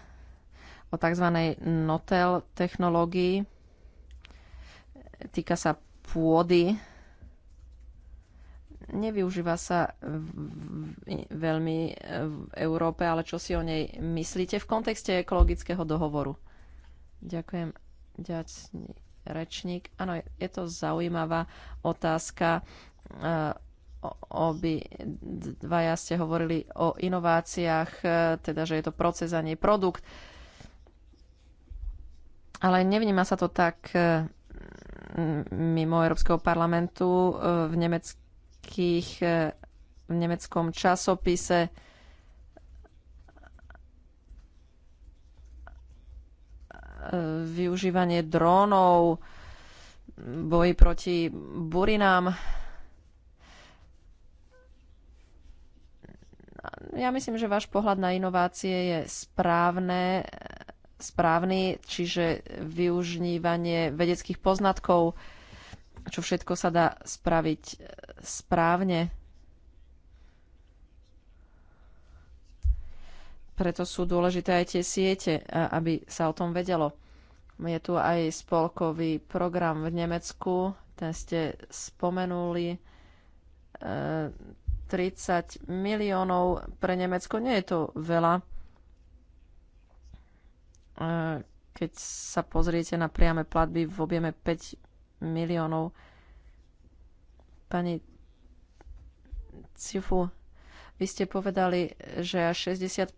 o tzv. notel technológii? Týka sa pôdy. Nevyužíva sa veľmi v Európe, ale čo si o nej myslíte v kontexte ekologického dohovoru? Ďakujem. Ďakujem rečník. Áno, je to zaujímavá otázka. E, Oby dvaja ste hovorili o inováciách, e, teda, že je to proces a nie produkt. Ale nevníma sa to tak e, mimo Európskeho parlamentu v nemeckých v nemeckom časopise využívanie drónov, boji proti burinám. Ja myslím, že váš pohľad na inovácie je správne, správny, čiže využívanie vedeckých poznatkov, čo všetko sa dá spraviť správne. Preto sú dôležité aj tie siete, aby sa o tom vedelo. Je tu aj spolkový program v Nemecku, ten ste spomenuli. 30 e, miliónov pre Nemecko nie je to veľa. E, keď sa pozriete na priame platby v objeme 5 miliónov, pani Cifu, vy ste povedali, že až 60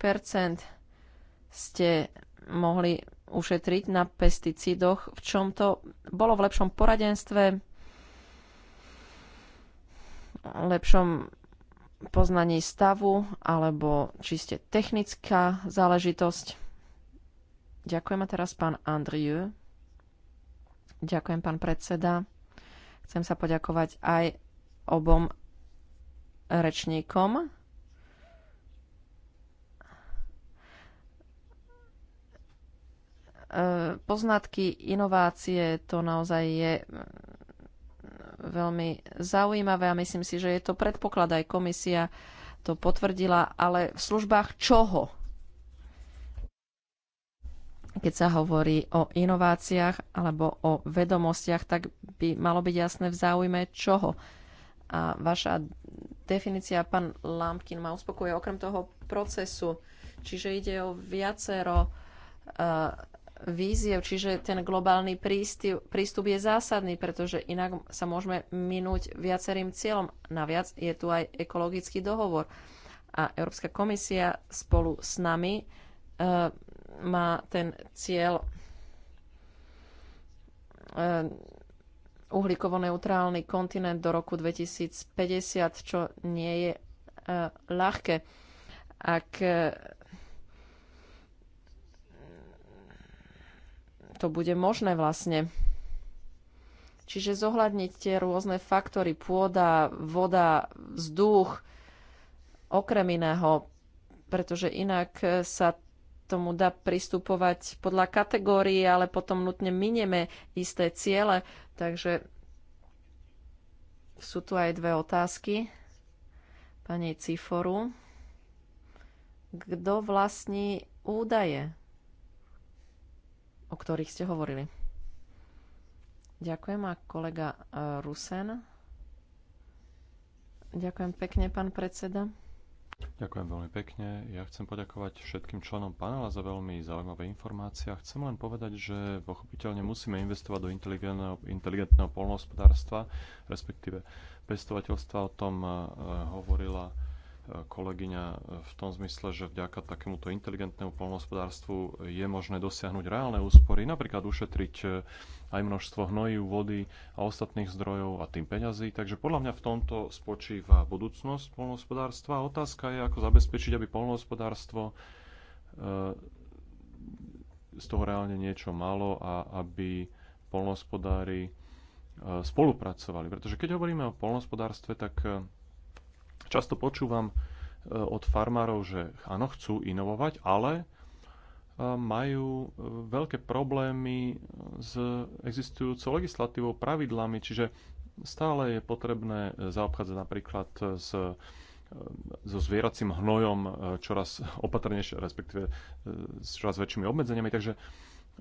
ste mohli ušetriť na pesticídoch. V čom to bolo v lepšom poradenstve, lepšom poznaní stavu, alebo čiste technická záležitosť? Ďakujem a teraz pán Andriu. Ďakujem, pán predseda. Chcem sa poďakovať aj obom rečníkom E, poznatky, inovácie, to naozaj je mm, veľmi zaujímavé a myslím si, že je to predpoklad, aj komisia to potvrdila, ale v službách čoho? Keď sa hovorí o inováciách alebo o vedomostiach, tak by malo byť jasné v záujme čoho. A vaša definícia, pán Lampkin, ma uspokuje okrem toho procesu. Čiže ide o viacero uh, víziev, čiže ten globálny prístup je zásadný, pretože inak sa môžeme minúť viacerým cieľom. Naviac je tu aj ekologický dohovor. A Európska komisia spolu s nami e, má ten cieľ e, uhlíkovo-neutrálny kontinent do roku 2050, čo nie je e, ľahké. Ak e, to bude možné vlastne. Čiže zohľadniť tie rôzne faktory, pôda, voda, vzduch, okrem iného, pretože inak sa tomu dá pristupovať podľa kategórií, ale potom nutne minieme isté ciele. Takže sú tu aj dve otázky. Pani Ciforu. Kto vlastní údaje? o ktorých ste hovorili. Ďakujem a kolega e, Rusen. Ďakujem pekne, pán predseda. Ďakujem veľmi pekne. Ja chcem poďakovať všetkým členom panela za veľmi zaujímavé informácie a chcem len povedať, že pochopiteľne musíme investovať do inteligentného, inteligentného polnohospodárstva, respektíve pestovateľstva. O tom e, hovorila kolegyňa e, v tom zmysle, že vďaka takémuto inteligentnému polnohospodárstvu je možné dosiahnuť reálne úspory, napríklad ušetriť e, aj množstvo hnojív, vody a ostatných zdrojov a tým peňazí. Takže podľa mňa v tomto spočíva budúcnosť polnohospodárstva. Otázka je, ako zabezpečiť, aby polnohospodárstvo e, z toho reálne niečo malo a aby polnohospodári spolupracovali. Pretože keď hovoríme o polnohospodárstve, tak Často počúvam e, od farmárov, že áno, chcú inovovať, ale e, majú e, veľké problémy s existujúcou legislatívou, pravidlami, čiže stále je potrebné zaobchádzať napríklad s so zvieracím hnojom čoraz opatrnejšie, respektíve s čoraz väčšími obmedzeniami. Takže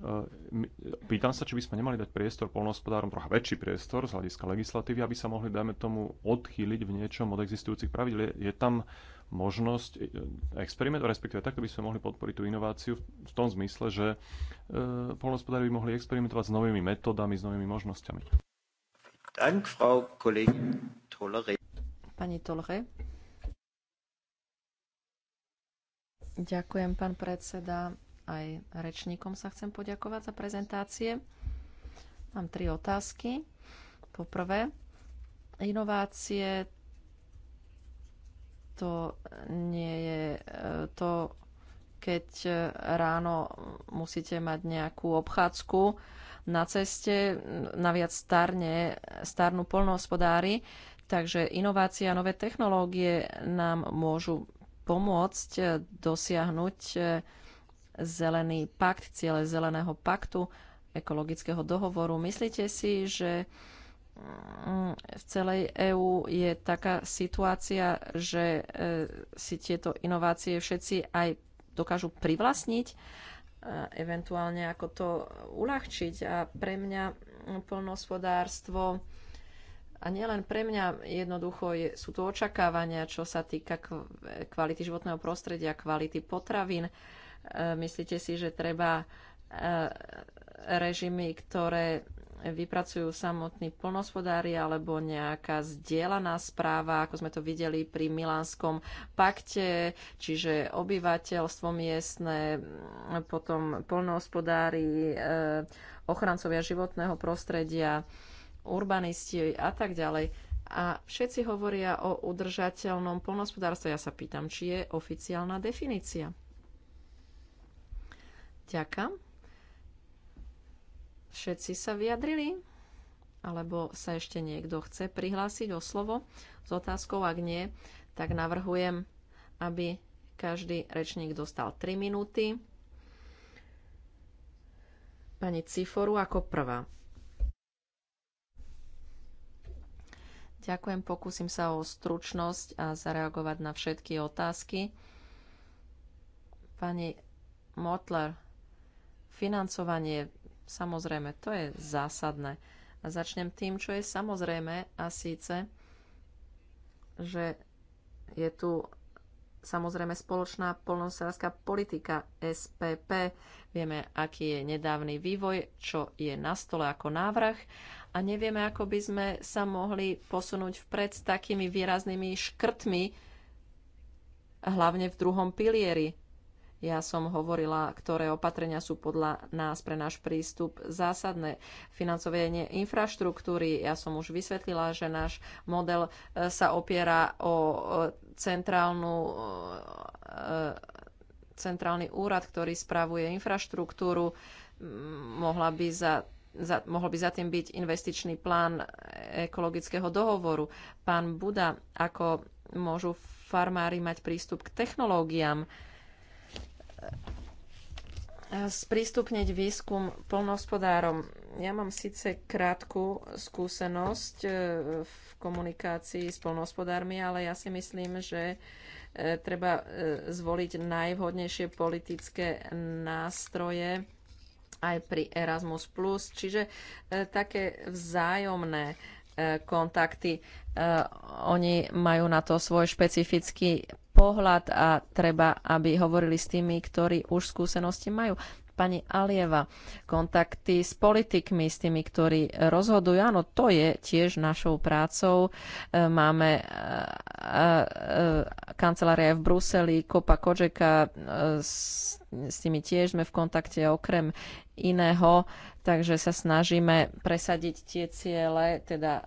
Eh, eh, pýtam sa, či by sme nemali dať priestor polnohospodárom, trocha väčší priestor z hľadiska legislatívy, aby sa mohli, dajme tomu, odchýliť v niečom od existujúcich pravidel. Je tam možnosť eh, experimentu, respektíve takto by sme mohli podporiť tú inováciu v tom zmysle, že polnohospodári by mohli experimentovať s novými metodami, s novými možnosťami. Dank, Frau Kollegin Tolere. Pani Tolere. Ďakujem, pán predseda aj rečníkom sa chcem poďakovať za prezentácie. Mám tri otázky. Poprvé, inovácie to nie je e, to, keď ráno musíte mať nejakú obchádzku na ceste, naviac starne, starnú polnohospodári, takže inovácie a nové technológie nám môžu pomôcť dosiahnuť e, zelený pakt, ciele zeleného paktu, ekologického dohovoru. Myslíte si, že mm, v celej EÚ je taká situácia, že e, si tieto inovácie všetci aj dokážu privlastniť, e, eventuálne ako to uľahčiť. A pre mňa mm, polnohospodárstvo a nielen pre mňa, jednoducho je, sú tu očakávania, čo sa týka kvality životného prostredia, kvality potravín. E, myslíte si, že treba e, režimy, ktoré vypracujú samotní plnospodári alebo nejaká zdieľaná správa, ako sme to videli pri Milánskom pakte, čiže obyvateľstvo miestne, potom plnospodári, e, ochrancovia životného prostredia, urbanisti a tak ďalej. A všetci hovoria o udržateľnom plnospodárstve. Ja sa pýtam, či je oficiálna definícia. Ďakujem. Všetci sa vyjadrili? Alebo sa ešte niekto chce prihlásiť o slovo s otázkou? Ak nie, tak navrhujem, aby každý rečník dostal 3 minúty. Pani Ciforu ako prvá. Ďakujem, pokúsim sa o stručnosť a zareagovať na všetky otázky. Pani Motler, Financovanie, samozrejme, to je zásadné. A začnem tým, čo je samozrejme a síce, že je tu samozrejme spoločná polnohospodárska politika SPP. Vieme, aký je nedávny vývoj, čo je na stole ako návrh a nevieme, ako by sme sa mohli posunúť vpred s takými výraznými škrtmi, hlavne v druhom pilieri. Ja som hovorila, ktoré opatrenia sú podľa nás pre náš prístup zásadné. Financovanie infraštruktúry. Ja som už vysvetlila, že náš model e, sa opiera o centrálnu e, e, centrálny úrad, ktorý spravuje infraštruktúru, mohla by za, za, mohol by za tým byť investičný plán ekologického dohovoru. Pán Buda, ako môžu farmári mať prístup k technológiám, sprístupniť výskum polnohospodárom. Ja mám síce krátku skúsenosť e, v komunikácii s polnohospodármi, ale ja si myslím, že e, treba e, zvoliť najvhodnejšie politické nástroje aj pri Erasmus+, čiže také vzájomné E, kontakty. E, oni majú na to svoj špecifický pohľad a treba, aby hovorili s tými, ktorí už skúsenosti majú. Pani Alieva, kontakty s politikmi, s tými, ktorí rozhodujú, áno, to je tiež našou prácou. E, máme kancelária v Bruseli, Kopa Kožeka, s, s nimi tiež sme v kontakte, okrem iného Takže sa snažíme presadiť tie ciele, teda e,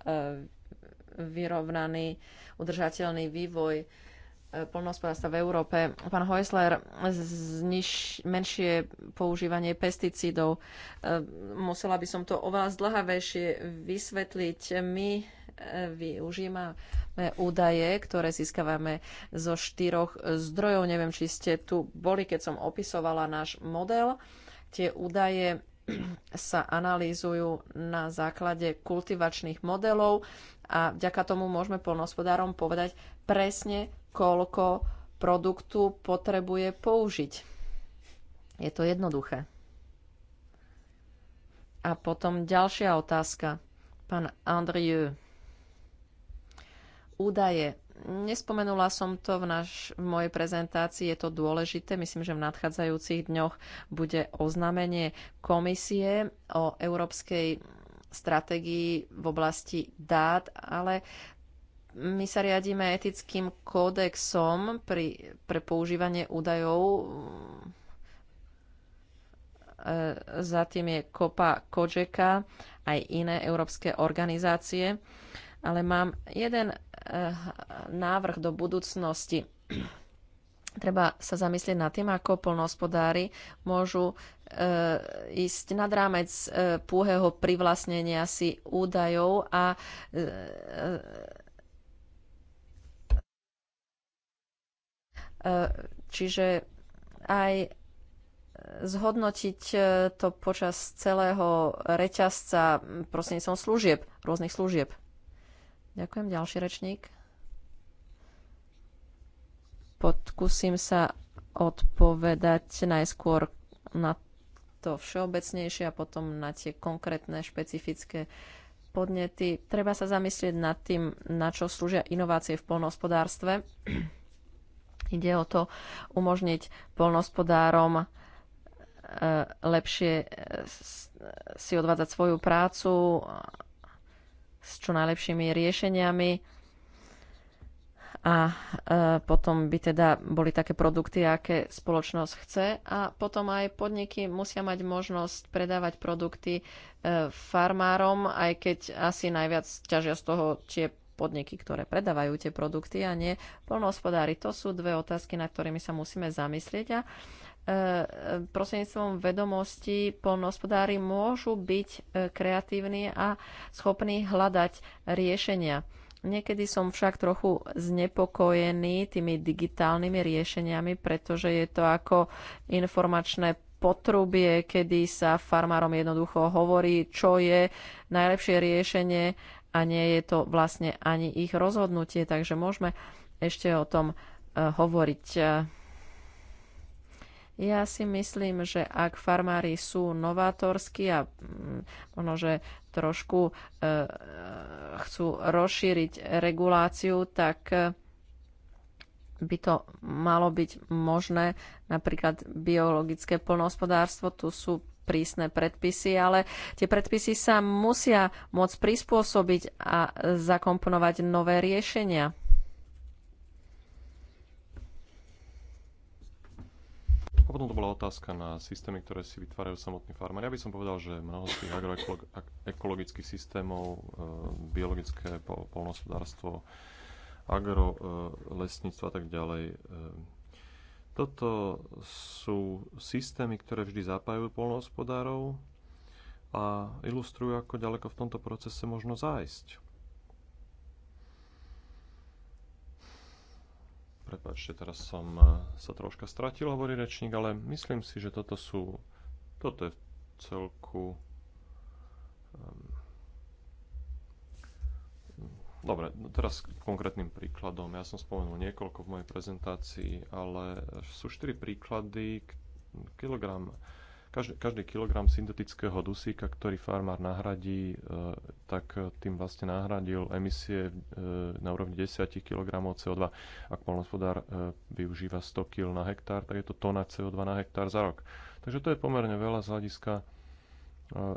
vyrovnaný, udržateľný vývoj e, polnohospodárstva v Európe. Pán Heusler, zniž, menšie používanie pesticídov. E, musela by som to o vás dlhavejšie vysvetliť. My využívame údaje, ktoré získavame zo štyroch zdrojov. Neviem, či ste tu boli, keď som opisovala náš model. Tie údaje sa analýzujú na základe kultivačných modelov a vďaka tomu môžeme polnohospodárom povedať presne, koľko produktu potrebuje použiť. Je to jednoduché. A potom ďalšia otázka. Pán Andrieu. Údaje Nespomenula som to v, naš, v mojej prezentácii, je to dôležité. Myslím, že v nadchádzajúcich dňoch bude oznámenie komisie o európskej stratégii v oblasti dát, ale my sa riadíme etickým kódexom pri, pre používanie údajov. E, za tým je kopa Kožeka, aj iné európske organizácie. Ale mám jeden návrh do budúcnosti. Treba sa zamyslieť nad tým, ako polnohospodári môžu e, ísť nad rámec e, púhého privlastnenia si údajov a e, čiže aj zhodnotiť to počas celého reťazca prostredníctvom služieb, rôznych služieb. Ďakujem. Ďalší rečník. Podkúsim sa odpovedať najskôr na to všeobecnejšie a potom na tie konkrétne špecifické podnety. Treba sa zamyslieť nad tým, na čo slúžia inovácie v polnohospodárstve. Ide o to umožniť polnohospodárom e, lepšie e, e, si odvádzať svoju prácu, s čo najlepšími riešeniami a e, potom by teda boli také produkty, aké spoločnosť chce a potom aj podniky musia mať možnosť predávať produkty e, farmárom, aj keď asi najviac ťažia z toho tie podniky, ktoré predávajú tie produkty a nie polnohospodári. To sú dve otázky, na ktorými sa musíme zamyslieť a E, prostredníctvom vedomostí polnohospodári môžu byť e, kreatívni a schopní hľadať riešenia. Niekedy som však trochu znepokojený tými digitálnymi riešeniami, pretože je to ako informačné potrubie, kedy sa farmárom jednoducho hovorí, čo je najlepšie riešenie a nie je to vlastne ani ich rozhodnutie, takže môžeme ešte o tom e, hovoriť ja si myslím, že ak farmári sú novátorskí a možno, mm, že trošku e, e, chcú rozšíriť reguláciu, tak e, by to malo byť možné. Napríklad biologické plnohospodárstvo, tu sú prísne predpisy, ale tie predpisy sa musia môcť prispôsobiť a zakomponovať nové riešenia. A potom to bola otázka na systémy, ktoré si vytvárajú samotní farmári. Ja by som povedal, že mnoho z tých agroekologických systémov, e, biologické polnospodárstvo, agrolesníctvo e, a tak ďalej, e, toto sú systémy, ktoré vždy zapájajú polnohospodárov a ilustrujú, ako ďaleko v tomto procese možno zájsť. Prepačte, teraz som e, sa troška stratil, hovorí rečník, ale myslím si, že toto sú, toto je celku ehm, Dobre, no teraz konkrétnym príkladom. Ja som spomenul niekoľko v mojej prezentácii, ale sú štyri príklady. Kilogram každý, každý kilogram syntetického dusíka, ktorý farmár nahradí, e, tak e, tým vlastne nahradil emisie e, na úrovni 10 kg CO2. Ak polnospodár využíva 100 kg na hektár, tak je to tona CO2 na hektár za rok. Takže to je pomerne veľa z hľadiska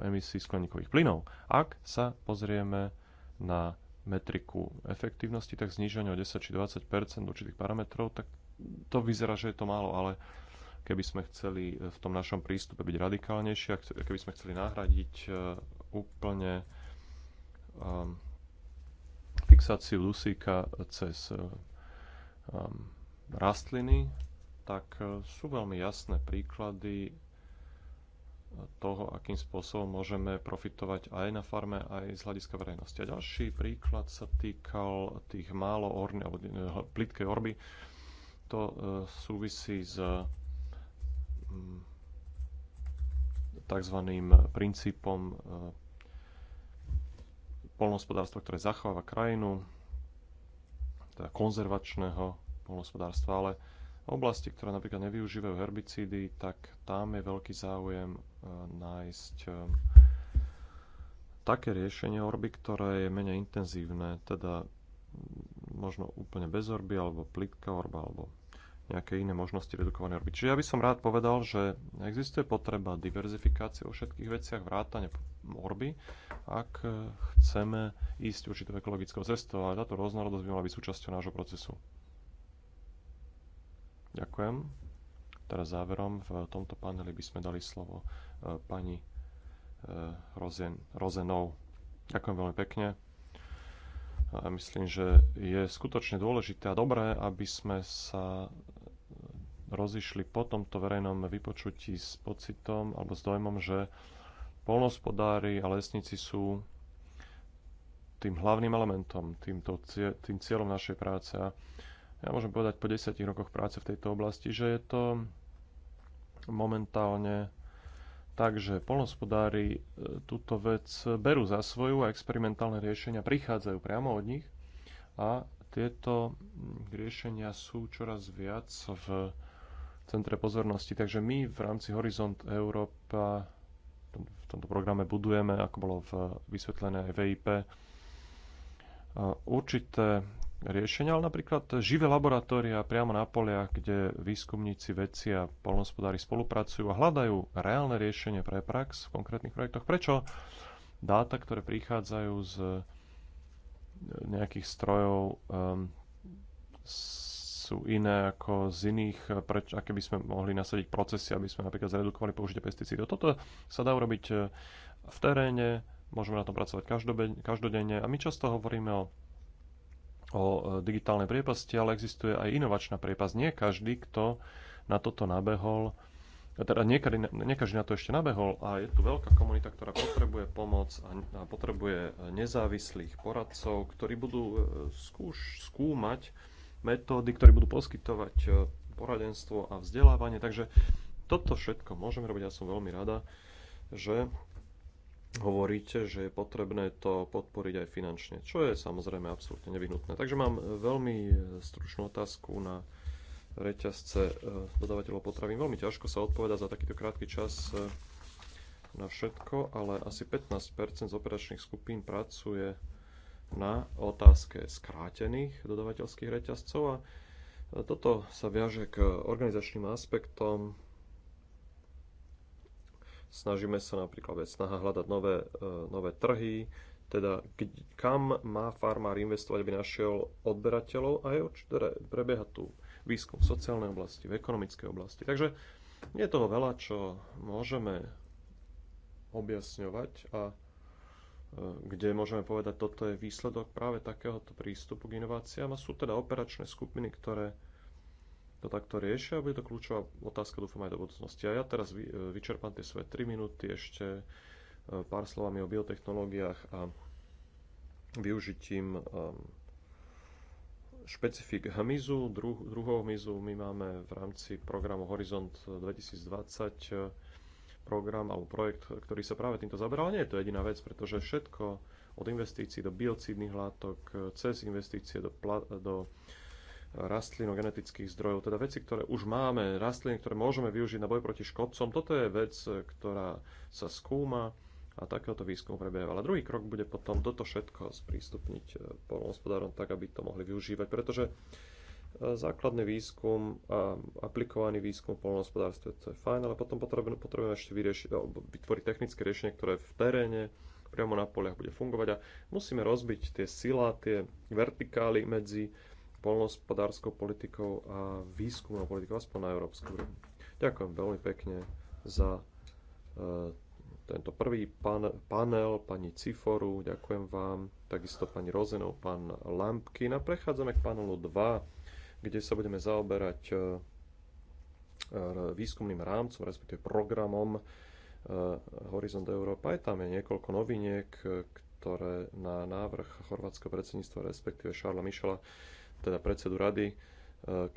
emisí skleníkových plynov. Ak sa pozrieme na metriku efektívnosti, tak zniženie o 10 či 20 určitých parametrov, tak to vyzerá, že je to málo, ale keby sme chceli eh, v tom našom prístupe byť radikálnejší, keby sme chceli nahradiť eh, úplne um, fixáciu dusíka cez um, rastliny, tak sú veľmi jasné príklady toho, akým spôsobom môžeme profitovať aj na farme, aj z hľadiska verejnosti. A ďalší príklad sa týkal tých málo orny, alebo plitkej orby. To súvisí s Mm, tzv. Eh, princípom eh, polnohospodárstva, ktoré zachováva krajinu, teda konzervačného polnohospodárstva, ale oblasti, ktoré napríklad nevyužívajú herbicídy, tak tam je veľký záujem eh, nájsť také riešenie orby, ktoré je menej intenzívne, teda mm, možno úplne bez orby, alebo plitka orba, alebo nejaké iné možnosti redukované orbity. Čiže ja by som rád povedal, že existuje potreba diverzifikácie vo všetkých veciach, vrátane orby, ak chceme ísť určitou ekologickou cestou a táto rôznorodosť by mala byť súčasťou nášho procesu. Ďakujem. Teraz záverom v tomto paneli by sme dali slovo e, pani e, Rozen, Rozenov. Ďakujem veľmi pekne. A myslím, že je skutočne dôležité a dobré, aby sme sa rozišli po tomto verejnom vypočutí s pocitom alebo s dojmom, že polnospodári a lesníci sú tým hlavným elementom, týmto, tým cieľom našej práce. A ja môžem povedať po 10 rokoch práce v tejto oblasti, že je to momentálne Takže polnospodári e, túto vec berú za svoju a experimentálne riešenia prichádzajú priamo od nich a tieto riešenia sú čoraz viac v centre pozornosti. Takže my v rámci Horizont Európa v tomto programe budujeme, ako bolo v vysvetlené aj VIP, e určité riešenia, ale napríklad živé laboratória priamo na poliach, kde výskumníci, vedci a polnospodári spolupracujú a hľadajú reálne riešenie pre prax v konkrétnych projektoch. Prečo dáta, ktoré prichádzajú z nejakých strojov, um, sú iné ako z iných, eh, preč, aké by sme mohli nasadiť procesy, aby sme napríklad zredukovali použitie pesticídov. Toto sa dá urobiť eh, v teréne, môžeme na tom pracovať každodenne a my často hovoríme o o eh, digitálnej priepasti, ale existuje aj inovačná priepasť. Nie každý, kto na toto nabehol, teda niekedy, nie každý na to ešte nabehol a je tu veľká komunita, ktorá potrebuje pomoc a, potrebuje nezávislých poradcov, ktorí budú skúš, skúmať metódy, ktoré budú poskytovať e, poradenstvo a vzdelávanie. Takže toto všetko môžeme robiť. Ja som veľmi rada, že hovoríte, že je potrebné to podporiť aj finančne, čo je samozrejme absolútne nevyhnutné. Takže mám e, veľmi e, stručnú otázku na reťazce dodávateľov potravín. Veľmi ťažko sa odpoveda za takýto krátky čas na všetko, ale asi 15% z operačných skupín pracuje na otázke skrátených dodavateľských reťazcov a toto sa viaže k organizačným aspektom. Snažíme sa napríklad veď snaha hľadať nové, e, nové trhy, teda kam má farmár investovať, aby našiel odberateľov a je určite teda prebieha tu výskum v sociálnej oblasti, v ekonomickej oblasti. Takže je toho veľa, čo môžeme objasňovať a kde môžeme povedať, toto je výsledok práve takéhoto prístupu k inováciám a sú teda operačné skupiny, ktoré to takto riešia a bude to kľúčová otázka, dúfam, aj do budúcnosti. A ja teraz vy, e, vyčerpám tie svoje 3 minúty ešte e, pár slovami o biotechnológiách a využitím e, špecifik hmyzu, druh, druhou hmyzu my máme v rámci programu Horizont 2020 program alebo projekt, ktorý sa práve týmto zaberal. Nie je to jediná vec, pretože všetko od investícií do biocídnych látok, cez investície do, do rastlín, genetických zdrojov, teda veci, ktoré už máme, rastliny, ktoré môžeme využiť na boj proti škodcom. Toto je vec, ktorá sa skúma a takéhoto výskum prebieha. Ale druhý krok bude potom toto všetko sprístupniť eh, polnohospodárom tak, aby to mohli využívať, pretože uh, základný výskum a aplikovaný výskum v polnohospodárstve, to je fajn, ale potom potrebujeme, potrebujeme ešte vyriešiť, vytvoriť technické riešenie, ktoré v teréne, priamo na poliach bude fungovať a musíme rozbiť tie sila, tie vertikály medzi polnohospodárskou politikou a výskumnou politikou, aspoň na európsku úrovni. Ďakujem veľmi pekne za uh, tento prvý pan, panel, pani Ciforu, ďakujem vám, takisto pani Rozenov, pán Lampky. a prechádzame k panelu 2 kde sa budeme zaoberať e, e, výskumným rámcom, respektíve programom e, Horizont Európa. Aj tam je niekoľko noviniek, ktoré na návrh chorvátskeho predsedníctva, respektíve Šarla Mišela, teda predsedu rady,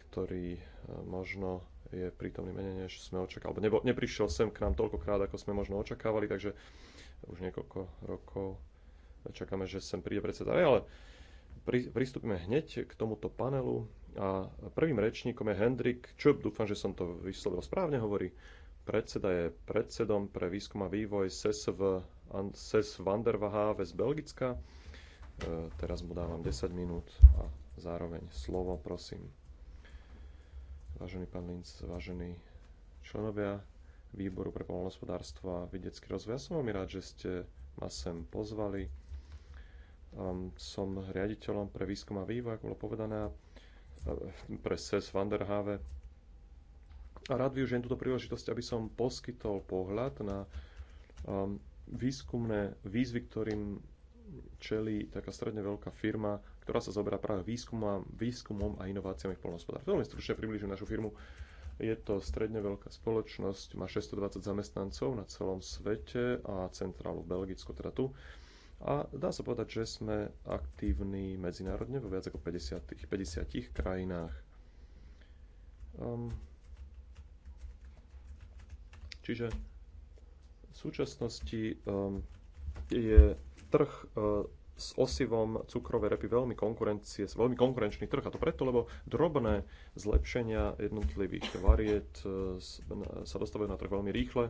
ktorý možno je prítomný menej, než sme očakávali. Nebo, neprišiel sem k nám toľkokrát, ako sme možno očakávali, takže už niekoľko rokov čakáme, že sem príde predseda. Ale pristúpime hneď k tomuto panelu. A prvým rečníkom je Hendrik Čup, dúfam, že som to vyslovil správne, hovorí. Predseda je predsedom pre výskum a vývoj SESV, SES van der Wahave z Belgicka. E, teraz mu dávam 10 minút a zároveň slovo, prosím. Vážený pán Linc, vážení členovia výboru pre poľnohospodárstvo a vidiecký rozvoj, ja som veľmi rád, že ste ma sem pozvali. Um, som riaditeľom pre výskum a vývoj, ako bolo povedané, pre SES Vanderhave. A rád využijem túto príležitosť, aby som poskytol pohľad na um, výskumné výzvy, ktorým čelí taká stredne veľká firma, ktorá sa zoberá práve výskumom, výskumom a inováciami v polnospodárstve. Veľmi stručne približím našu firmu. Je to stredne veľká spoločnosť, má 620 zamestnancov na celom svete a centrálu v Belgicku, teda tu. A dá sa povedať, že sme aktívni medzinárodne vo viac ako 50, 50 krajinách. Um, čiže v súčasnosti um, je trh uh, s osivom cukrovej repy veľmi, konkurencie, veľmi konkurenčný trh a to preto, lebo drobné zlepšenia jednotlivých variet e, sa dostávajú na trh veľmi rýchle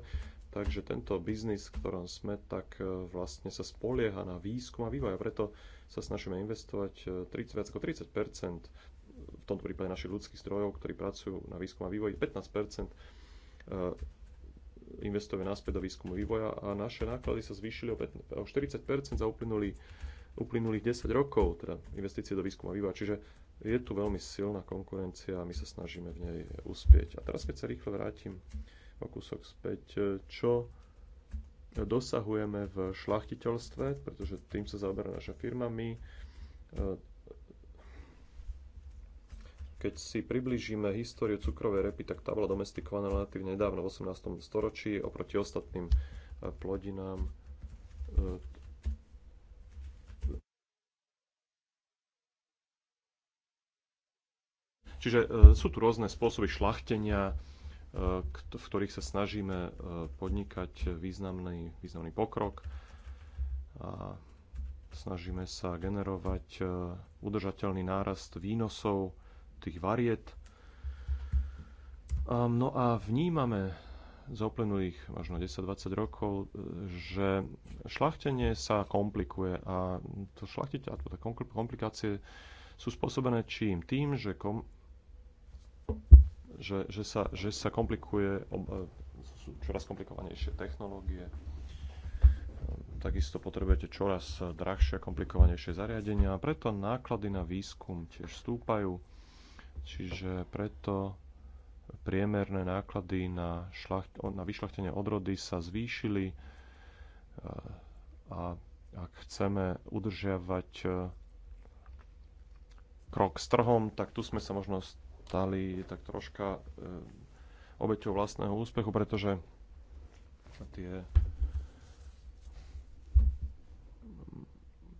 Takže tento biznis, v ktorom sme, tak e, vlastne sa spolieha na výskum a vývoj a preto sa snažíme investovať 30, e, viac ako 30 v tomto prípade našich ľudských strojov, ktorí pracujú na výskum a vývoji, 15 e, investujeme naspäť do výskumu vývoja a naše náklady sa zvýšili o 40 za uplynulý, uplynulých 10 rokov, teda investície do výskumu a vývoja. Čiže je tu veľmi silná konkurencia a my sa snažíme v nej uspieť. A teraz, keď sa rýchle vrátim o kúsok späť, e, čo dosahujeme v šlachtiteľstve, pretože tým sa zaoberá naša firma. My, e, keď si priblížime históriu cukrovej repy, tak tá bola domestikovaná relatívne nedávno, v 18. storočí, oproti ostatným e, plodinám. Čiže sú tu rôzne spôsoby šlachtenia, v ktorých sa snažíme e, podnikať významný, významný pokrok a snažíme sa generovať e, udržateľný nárast výnosov tých variet. No a vnímame za uplynulých možno 10-20 rokov, e, že šlachtenie sa komplikuje a to šlachtiť, a komplikácie sú spôsobené čím? Tým, že kom že, že, sa, že sa komplikuje, e, sú čoraz komplikovanejšie technológie, takisto potrebujete čoraz drahšie a komplikovanejšie zariadenia a preto náklady na výskum tiež stúpajú, čiže preto priemerné náklady na, šlacht, na vyšľachtenie odrody sa zvýšili e, a ak chceme udržiavať e, krok s trhom, tak tu sme sa možno stali tak troška eh, obeťou vlastného úspechu, pretože tie,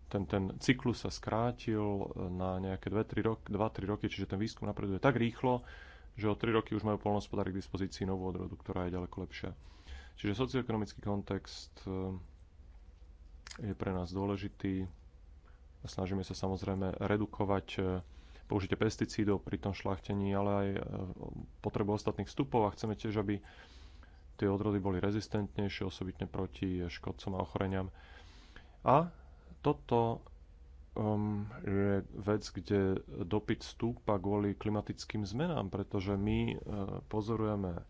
ten, ten cyklus sa skrátil eh, na nejaké 2-3 rok, roky, čiže ten výskum napreduje tak rýchlo, že o 3 roky už majú polnospodári k dispozícii novú odrodu, ktorá je ďaleko lepšia. Čiže socioekonomický kontext eh, je pre nás dôležitý. Snažíme sa samozrejme redukovať použitie pesticídov pri tom šlachtení, ale aj e, potrebu ostatných vstupov a chceme tiež, aby tie odrody boli rezistentnejšie, osobitne proti škodcom a ochoreniam. A toto um, je vec, kde dopyt stúpa kvôli klimatickým zmenám, pretože my uh, pozorujeme uh,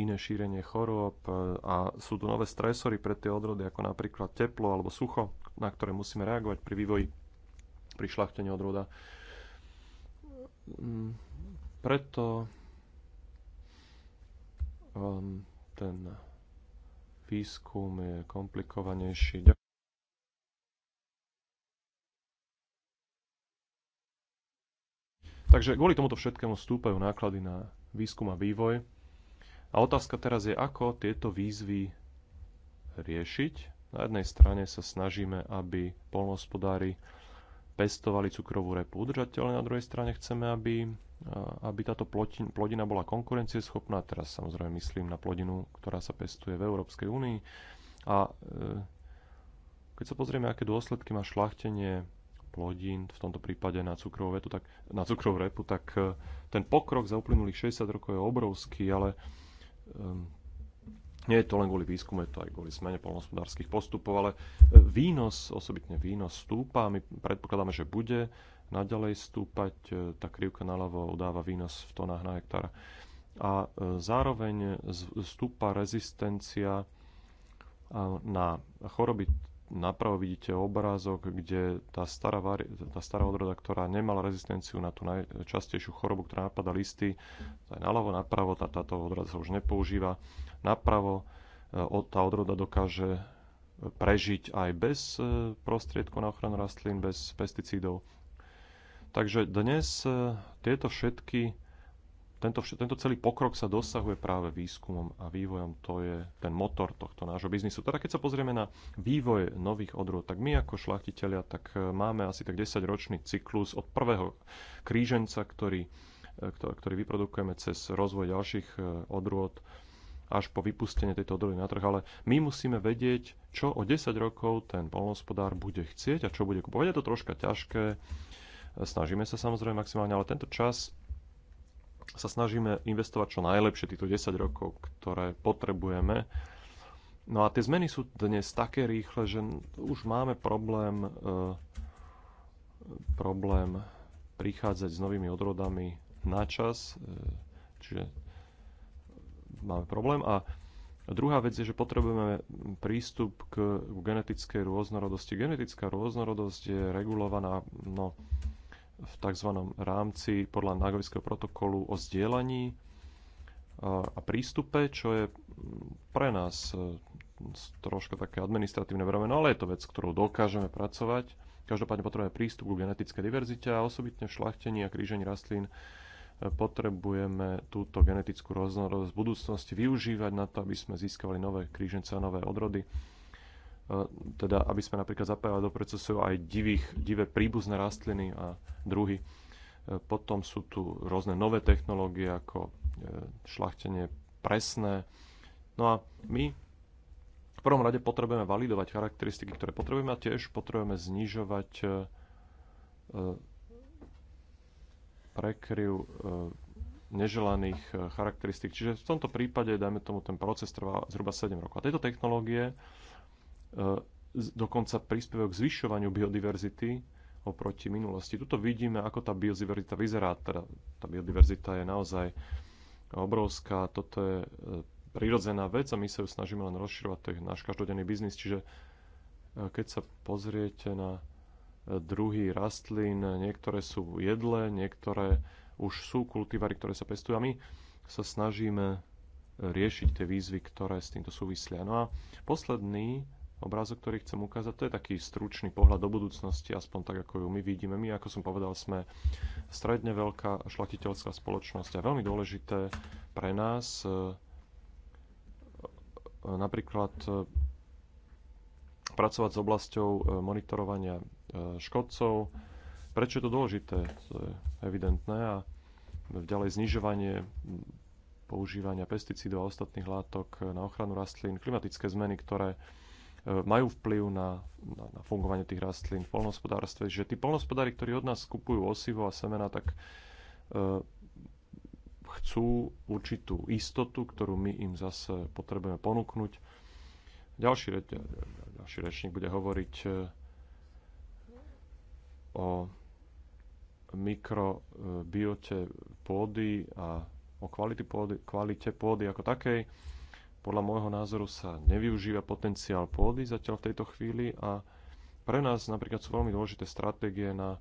iné šírenie chorôb uh, a sú tu nové stresory pre tie odrody, ako napríklad teplo alebo sucho, na ktoré musíme reagovať pri vývoji, pri šlachtení odroda. Mm, preto um, ten výskum je komplikovanejší. Takže kvôli tomuto všetkému stúpajú náklady na výskum a vývoj. A otázka teraz je, ako tieto výzvy riešiť. Na jednej strane sa snažíme, aby polnohospodári pestovali cukrovú repu udržateľne. Na druhej strane chceme, aby, eh, aby táto plodina bola konkurencieschopná. Teraz samozrejme myslím na plodinu, ktorá sa pestuje v Európskej únii. A eh, keď sa pozrieme, aké dôsledky má šlachtenie plodín, v tomto prípade na cukrovú, vetu, tak, na cukrovú repu, tak eh, ten pokrok za uplynulých 60 rokov je obrovský, ale nie je to len kvôli výskumu, je to aj kvôli zmene polnospodárských postupov, ale e, výnos, osobitne výnos stúpa a my predpokladáme, že bude naďalej stúpať. E, tá krivka naľavo udáva výnos v tonách na hektára. A e, zároveň stúpa rezistencia na choroby napravo vidíte obrázok, kde tá stará, vari- tá stará odroda, ktorá nemala rezistenciu na tú najčastejšiu chorobu, ktorá napadá listy, aj naľavo, napravo, tá, táto odroda sa už nepoužíva napravo. E, tá odroda dokáže prežiť aj bez e, prostriedkov na ochranu rastlín, bez pesticídov. Takže dnes e, tieto všetky, tento, tento celý pokrok sa dosahuje práve výskumom a vývojom. To je ten motor tohto nášho biznisu. Teda keď sa pozrieme na vývoj nových odrôd, tak my ako šlachtitelia tak máme asi tak 10-ročný cyklus od prvého kríženca, ktorý, ktorý vyprodukujeme cez rozvoj ďalších odrôd až po vypustenie tejto odrody na trh, ale my musíme vedieť, čo o 10 rokov ten polnospodár bude chcieť a čo bude kupovať. Je to troška ťažké, snažíme sa samozrejme maximálne, ale tento čas sa snažíme investovať čo najlepšie týchto 10 rokov, ktoré potrebujeme. No a tie zmeny sú dnes také rýchle, že už máme problém, e, problém prichádzať s novými odrodami na čas. E, čiže máme problém. A druhá vec je, že potrebujeme prístup k genetickej rôznorodosti. Genetická rôznorodosť je regulovaná no, v tzv. rámci podľa Nagovického protokolu o zdieľaní e, a prístupe, čo je pre nás e, troška také administratívne bremeno, ale je to vec, ktorou dokážeme pracovať. Každopádne potrebujeme prístup k genetickej diverzite a osobitne v šlachtení a krížení rastlín potrebujeme túto genetickú rôznorodosť v budúcnosti využívať na to, aby sme získavali nové krížence a nové odrody. E, teda, aby sme napríklad zapájali do procesu aj divých, divé príbuzné rastliny a druhy. E, potom sú tu rôzne nové technológie, ako e, šlachtenie presné. No a my v prvom rade potrebujeme validovať charakteristiky, ktoré potrebujeme a tiež potrebujeme znižovať prekryv e, neželaných e, charakteristík. Čiže v tomto prípade, dajme tomu, ten proces trvá zhruba 7 rokov. A tieto technológie e, dokonca prispievajú k zvyšovaniu biodiverzity oproti minulosti. Tuto vidíme, ako tá biodiverzita vyzerá. Teda tá biodiverzita je naozaj obrovská. Toto je prírodzená vec a my sa ju snažíme len rozširovať. To je náš každodenný biznis. Čiže keď sa pozriete na druhy rastlín, niektoré sú jedlé, niektoré už sú kultivary, ktoré sa pestujú a my sa snažíme riešiť tie výzvy, ktoré s týmto súvisia. No a posledný obrázok, ktorý chcem ukázať, to je taký stručný pohľad do budúcnosti, aspoň tak, ako ju my vidíme. My, ako som povedal, sme stredne veľká šlachtiteľská spoločnosť a veľmi dôležité pre nás e, e, napríklad e, pracovať s oblasťou e, monitorovania e, škodcov. Prečo je to dôležité? To je evidentné. A ďalej znižovanie používania pesticídov a ostatných látok na ochranu rastlín, klimatické zmeny, ktoré e, majú vplyv na, na, na fungovanie tých rastlín v polnohospodárstve, že tí polnohospodári, ktorí od nás kupujú osivo a semena, tak e, chcú určitú istotu, ktorú my im zase potrebujeme ponúknuť ďalší, reč, ďalší rečník bude hovoriť e, o mikrobiote pôdy a o kvality pôdy, kvalite pôdy ako takej. Podľa môjho názoru sa nevyužíva potenciál pôdy zatiaľ v tejto chvíli a pre nás napríklad sú veľmi dôležité stratégie na e,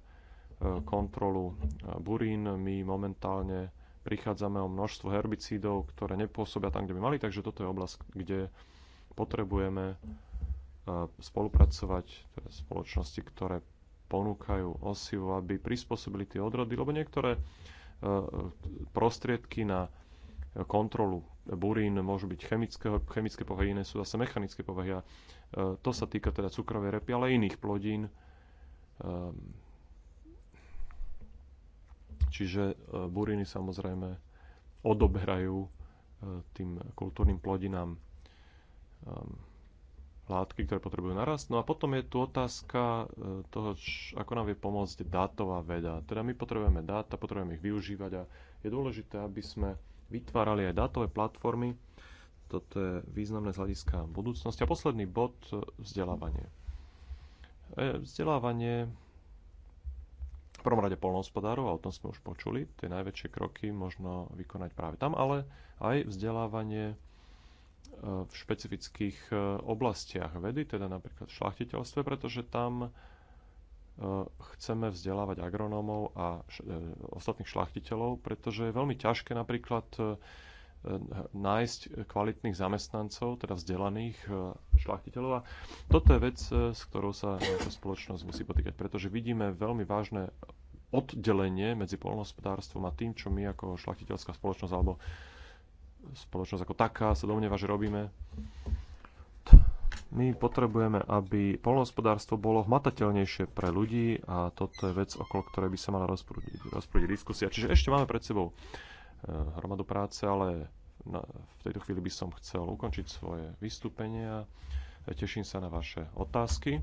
kontrolu e, burín. My momentálne prichádzame o množstvo herbicídov, ktoré nepôsobia tam, kde by mali, takže toto je oblasť, kde potrebujeme eh, spolupracovať, teda spoločnosti, ktoré ponúkajú osivo, aby prispôsobili tie odrody, lebo niektoré eh, prostriedky na kontrolu burín môžu byť chemické, chemické povahy, iné sú zase mechanické povahy a eh, to sa týka teda cukrovej repy, ale iných plodín. Ehm, čiže buriny samozrejme odoberajú tým kultúrnym plodinám Ehm, látky, ktoré potrebujú narast. No a potom je tu otázka e, toho, ako nám vie pomôcť dátová veda. Teda my potrebujeme dáta, potrebujeme ich využívať a je dôležité, aby sme vytvárali aj dátové platformy. Toto je významné z hľadiska budúcnosti. A posledný bod, e, vzdelávanie. E, vzdelávanie v prvom rade polnohospodárov, a o tom sme už počuli, tie najväčšie kroky možno vykonať práve tam, ale aj vzdelávanie v špecifických e, oblastiach vedy, teda napríklad v šlachtiteľstve, pretože tam e, chceme vzdelávať agronómov a e, ostatných šlachtiteľov, pretože je veľmi ťažké napríklad nájsť kvalitných zamestnancov, teda vzdelaných šlachtiteľov. A toto je vec, s ktorou sa naša spoločnosť musí potýkať, pretože vidíme veľmi vážne oddelenie medzi polnohospodárstvom a tým, čo my ako šlachtiteľská spoločnosť alebo spoločnosť ako taká sa domnieva, že robíme. My potrebujeme, aby polnohospodárstvo bolo hmatateľnejšie pre ľudí a toto je vec, okolo ktorej by sa mala rozprúdiť, rozprúdiť diskusia. Čiže ešte máme pred sebou eh, hromadu práce, ale na, v tejto chvíli by som chcel ukončiť svoje vystúpenie a teším sa na vaše otázky.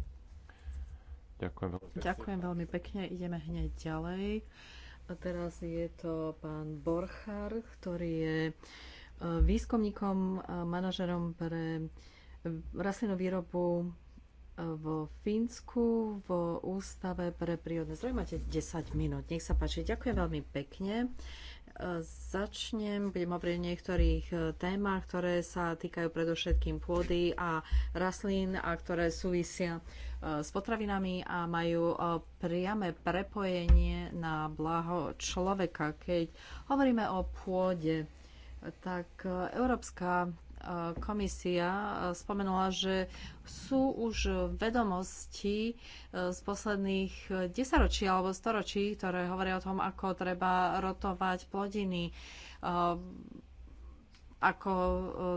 Ďakujem veľmi pekne. Ďakujem veľmi pekne, ideme hneď ďalej. A teraz je to pán Borchar, ktorý je výskumníkom, eh, manažerom pre eh, rastlinnú výrobu eh, v Fínsku v Ústave pre prírodné zdroje. Máte 10 minút. Nech sa páči. Ďakujem veľmi pekne. Začnem, budem hovoriť o niektorých témach, ktoré sa týkajú predovšetkým pôdy a rastlín a ktoré súvisia s potravinami a majú priame prepojenie na blaho človeka. Keď hovoríme o pôde, tak e, Európska e, komisia e, spomenula, že sú už vedomosti z posledných desaťročí alebo storočí, ktoré hovoria o tom, ako treba rotovať plodiny, ako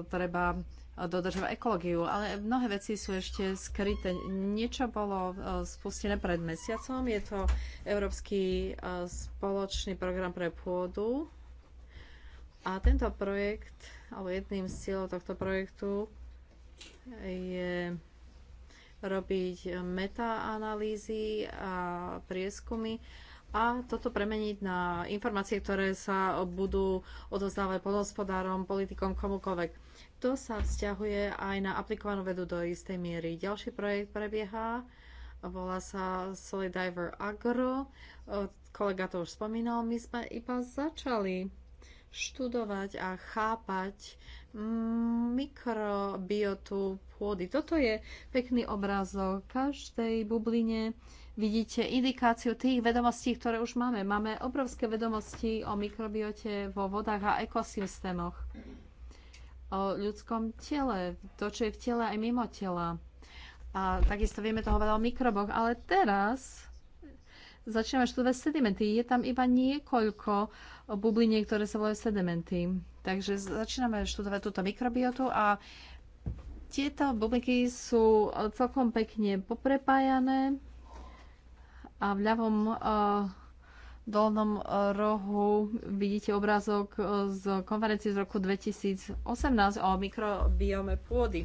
treba dodržovať ekológiu, ale mnohé veci sú ešte skryté. Niečo bolo spustené pred mesiacom, je to Európsky spoločný program pre pôdu, a tento projekt, alebo jedným z cieľov tohto projektu je robiť metaanalýzy a prieskumy a toto premeniť na informácie, ktoré sa budú odozdávať podhospodárom, politikom, komukoľvek. To sa vzťahuje aj na aplikovanú vedu do istej miery. Ďalší projekt prebieha, volá sa Solidiver Agro. Kolega to už spomínal, my sme iba začali študovať a chápať mikrobiotu pôdy. Toto je pekný obrazok. V každej bubline vidíte indikáciu tých vedomostí, ktoré už máme. Máme obrovské vedomosti o mikrobiote vo vodách a ekosystémoch, o ľudskom tele, to, čo je v tele aj mimo tela. A takisto vieme toho veľa o mikroboch, ale teraz začíname študovať sedimenty. Je tam iba niekoľko bubliniek, ktoré sa volajú sedimenty. Takže začíname študovať túto mikrobiotu a tieto bublinky sú celkom pekne poprepájané a v ľavom uh, dolnom rohu vidíte obrázok z konferencie z roku 2018 o mikrobiome pôdy.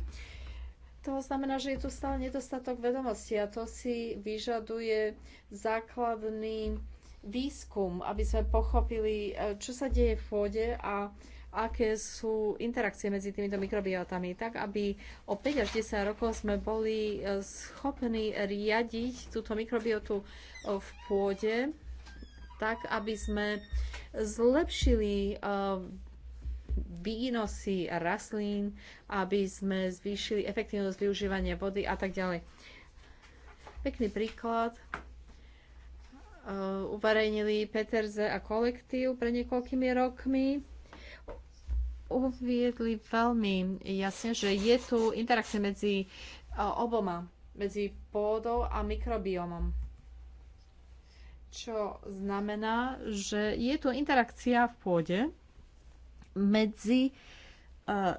To znamená, že je tu stále nedostatok vedomosti. a to si vyžaduje základný výskum, aby sme pochopili, e, čo sa deje v pôde a aké sú interakcie medzi týmito mikrobiotami, tak aby o 5 až 10 rokov sme boli e, schopní riadiť túto mikrobiotu e, v pôde, tak aby sme zlepšili výnosy rastlín, aby sme zvýšili efektívnosť využívania vody a tak ďalej. Pekný príklad eh, uverejnili Peterze a kolektív pre niekoľkými rokmi. Uviedli veľmi jasne, že je tu interakcia medzi eh, oboma, medzi pôdou a mikrobiomom. Čo znamená, že je tu interakcia v pôde, medzi e,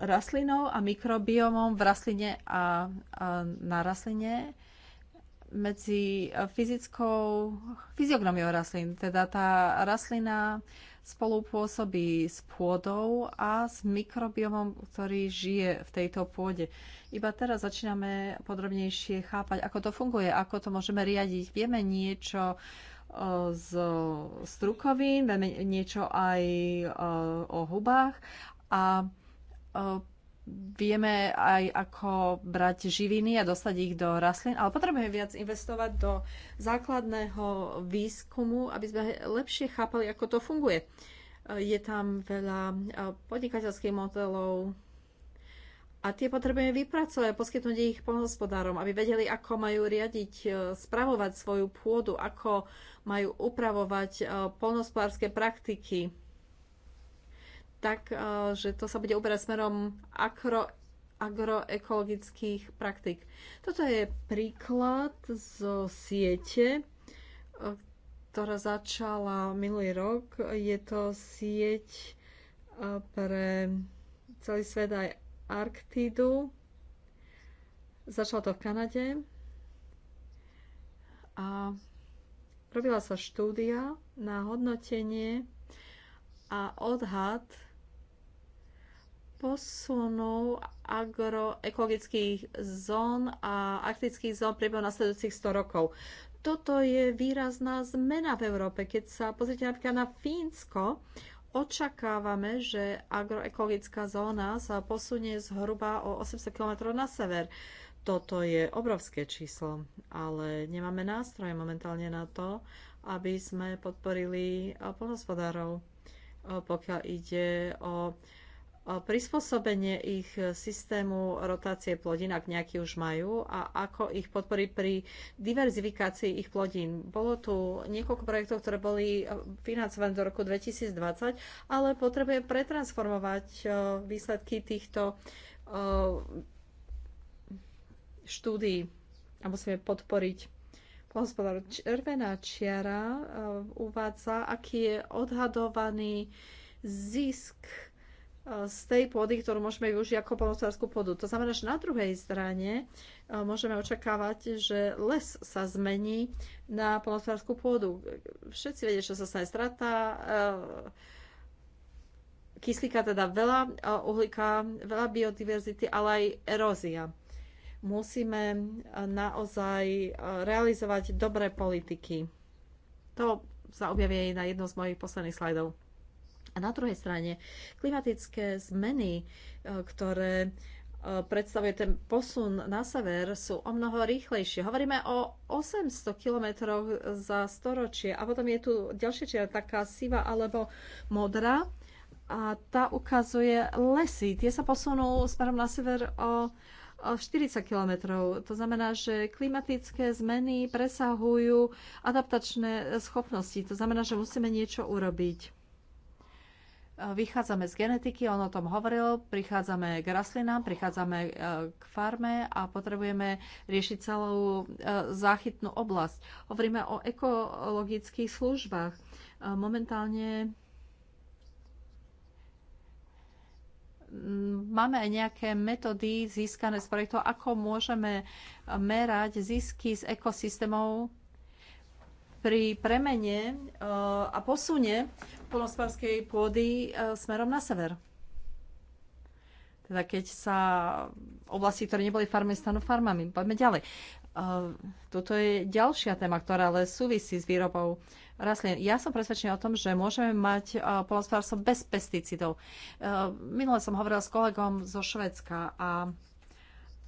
rastlinou a mikrobiomom v rastline a, na rastline medzi e, fyzickou fyziognomiou rastlín. Teda tá rastlina spolupôsobí s pôdou a s mikrobiomom, ktorý žije v tejto pôde. Iba teraz začíname podrobnejšie chápať, ako to funguje, ako to môžeme riadiť. Vieme niečo z strukovín, vieme niečo aj eh, o hubách a eh, vieme aj ako brať živiny a dostať ich do rastlín, ale potrebujeme viac investovať do základného výskumu, aby sme lepšie chápali, ako to funguje. Eh, je tam veľa podnikateľských modelov, a tie potrebujeme vypracovať a poskytnúť ich pohospodárom, aby vedeli, ako majú riadiť, e, spravovať svoju pôdu, ako majú upravovať e, polnohospodárske praktiky. Tak, e, že to sa bude uberať smerom akro, agroekologických praktik. Toto je príklad zo siete, ktorá začala minulý rok. Je to sieť pre celý svet aj Arktídu. Začalo to v Kanade a robila sa štúdia na hodnotenie a odhad posunov agroekologických zón a arktických zón priebehu nasledujúcich 100 rokov. Toto je výrazná zmena v Európe. Keď sa pozrite napríklad na Fínsko, Očakávame, že agroekologická zóna sa posunie zhruba o 800 km na sever. Toto je obrovské číslo, ale nemáme nástroje momentálne na to, aby sme podporili polnospodárov, pokiaľ ide o prispôsobenie ich e, systému rotácie plodín, ak nejaký už majú, a ako ich podporiť pri diverzifikácii ich plodín. Bolo tu niekoľko projektov, ktoré boli e, financované do roku 2020, ale potrebuje pretransformovať e, výsledky týchto štúdií a musíme podporiť hospodárov. Červená čiara uvádza, aký je odhadovaný zisk E, z tej pôdy, ktorú môžeme využiť ako polnospodárskú pôdu. To znamená, že na druhej strane e, môžeme očakávať, že les sa zmení na polnospodárskú pôdu. Všetci vedia, čo sa stane strata, e, kyslíka teda veľa, uhlíka veľa biodiverzity, ale aj erózia. Musíme naozaj realizovať dobré politiky. To sa objaví aj na jednom z mojich posledných slajdov. A na druhej strane klimatické zmeny, e, ktoré e, predstavuje ten posun na sever, sú o mnoho rýchlejšie. Hovoríme o 800 km za storočie. A potom je tu ďalšia čiara, taká siva alebo modrá. A tá ukazuje lesy. Tie sa posunú smerom na sever o 40 km. To znamená, že klimatické zmeny presahujú adaptačné schopnosti. To znamená, že musíme niečo urobiť Vychádzame z genetiky, on o tom hovoril, prichádzame k rastlinám, prichádzame e, k farme a potrebujeme riešiť celú e, záchytnú oblasť. Hovoríme o ekologických službách. E, momentálne mm, máme aj nejaké metódy získané z projektov, ako môžeme merať zisky z ekosystémov pri premene e, a posune polnospodárskej pôdy e, smerom na sever. Teda keď sa oblasti, ktoré neboli farmy, stanú farmami. Poďme ďalej. E, toto je ďalšia téma, ktorá ale súvisí s výrobou rastlín. Ja som presvedčená o tom, že môžeme mať polnospodárstvo bez pesticidov. Minule som hovorila s kolegom zo Švedska a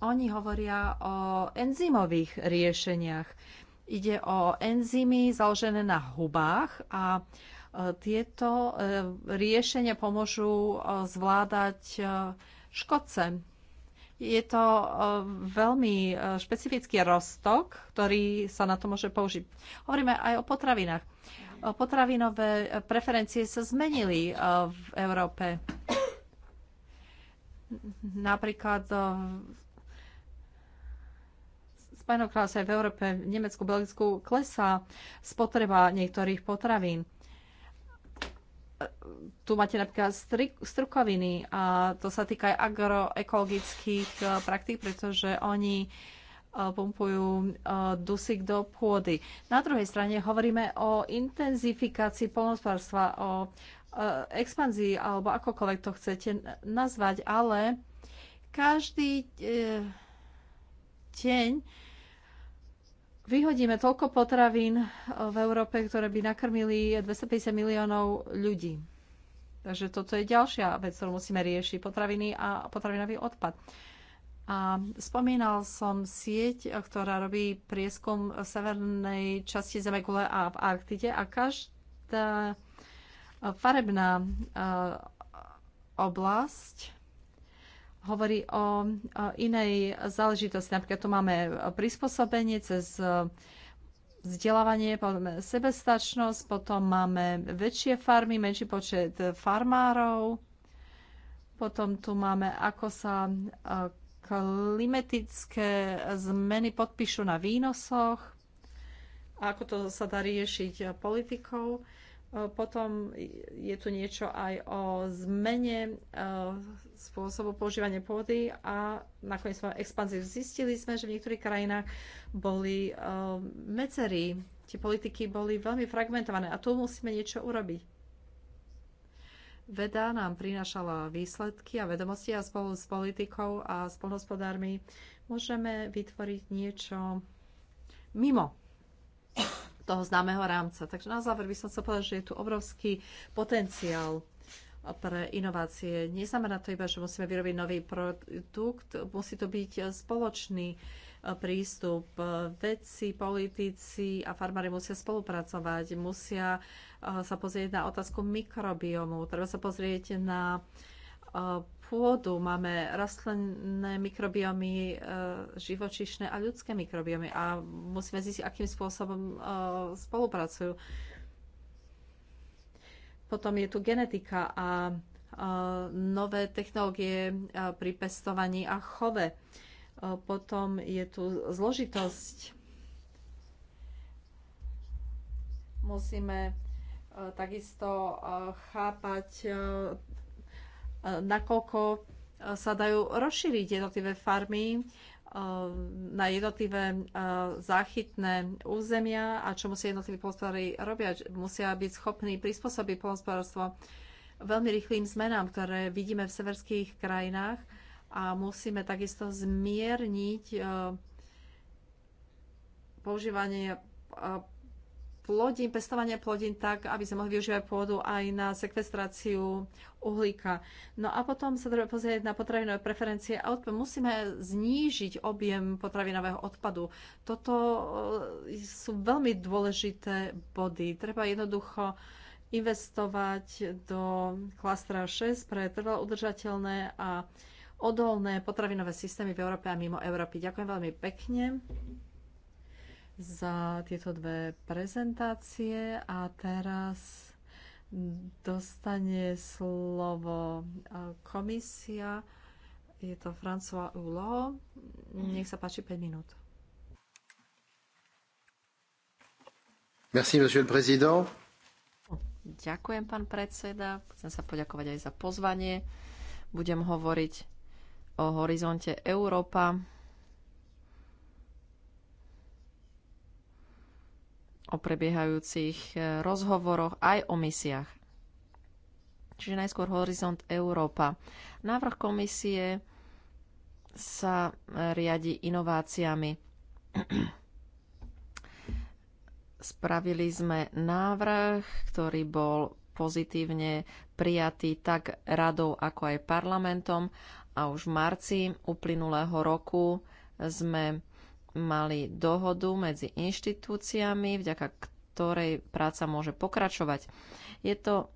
oni hovoria o enzymových riešeniach. Ide o enzymy založené na hubách a e, tieto e, riešenia pomôžu e, zvládať škodce. Je to veľmi špecifický rostok, ktorý sa na to môže použiť. Hovoríme aj o potravinách. Potravinové preferencie sa zmenili v Európe. Napríklad Spojenom kráľovstve, v Európe, v Nemecku, Belgicku klesá spotreba niektorých potravín. Tu máte napríklad strukoviny a to sa týka aj agroekologických eh, praktík, pretože oni eh, pumpujú eh, dusík do pôdy. Na druhej strane hovoríme o intenzifikácii polnospodárstva, o expanzii alebo akokoľvek to chcete nazvať, ale každý deň vyhodíme toľko potravín eh, v Európe, ktoré by nakrmili 250 miliónov ľudí. Takže toto je ďalšia vec, ktorú musíme riešiť. Potraviny a potravinový odpad. A spomínal som sieť, eh, ktorá robí prieskum v severnej časti Zemegule a v Arktide a každá farebná eh, oblasť hovorí o, inej záležitosti. Napríklad tu máme prispôsobenie cez e, vzdelávanie, potom sebestačnosť, potom máme väčšie farmy, menší počet farmárov, potom tu máme, ako sa e, klimatické zmeny podpíšu na výnosoch, a ako to sa dá riešiť e, politikou. E, potom je tu niečo aj o zmene e, spôsobu používania pôdy a nakoniec svojou expanziu zistili sme, že v niektorých krajinách boli e, medzery. Tie politiky boli veľmi fragmentované a tu musíme niečo urobiť. Veda nám prinášala výsledky a vedomosti a spolu s politikou a spolhospodármi môžeme vytvoriť niečo mimo toho známeho rámca. Takže na záver by som chcel povedať, že je tu obrovský potenciál pre inovácie. Neznamená to iba, že musíme vyrobiť nový produkt, musí to byť spoločný e, prístup. Vedci, politici a farmári musia spolupracovať, musia e, sa pozrieť na otázku mikrobiomu, treba sa pozrieť na e, pôdu, máme rastlinné mikrobiomy, e, živočišné a ľudské mikrobiomy a musíme zísť, akým spôsobom e, spolupracujú. Potom je tu genetika a e, nové technológie pri pestovaní a chove. Potom je tu zložitosť. Musíme takisto chápať nakoľko e, sa dajú rozšíriť jednotlivé farmy e, na jednotlivé e, záchytné územia a čo musia jednotliví polnospodári robiať, Musia byť schopní prispôsobiť polnospodárstvo veľmi rýchlým zmenám, ktoré vidíme v severských krajinách a musíme takisto zmierniť používanie plodín, pestovanie plodín tak, aby sme mohli využívať pôdu aj na sekvestráciu uhlíka. No a potom sa treba pozrieť na potravinové preferencie a odpad. Musíme znížiť objem potravinového odpadu. Toto e, sú veľmi dôležité body. Treba jednoducho investovať do klastra 6 pre trvalo udržateľné a odolné potravinové systémy v Európe a mimo Európy. Ďakujem veľmi pekne za tieto dve prezentácie a teraz dostane slovo komisia. Je to François Hulot. Nech sa páči 5 minút. Merci, monsieur le président. Ďakujem, pán predseda. Chcem sa poďakovať aj za pozvanie. Budem hovoriť o horizonte Európa o prebiehajúcich e, rozhovoroch aj o misiách. Čiže najskôr Horizont Európa. Návrh komisie sa riadi inováciami. Spravili sme návrh, ktorý bol pozitívne prijatý tak radou, ako aj parlamentom a už v marci uplynulého roku sme mali dohodu medzi inštitúciami, vďaka ktorej práca môže pokračovať. Je, to,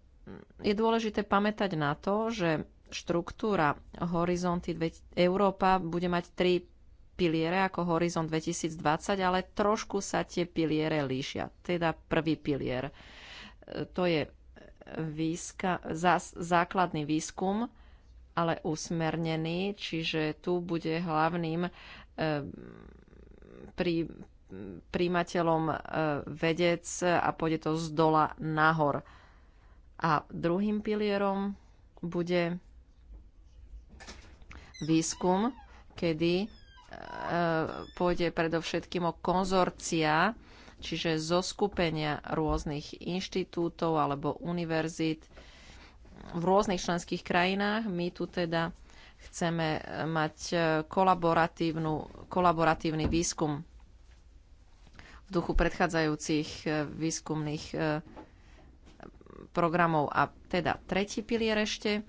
je dôležité pamätať na to, že štruktúra Horizonty Európa bude mať tri piliere ako Horizont 2020, ale trošku sa tie piliere líšia. Teda prvý pilier, to je výska, zás, základný výskum, ale usmernený, čiže tu bude hlavným eh, pri príjimateľom e, vedec a pôjde to z dola nahor. A druhým pilierom bude výskum, kedy e, pôjde predovšetkým o konzorcia, čiže zo skupenia rôznych inštitútov alebo univerzít v rôznych členských krajinách. My tu teda Chceme eh, mať eh, kolaboratívny výskum v duchu predchádzajúcich eh, výskumných programov. A teda tretí pilier ešte,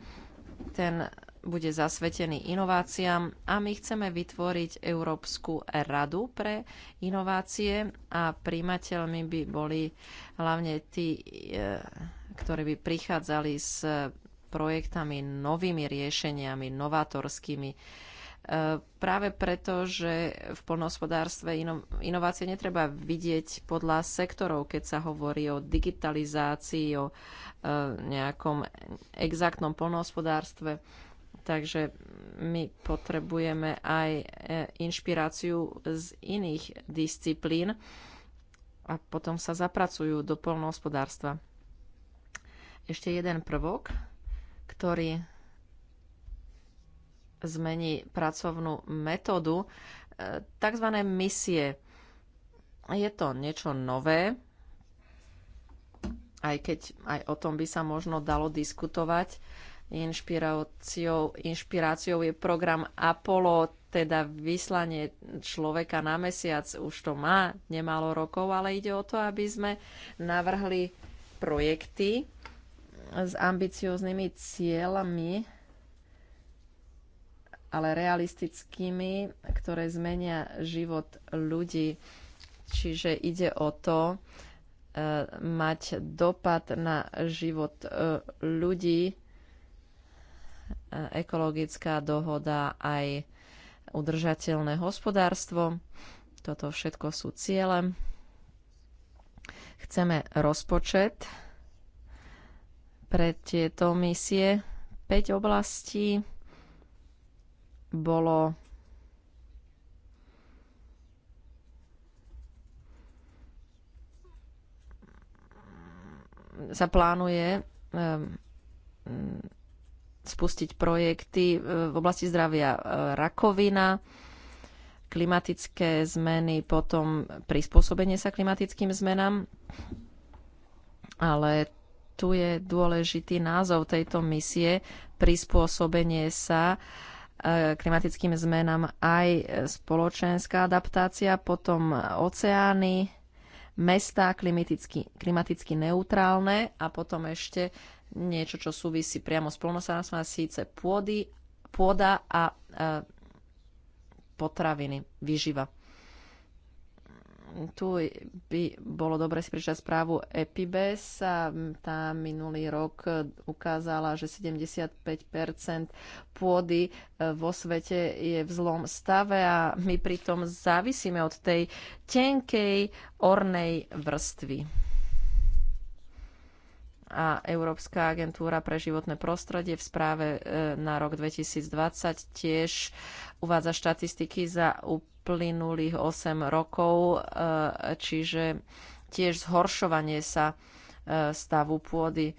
ten bude zasvetený inováciám a my chceme vytvoriť Európsku radu pre inovácie a príjmateľmi by boli hlavne tí, ktorí by prichádzali z projektami, novými riešeniami, novátorskými. E, práve preto, že v polnohospodárstve inovácie netreba vidieť podľa sektorov, keď sa hovorí o digitalizácii, o e, nejakom exaktnom polnohospodárstve. Takže my potrebujeme aj e, inšpiráciu z iných disciplín a potom sa zapracujú do polnohospodárstva. Ešte jeden prvok, ktorý zmení pracovnú metódu, e, tzv. misie. Je to niečo nové, aj keď aj o tom by sa možno dalo diskutovať. Inšpiráciou, inšpiráciou je program Apollo, teda vyslanie človeka na mesiac. Už to má nemálo rokov, ale ide o to, aby sme navrhli projekty, s ambicióznymi cieľami, ale realistickými, ktoré zmenia život ľudí. Čiže ide o to e, mať dopad na život e, ľudí, e, ekologická dohoda, aj udržateľné hospodárstvo. Toto všetko sú ciele. Chceme rozpočet, pre tieto misie. 5 oblastí bolo sa plánuje ehm, spustiť projekty e, v oblasti zdravia e, rakovina, klimatické zmeny, potom prispôsobenie sa klimatickým zmenám, ale tu je dôležitý názov tejto misie prispôsobenie sa e, klimatickým zmenám aj spoločenská adaptácia, potom oceány, mestá klimaticky, klimaticky neutrálne a potom ešte niečo, čo súvisí priamo s a síce pôdy, pôda a e, potraviny, výživa tu by bolo dobre si prečítať správu Epibes tá minulý rok ukázala, že 75% pôdy e, vo svete je v zlom stave a my pritom závisíme od tej tenkej ornej vrstvy a Európska agentúra pre životné prostredie v správe e, na rok 2020 tiež uvádza štatistiky za uplynulých 8 rokov, e, čiže tiež zhoršovanie sa e, stavu pôdy.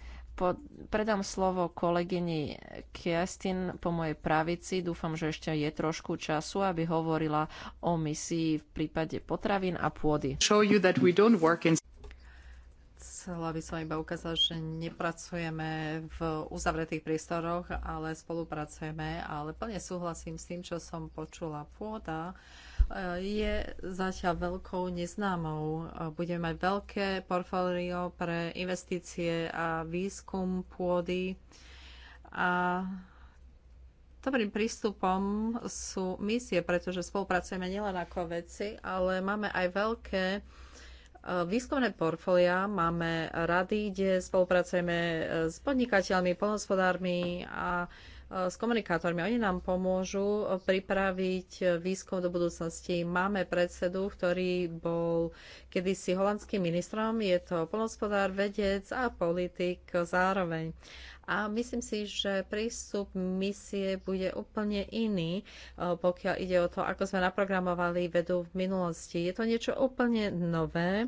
predám slovo kolegyni Kerstin po mojej pravici. Dúfam, že ešte je trošku času, aby hovorila o misii v prípade potravín a pôdy. In chcela by som iba ukázať, že nepracujeme v uzavretých priestoroch, ale spolupracujeme, ale plne súhlasím s tým, čo som počula. Pôda eh, je zatiaľ veľkou neznámou. Eh, budeme mať veľké portfólio pre investície a výskum pôdy a Dobrým prístupom sú misie, pretože spolupracujeme nielen ako veci, ale máme aj veľké Eh, výskumné portfólia máme rady, kde spolupracujeme eh, s podnikateľmi, polnospodármi a eh, s komunikátormi. Oni nám pomôžu pripraviť výskum do budúcnosti. Máme predsedu, ktorý bol kedysi holandským ministrom. Je to polnospodár, vedec a politik zároveň. A myslím si, že prístup misie bude úplne iný, e, pokiaľ ide o to, ako sme naprogramovali vedu v minulosti. Je to niečo úplne nové. E,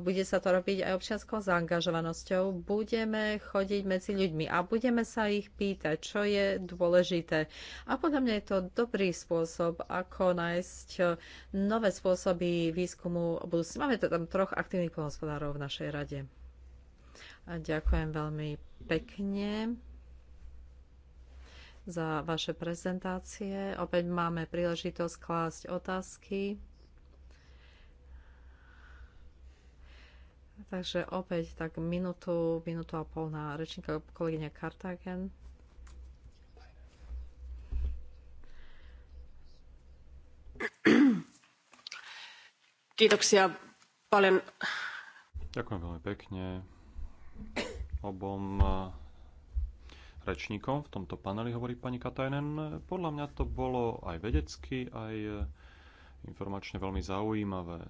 bude sa to robiť aj občianskou zaangažovanosťou. Budeme chodiť medzi ľuďmi a budeme sa ich pýtať, čo je dôležité. A podľa mňa je to dobrý spôsob, ako nájsť e, nové spôsoby výskumu budúcnosti. Máme to tam troch aktívnych pohospodárov v našej rade. A ďakujem veľmi pekne za vaše prezentácie. Opäť máme príležitosť klásť otázky. Takže opäť tak minútu, minútu a pol na rečníka kolegyňa Kartagen. Kiitoksia paljon. Ďakujem veľmi pekne obom eh, rečníkom v tomto paneli, hovorí pani Katajnen. Podľa mňa to bolo aj vedecky, aj eh, informačne veľmi zaujímavé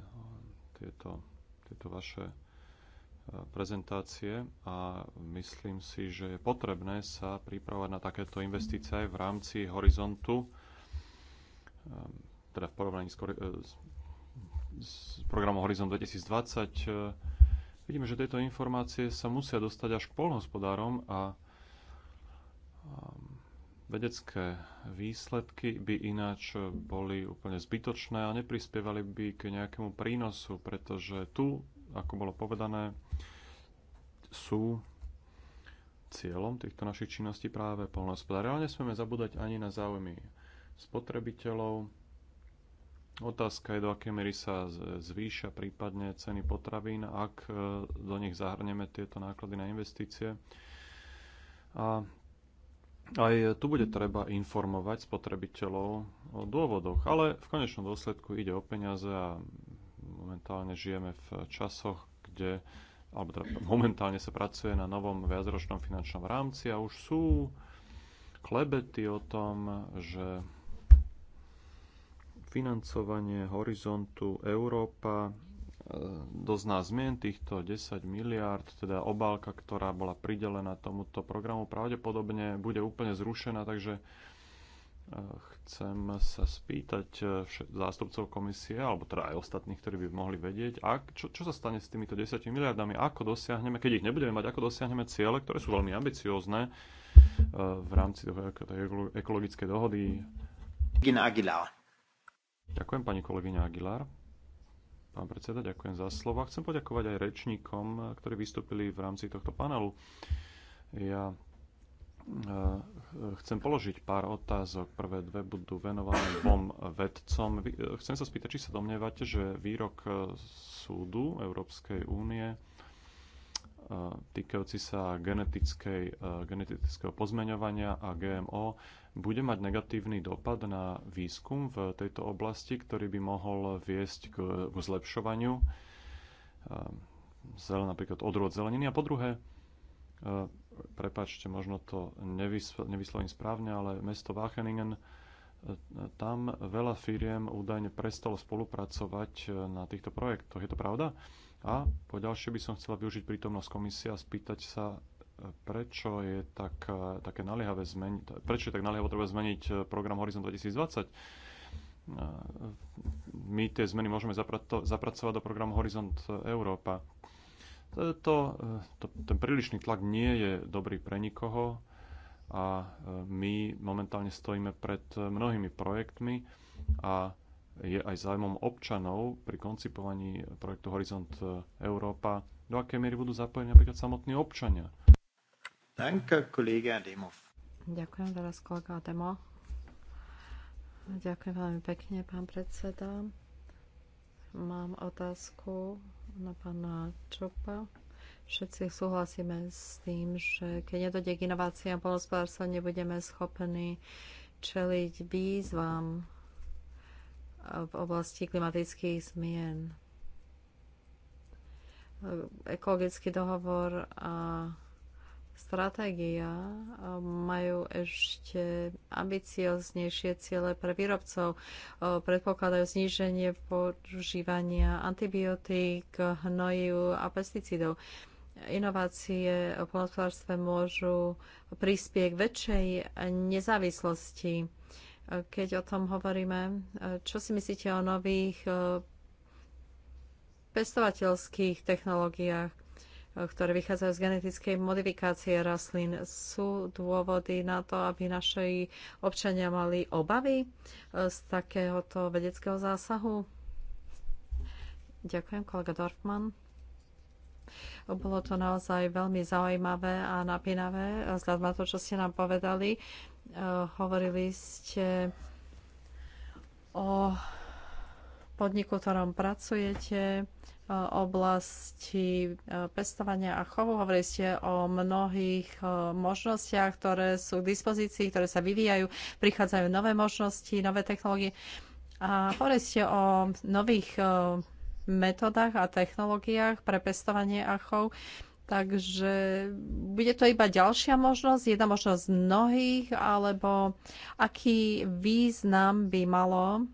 tieto, tieto vaše eh, prezentácie a myslím si, že je potrebné sa pripravovať na takéto investície aj v rámci horizontu, teda v porovnaní s, s programom Horizon 2020 Vidíme, že tieto informácie sa musia dostať až k polnohospodárom a vedecké výsledky by ináč boli úplne zbytočné a neprispievali by k nejakému prínosu, pretože tu, ako bolo povedané, sú cieľom týchto našich činností práve polnohospodári. Ale nesmieme zabúdať ani na záujmy spotrebiteľov, Otázka je, do akej miery sa zvýšia prípadne ceny potravín, ak e, do nich zahrneme tieto náklady na investície. A aj tu bude treba informovať spotrebiteľov o dôvodoch, ale v konečnom dôsledku ide o peniaze a momentálne žijeme v časoch, kde alebo teda momentálne sa pracuje na novom viacročnom finančnom rámci a už sú klebety o tom, že Financovanie horizontu Európa e, dozná zmien týchto 10 miliárd, teda obálka, ktorá bola pridelená tomuto programu, pravdepodobne bude úplne zrušená, takže e, chcem sa spýtať e, zástupcov komisie, alebo teda aj ostatných, ktorí by mohli vedieť, ak, čo, čo sa stane s týmito 10 miliardami, ako dosiahneme, keď ich nebudeme mať, ako dosiahneme ciele, ktoré sú veľmi ambiciózne v rámci tej ekologickej dohody. Gina Aguilar. Ďakujem pani kolegyňa Aguilar. Pán predseda, ďakujem za slovo. A chcem poďakovať aj rečníkom, ktorí vystúpili v rámci tohto panelu. Ja e, chcem položiť pár otázok. Prvé dve budú venované dvom vedcom. E, chcem sa spýtať, či sa domnievate, že výrok e, súdu Európskej únie týkajúci sa genetického pozmeňovania a GMO bude mať negatívny dopad na výskum v tejto oblasti, ktorý by mohol viesť k, k zlepšovaniu zelen, napríklad odrôd zeleniny. A po druhé, prepačte, možno to nevyslovím správne, ale mesto Wacheningen, tam veľa firiem údajne prestalo spolupracovať na týchto projektoch. Je to pravda? A po ďalšie by som chcela využiť prítomnosť komisie a spýtať sa, prečo je tak, e, také naliehavé zmeniť, prečo je tak naliehavé treba zmeniť e, program Horizon 2020. E, my tie zmeny môžeme zaprato, zapracovať do programu Horizont Európa. to, to, ten prílišný tlak nie je dobrý pre nikoho a my momentálne stojíme pred mnohými projektmi a je aj zájmom občanov pri koncipovaní projektu Horizont Európa, do akej miery budú zapojení napríklad samotní občania. Danke, kolega Ademov. Ďakujem teraz, kolega Ademo. Ďakujem veľmi pekne, pán predseda. Mám otázku na pána čupa. Všetci súhlasíme s tým, že keď nedojde k inováciám, polnospodárstva nebudeme schopní čeliť výzvam v oblasti klimatických zmien. Ekologický dohovor a stratégia majú ešte ambicioznejšie ciele pre výrobcov. Predpokladajú zníženie používania antibiotík, hnojiv a pesticídov. Inovácie v hospodárstve môžu prispieť k väčšej nezávislosti keď o tom hovoríme. E, čo si myslíte o nových e, pestovateľských technológiách, e, ktoré vychádzajú z genetickej modifikácie rastlín? Sú dôvody na to, aby naši občania mali obavy z takéhoto vedeckého zásahu? Ďakujem, kolega Dorfman. Bolo to naozaj veľmi zaujímavé a napínavé, vzhľadom na to, čo ste nám povedali. Eh, hovorili ste o podniku, v ktorom pracujete, eh, oblasti eh, pestovania a chovu. Hovorili ste o mnohých možnostiach, ktoré sú k dispozícii, ktoré sa vyvíjajú, prichádzajú nové možnosti, nové technológie. A hovorili ste o nových metodách a technológiách pre pestovanie a chov. Takže bude to iba ďalšia možnosť, jedna možnosť mnohých, alebo aký význam by malo,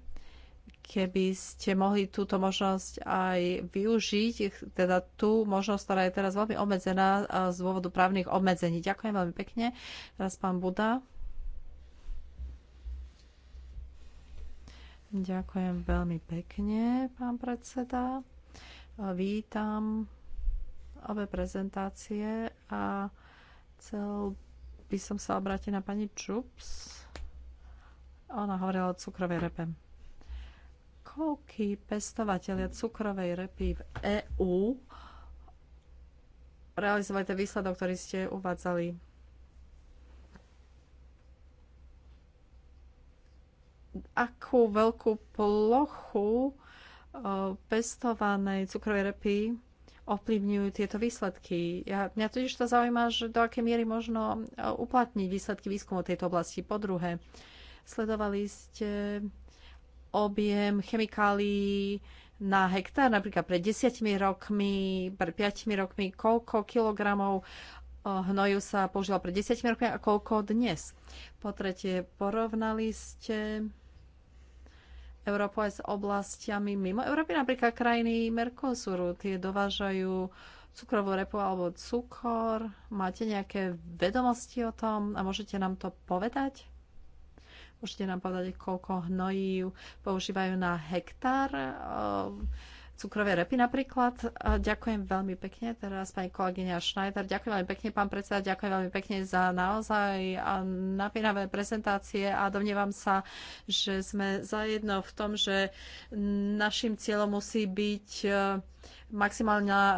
keby ste mohli túto možnosť aj využiť, teda tú možnosť, ktorá je teraz veľmi obmedzená z dôvodu právnych obmedzení. Ďakujem veľmi pekne. Teraz pán Buda. Ďakujem veľmi pekne, pán predseda. Vítam obe prezentácie a chcel by som sa obrátil na pani Čups. Ona hovorila o cukrovej repe. Koľký pestovateľia cukrovej repy v EÚ realizovali ten výsledok, ktorý ste uvádzali? Akú veľkú plochu eh, pestovanej cukrovej repy ovplyvňujú tieto výsledky. Ja, mňa totiž to zaujíma, že do akej miery možno e, uplatniť výsledky výskumu tejto oblasti. Po druhé, sledovali ste objem chemikálií na hektár, napríklad pred desiatimi rokmi, pred 5 rokmi, koľko kilogramov e, hnoju sa použilo pred desiatimi rokmi a koľko dnes. Po tretie, porovnali ste Európu aj s oblastiami mimo Európy, napríklad krajiny Mercosuru. Tie dovážajú cukrovú repu alebo cukor. Máte nejaké vedomosti o tom a môžete nám to povedať? Môžete nám povedať, koľko hnojí používajú na hektár? Uh, cukrovej repy napríklad. Ďakujem veľmi pekne. Teraz pani kolegyňa Schneider. Ďakujem veľmi pekne, pán predseda. Ďakujem veľmi pekne za naozaj napínavé prezentácie a domnievam sa, že sme zajedno v tom, že našim cieľom musí byť e, maximálna e,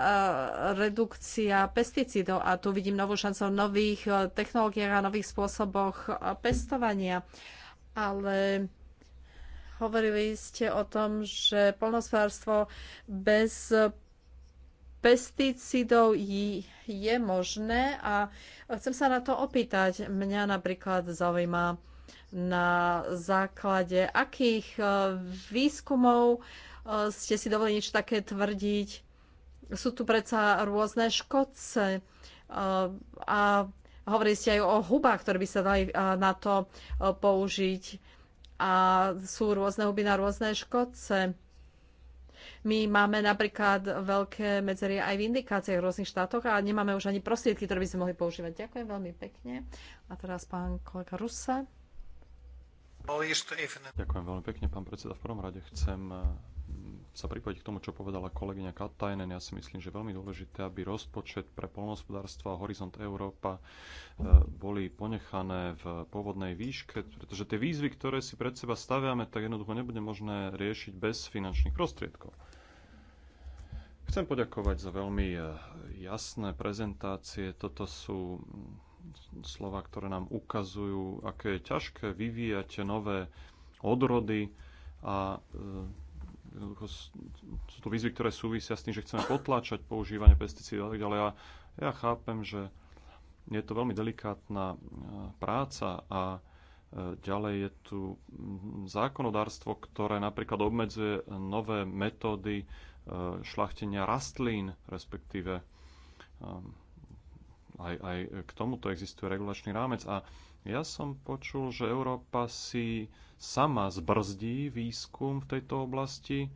redukcia pesticídov a tu vidím novú šancu v nových e, technológiách a nových spôsoboch pestovania. Ale Hovorili ste o tom, že polnospodárstvo bez pesticídov je možné a chcem sa na to opýtať. Mňa napríklad zaujíma na základe akých e, výskumov e, ste si dovolili niečo také tvrdiť. Sú tu predsa rôzne škodce e, a hovorili ste aj o hubách, ktoré by sa dali na to použiť a sú rôzne huby na rôzne škodce. My máme napríklad veľké medzery aj v indikáciách v rôznych štátoch a nemáme už ani prostriedky, ktoré by sme mohli používať. Ďakujem veľmi pekne. A teraz pán kolega Rusa. Ďakujem veľmi pekne, pán predseda. V prvom rade chcem sa pripojiť k tomu, čo povedala kolegyňa Katajnen. Ja si myslím, že veľmi dôležité, aby rozpočet pre polnohospodárstvo a Horizont Európa e, boli ponechané v pôvodnej výške, pretože tie výzvy, ktoré si pred seba staviame, tak jednoducho nebude možné riešiť bez finančných prostriedkov. Chcem poďakovať za veľmi e, jasné prezentácie. Toto sú mm, slova, ktoré nám ukazujú, aké je ťažké vyvíjať nové odrody a e, Jednoducho sú to výzvy, ktoré súvisia s tým, že chceme potláčať používanie pesticídov a tak ďalej. A ja chápem, že je to veľmi delikátna e, práca a e, ďalej je tu zákonodárstvo, ktoré napríklad obmedzuje nové metódy e, šlachtenia rastlín, respektíve aj, aj k tomuto existuje regulačný rámec a ja som počul, že Európa si sama zbrzdí výskum v tejto oblasti, e,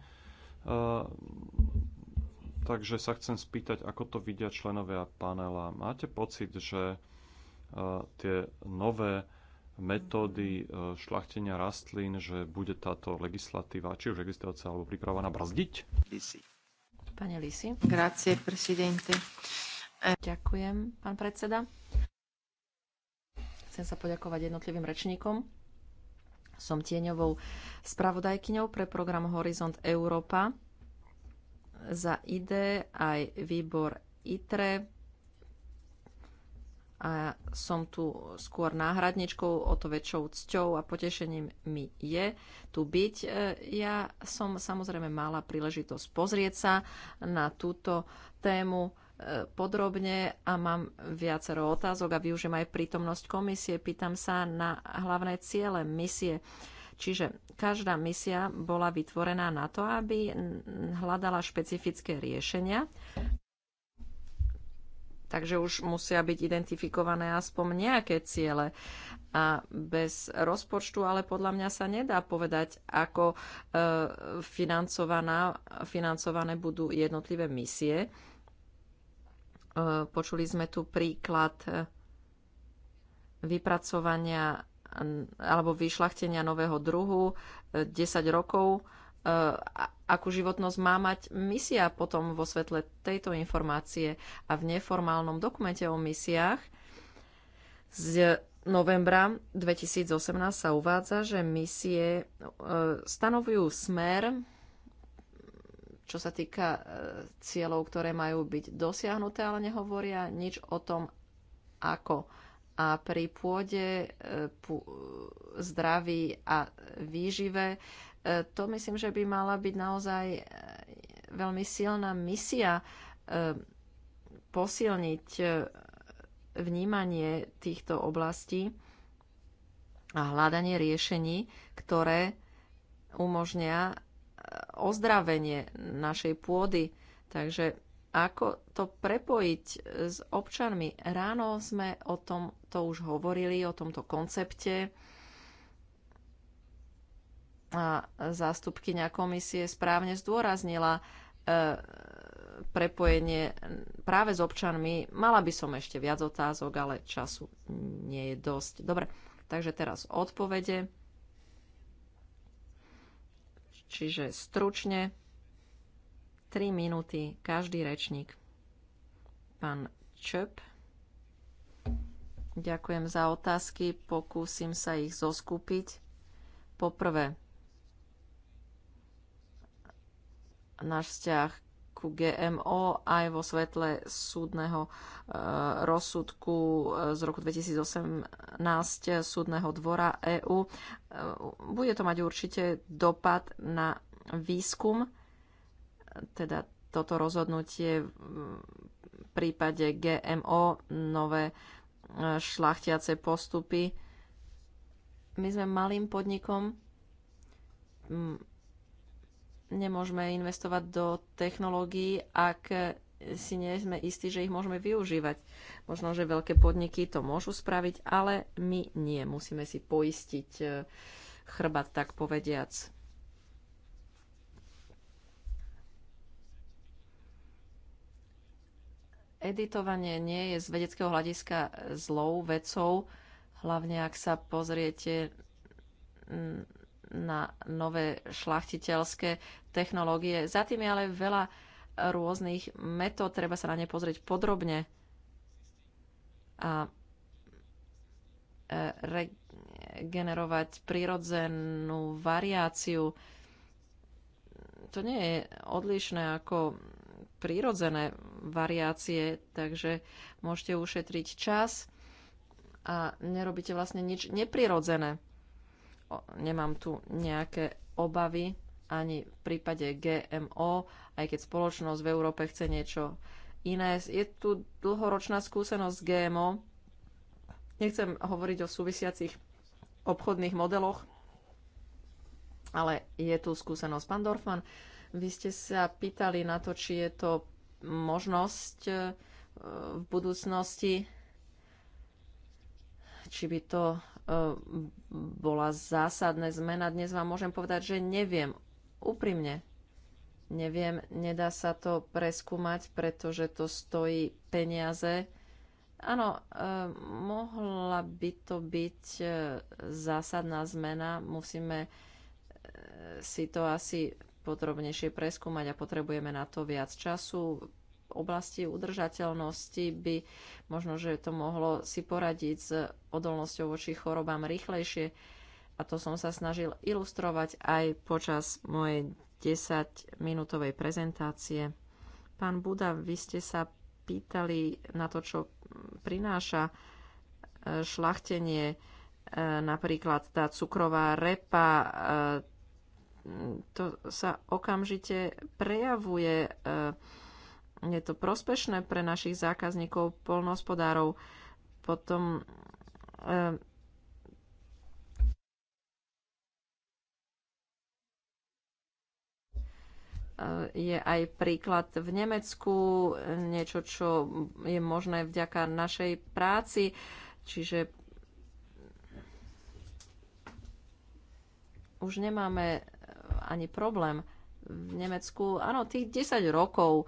takže sa chcem spýtať, ako to vidia členovia panela. Máte pocit, že e, tie nové metódy e, šlachtenia rastlín, že bude táto legislatíva, či už existujúca alebo pripravená, brzdiť? Lisi. Pane Lisi. Grazie, presidente. Ďakujem, pán predseda. Chcem sa poďakovať jednotlivým rečníkom. Som tieňovou spravodajkyňou pre program Horizont Európa za IDE aj výbor ITRE. A som tu skôr náhradničkou, o to väčšou cťou a potešením mi je tu byť. E, ja som samozrejme mala príležitosť pozrieť sa na túto tému podrobne a mám viacero otázok a využijem aj prítomnosť komisie. Pýtam sa na hlavné ciele misie. Čiže každá misia bola vytvorená na to, aby hľadala špecifické riešenia. Takže už musia byť identifikované aspoň nejaké ciele. A bez rozpočtu, ale podľa mňa sa nedá povedať, ako e, financované budú jednotlivé misie Eh, počuli sme tu príklad eh, vypracovania alebo vyšlachtenia nového druhu 10 eh, rokov, akú životnosť má mať misia potom vo svetle tejto informácie a v neformálnom dokumente o misiách z novembra 2018 sa uvádza, že misie stanovujú smer čo sa týka e, cieľov, ktoré majú byť dosiahnuté, ale nehovoria nič o tom, ako. A pri pôde, e, zdraví a výžive, e, to myslím, že by mala byť naozaj veľmi silná misia posilniť vnímanie týchto oblastí a hľadanie riešení, ktoré umožnia ozdravenie našej pôdy. Takže ako to prepojiť s občanmi? Ráno sme o tom to už hovorili, o tomto koncepte. A zástupkynia komisie správne zdôraznila e, prepojenie práve s občanmi. Mala by som ešte viac otázok, ale času nie je dosť. Dobre, takže teraz odpovede Čiže stručne 3 minúty každý rečník. Pán Čöp. Ďakujem za otázky, pokúsim sa ich zoskupiť. Poprvé, náš vzťah ku GMO aj vo svetle súdneho e, rozsudku e, z roku 2018 e, Súdneho dvora EÚ. Bude to mať určite dopad na výskum, teda toto rozhodnutie v prípade GMO, nové šlachtiace postupy. My sme malým podnikom, Nemôžeme investovať do technológií, ak si nie sme istí, že ich môžeme využívať. Možno, že veľké podniky to môžu spraviť, ale my nie. Musíme si poistiť e, chrbat, tak povediac. Editovanie nie je z vedeckého hľadiska zlou vecou, hlavne ak sa pozriete na nové šlachtiteľské technológie. Za tým je ale veľa rôznych metód, treba sa na ne pozrieť podrobne. A e, regenerovať prírodzenú variáciu. To nie je odlišné ako prírodzené variácie, takže môžete ušetriť čas a nerobíte vlastne nič neprirodzené nemám tu nejaké obavy ani v prípade GMO, aj keď spoločnosť v Európe chce niečo iné. Je tu dlhoročná skúsenosť GMO. Nechcem hovoriť o súvisiacich obchodných modeloch, ale je tu skúsenosť. Pán Dorfman, vy ste sa pýtali na to, či je to možnosť e, v budúcnosti, či by to E, bola zásadná zmena. Dnes vám môžem povedať, že neviem. Úprimne. Neviem, nedá sa to preskúmať, pretože to stojí peniaze. Áno, e, mohla by to byť e, zásadná zmena. Musíme si to asi podrobnejšie preskúmať a potrebujeme na to viac času oblasti udržateľnosti by možno, že to mohlo si poradiť s odolnosťou voči chorobám rýchlejšie. A to som sa snažil ilustrovať aj počas mojej 10-minútovej prezentácie. Pán Buda, vy ste sa pýtali na to, čo prináša e, šlachtenie, e, napríklad tá cukrová repa, e, to sa okamžite prejavuje je to prospešné pre našich zákazníkov, polnohospodárov. Potom e, je aj príklad v Nemecku, niečo, čo je možné vďaka našej práci, čiže už nemáme ani problém. V Nemecku, áno, tých 10 rokov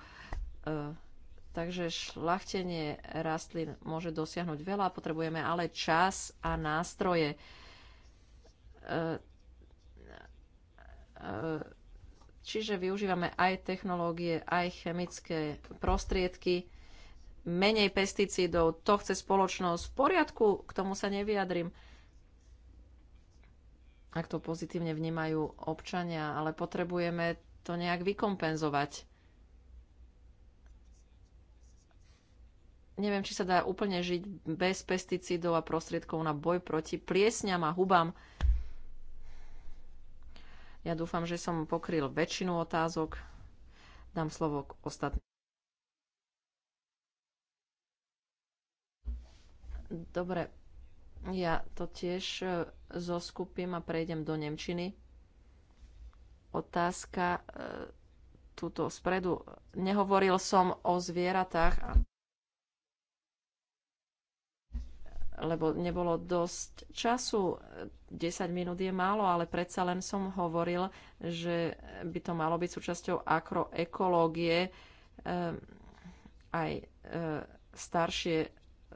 E, takže šlachtenie rastlín môže dosiahnuť veľa, potrebujeme ale čas a nástroje. E, e, čiže využívame aj technológie, aj chemické prostriedky, menej pesticídov, to chce spoločnosť. V poriadku, k tomu sa nevyjadrim, ak to pozitívne vnímajú občania, ale potrebujeme to nejak vykompenzovať neviem, či sa dá úplne žiť bez pesticídov a prostriedkov na boj proti pliesňam a hubám. Ja dúfam, že som pokryl väčšinu otázok. Dám slovo k ostatným. Dobre, ja to tiež e, zoskupím a prejdem do Nemčiny. Otázka e, túto spredu. Nehovoril som o zvieratách. lebo nebolo dosť času. 10 minút je málo, ale predsa len som hovoril, že by to malo byť súčasťou akroekológie eh, aj eh, staršie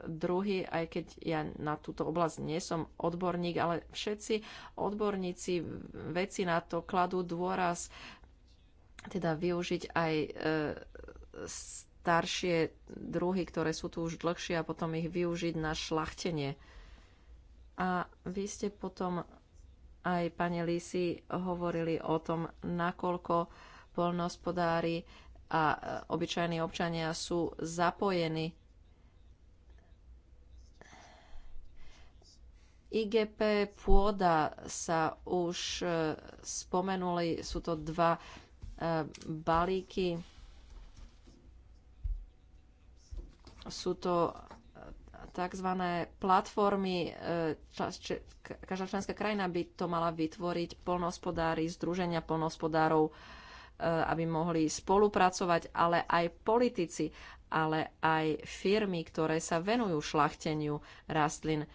druhy, aj keď ja na túto oblasť nie som odborník, ale všetci odborníci veci na to kladú dôraz, teda využiť aj eh, staršie druhy, ktoré sú tu už dlhšie a potom ich využiť na šlachtenie. A vy ste potom aj, pane Lisi, hovorili o tom, nakoľko polnohospodári a obyčajní občania sú zapojení. IGP pôda sa už e, spomenuli, sú to dva e, balíky Sú to eh, tzv. platformy, eh, každá členská krajina by to mala vytvoriť, polnohospodári, združenia polnohospodárov, eh, aby mohli spolupracovať, ale aj politici, ale aj firmy, ktoré sa venujú šlachteniu rastlín.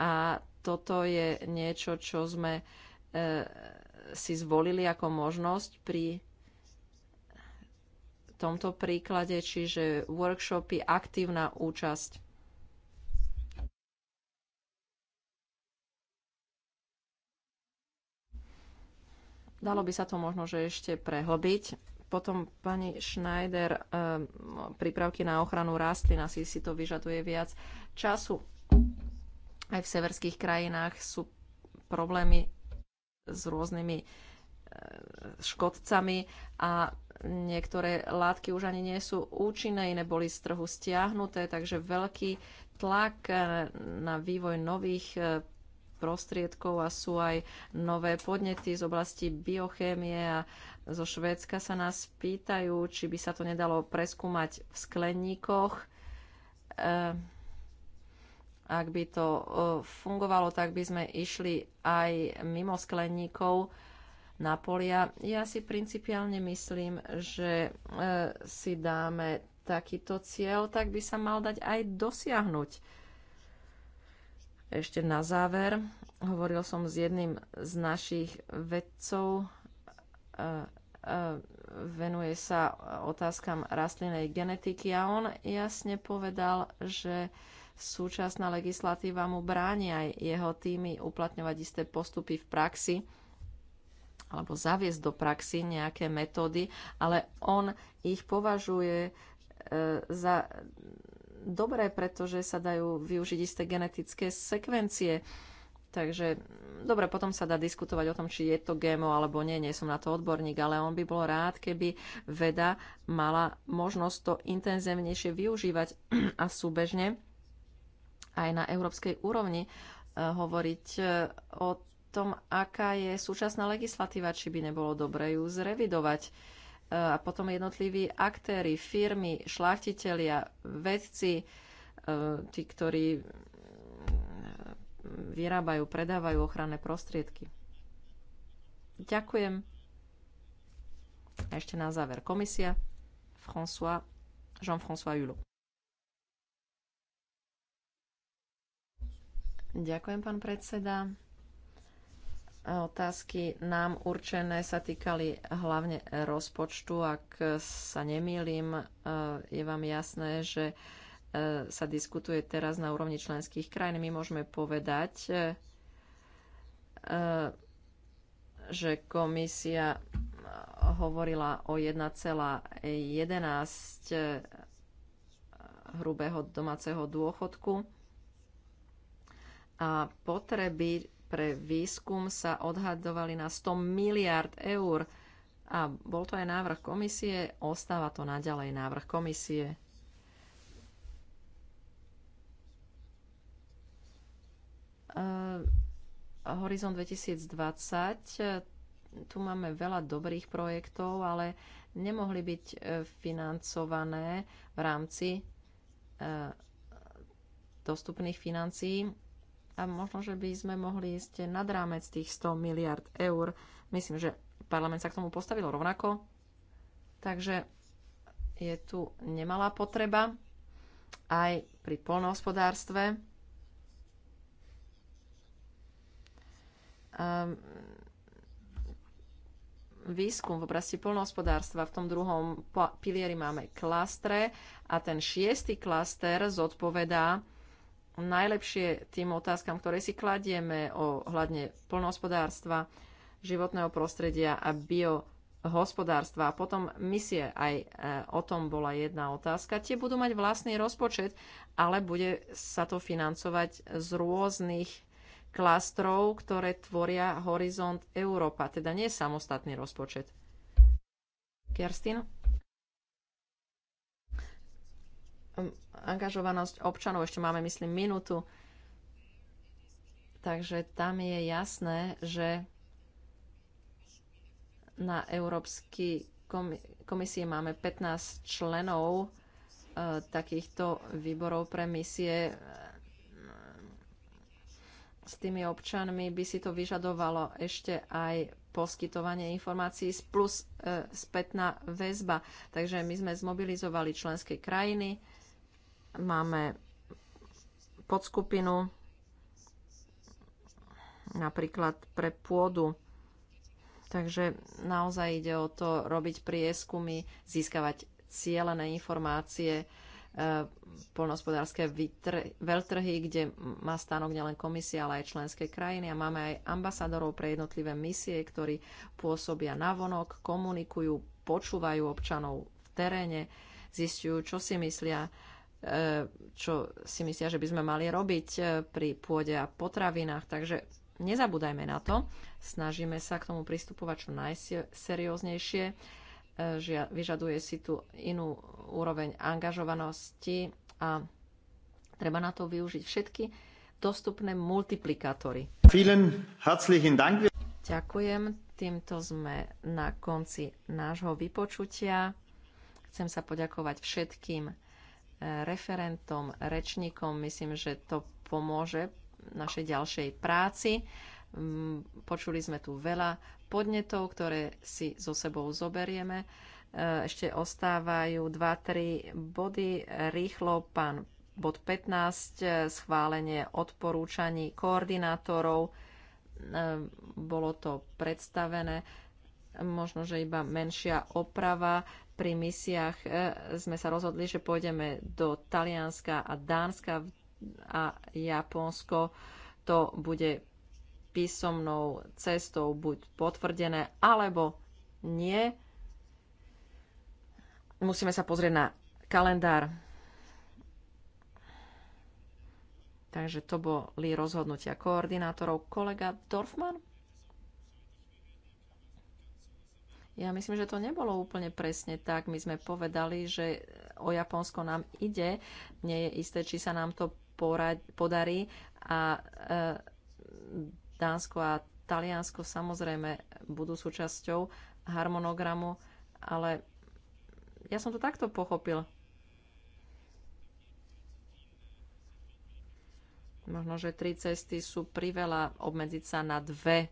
A toto je niečo, čo sme si zvolili ako možnosť pri tomto príklade, čiže workshopy, aktívna účasť. Dalo by sa to možno, že ešte prehlbiť. Potom pani Schneider, ehm, prípravky na ochranu rastlín, asi si to vyžaduje viac času. Aj v severských krajinách sú problémy s rôznymi ehm, škodcami a niektoré látky už ani nie sú účinné, iné boli z trhu stiahnuté, takže veľký tlak na vývoj nových e, prostriedkov a sú aj nové podnety z oblasti biochémie a zo Švédska sa nás pýtajú, či by sa to nedalo preskúmať v skleníkoch. E, ak by to e, fungovalo, tak by sme išli aj mimo skleníkov na polia. Ja si principiálne myslím, že e, si dáme takýto cieľ, tak by sa mal dať aj dosiahnuť. Ešte na záver, hovoril som s jedným z našich vedcov, e, e, venuje sa otázkam rastlinnej genetiky a on jasne povedal, že súčasná legislatíva mu bráni aj jeho týmy uplatňovať isté postupy v praxi alebo zaviesť do praxi nejaké metódy, ale on ich považuje e, za dobré, pretože sa dajú využiť isté genetické sekvencie. Takže dobre, potom sa dá diskutovať o tom, či je to GMO alebo nie, nie som na to odborník, ale on by bol rád, keby veda mala možnosť to intenzívnejšie využívať a súbežne aj na európskej úrovni e, hovoriť e, o tom, aká je súčasná legislatíva, či by nebolo dobre ju zrevidovať. E, a potom jednotliví aktéry, firmy, šlachtitelia, vedci, e, tí, ktorí vyrábajú, predávajú ochranné prostriedky. Ďakujem. A ešte na záver komisia. François, Jean-François Hulot. Ďakujem, pán predseda. Otázky nám určené sa týkali hlavne rozpočtu. Ak sa nemýlim, e, je vám jasné, že e, sa diskutuje teraz na úrovni členských krajín. My môžeme povedať, e, že komisia hovorila o 1,11 hrubého domáceho dôchodku a potreby pre výskum sa odhadovali na 100 miliard eur. A bol to aj návrh komisie, ostáva to naďalej návrh komisie. Uh, Horizon 2020, tu máme veľa dobrých projektov, ale nemohli byť e, financované v rámci uh, dostupných financií a možno, že by sme mohli ísť nad rámec tých 100 miliard eur. Myslím, že parlament sa k tomu postavil rovnako. Takže je tu nemalá potreba aj pri polnohospodárstve. Um, ehm, výskum v oblasti polnohospodárstva. V tom druhom pilieri máme klastre a ten šiestý klaster zodpovedá najlepšie tým otázkam, ktoré si kladieme o hľadne plnohospodárstva, životného prostredia a biohospodárstva. A potom misie, aj e, o tom bola jedna otázka. Tie budú mať vlastný rozpočet, ale bude sa to financovať z rôznych klastrov, ktoré tvoria Horizont Európa, teda nie samostatný rozpočet. Kerstin? angažovanosť občanov. Ešte máme, myslím, minútu. Takže tam je jasné, že na Európsky komisie máme 15 členov eh, takýchto výborov pre misie. S tými občanmi by si to vyžadovalo ešte aj poskytovanie informácií plus eh, spätná väzba. Takže my sme zmobilizovali členské krajiny Máme podskupinu napríklad pre pôdu. Takže naozaj ide o to robiť prieskumy, získavať cieľené informácie, e, polnospodárske veľtrhy, kde má stánok nielen komisia, ale aj členské krajiny a máme aj ambasadorov pre jednotlivé misie, ktorí pôsobia navonok, komunikujú, počúvajú občanov v teréne, zistujú, čo si myslia čo si myslia, že by sme mali robiť e, pri pôde a potravinách. Takže nezabúdajme na to. Snažíme sa k tomu pristupovať čo najserióznejšie. E, vyžaduje si tu inú úroveň angažovanosti a treba na to využiť všetky dostupné multiplikátory. Ďakujem. Týmto sme na konci nášho vypočutia. Chcem sa poďakovať všetkým referentom, rečníkom. Myslím, že to pomôže našej ďalšej práci. Mm, počuli sme tu veľa podnetov, ktoré si so sebou zoberieme. E, ešte ostávajú 2-3 body. Rýchlo pán bod 15, e, schválenie odporúčaní koordinátorov. E, bolo to predstavené možno, že iba menšia oprava. Pri misiách e, sme sa rozhodli, že pôjdeme do Talianska a Dánska a Japonsko. To bude písomnou cestou buď potvrdené, alebo nie. Musíme sa pozrieť na kalendár. Takže to boli rozhodnutia koordinátorov. Kolega Dorfman? Ja myslím, že to nebolo úplne presne tak. My sme povedali, že o Japonsko nám ide. Nie je isté, či sa nám to porad, podarí. A e, Dánsko a Taliansko samozrejme budú súčasťou harmonogramu, ale ja som to takto pochopil. Možno, že tri cesty sú priveľa obmedziť sa na dve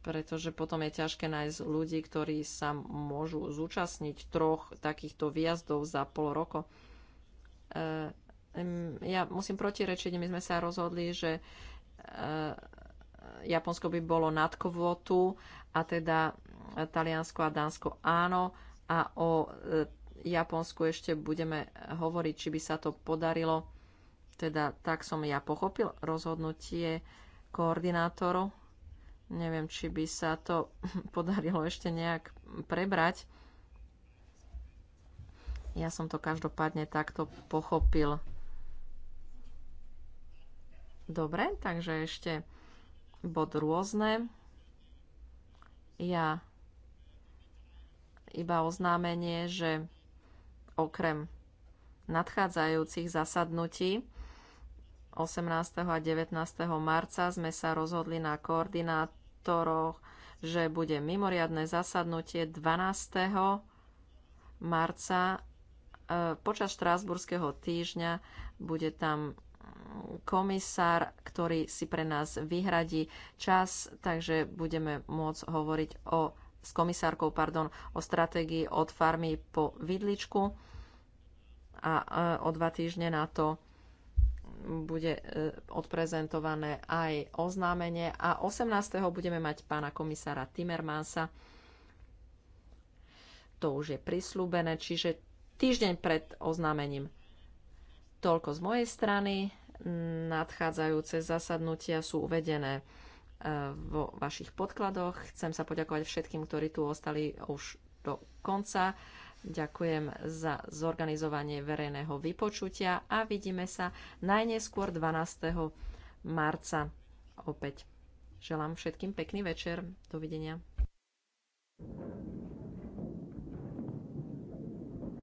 pretože potom je ťažké nájsť ľudí, ktorí sa môžu zúčastniť troch takýchto výjazdov za pol roko. Ehm, ja musím protirečiť, my sme sa rozhodli, že e, Japonsko by bolo nad kvotu a teda Taliansko a Dánsko áno a o e, Japonsku ešte budeme hovoriť, či by sa to podarilo. Teda tak som ja pochopil rozhodnutie koordinátorov Neviem, či by sa to podarilo ešte nejak prebrať. Ja som to každopádne takto pochopil. Dobre, takže ešte bod rôzne. Ja iba oznámenie, že okrem nadchádzajúcich zasadnutí 18. a 19. marca sme sa rozhodli na koordinát priestoroch, že bude mimoriadne zasadnutie 12. marca e, počas štrásburského týždňa. Bude tam komisár, ktorý si pre nás vyhradí čas, takže budeme môcť hovoriť o, s komisárkou pardon, o stratégii od farmy po vidličku a e, o dva týždne na to bude e, odprezentované aj oznámenie a 18. budeme mať pána komisára Timmermansa. To už je prislúbené, čiže týždeň pred oznámením. Toľko z mojej strany. Nadchádzajúce zasadnutia sú uvedené e, vo vašich podkladoch. Chcem sa poďakovať všetkým, ktorí tu ostali už do konca. Ďakujem za zorganizovanie verejného vypočutia a vidíme sa najneskôr 12. marca opäť. Želám všetkým pekný večer. Dovidenia.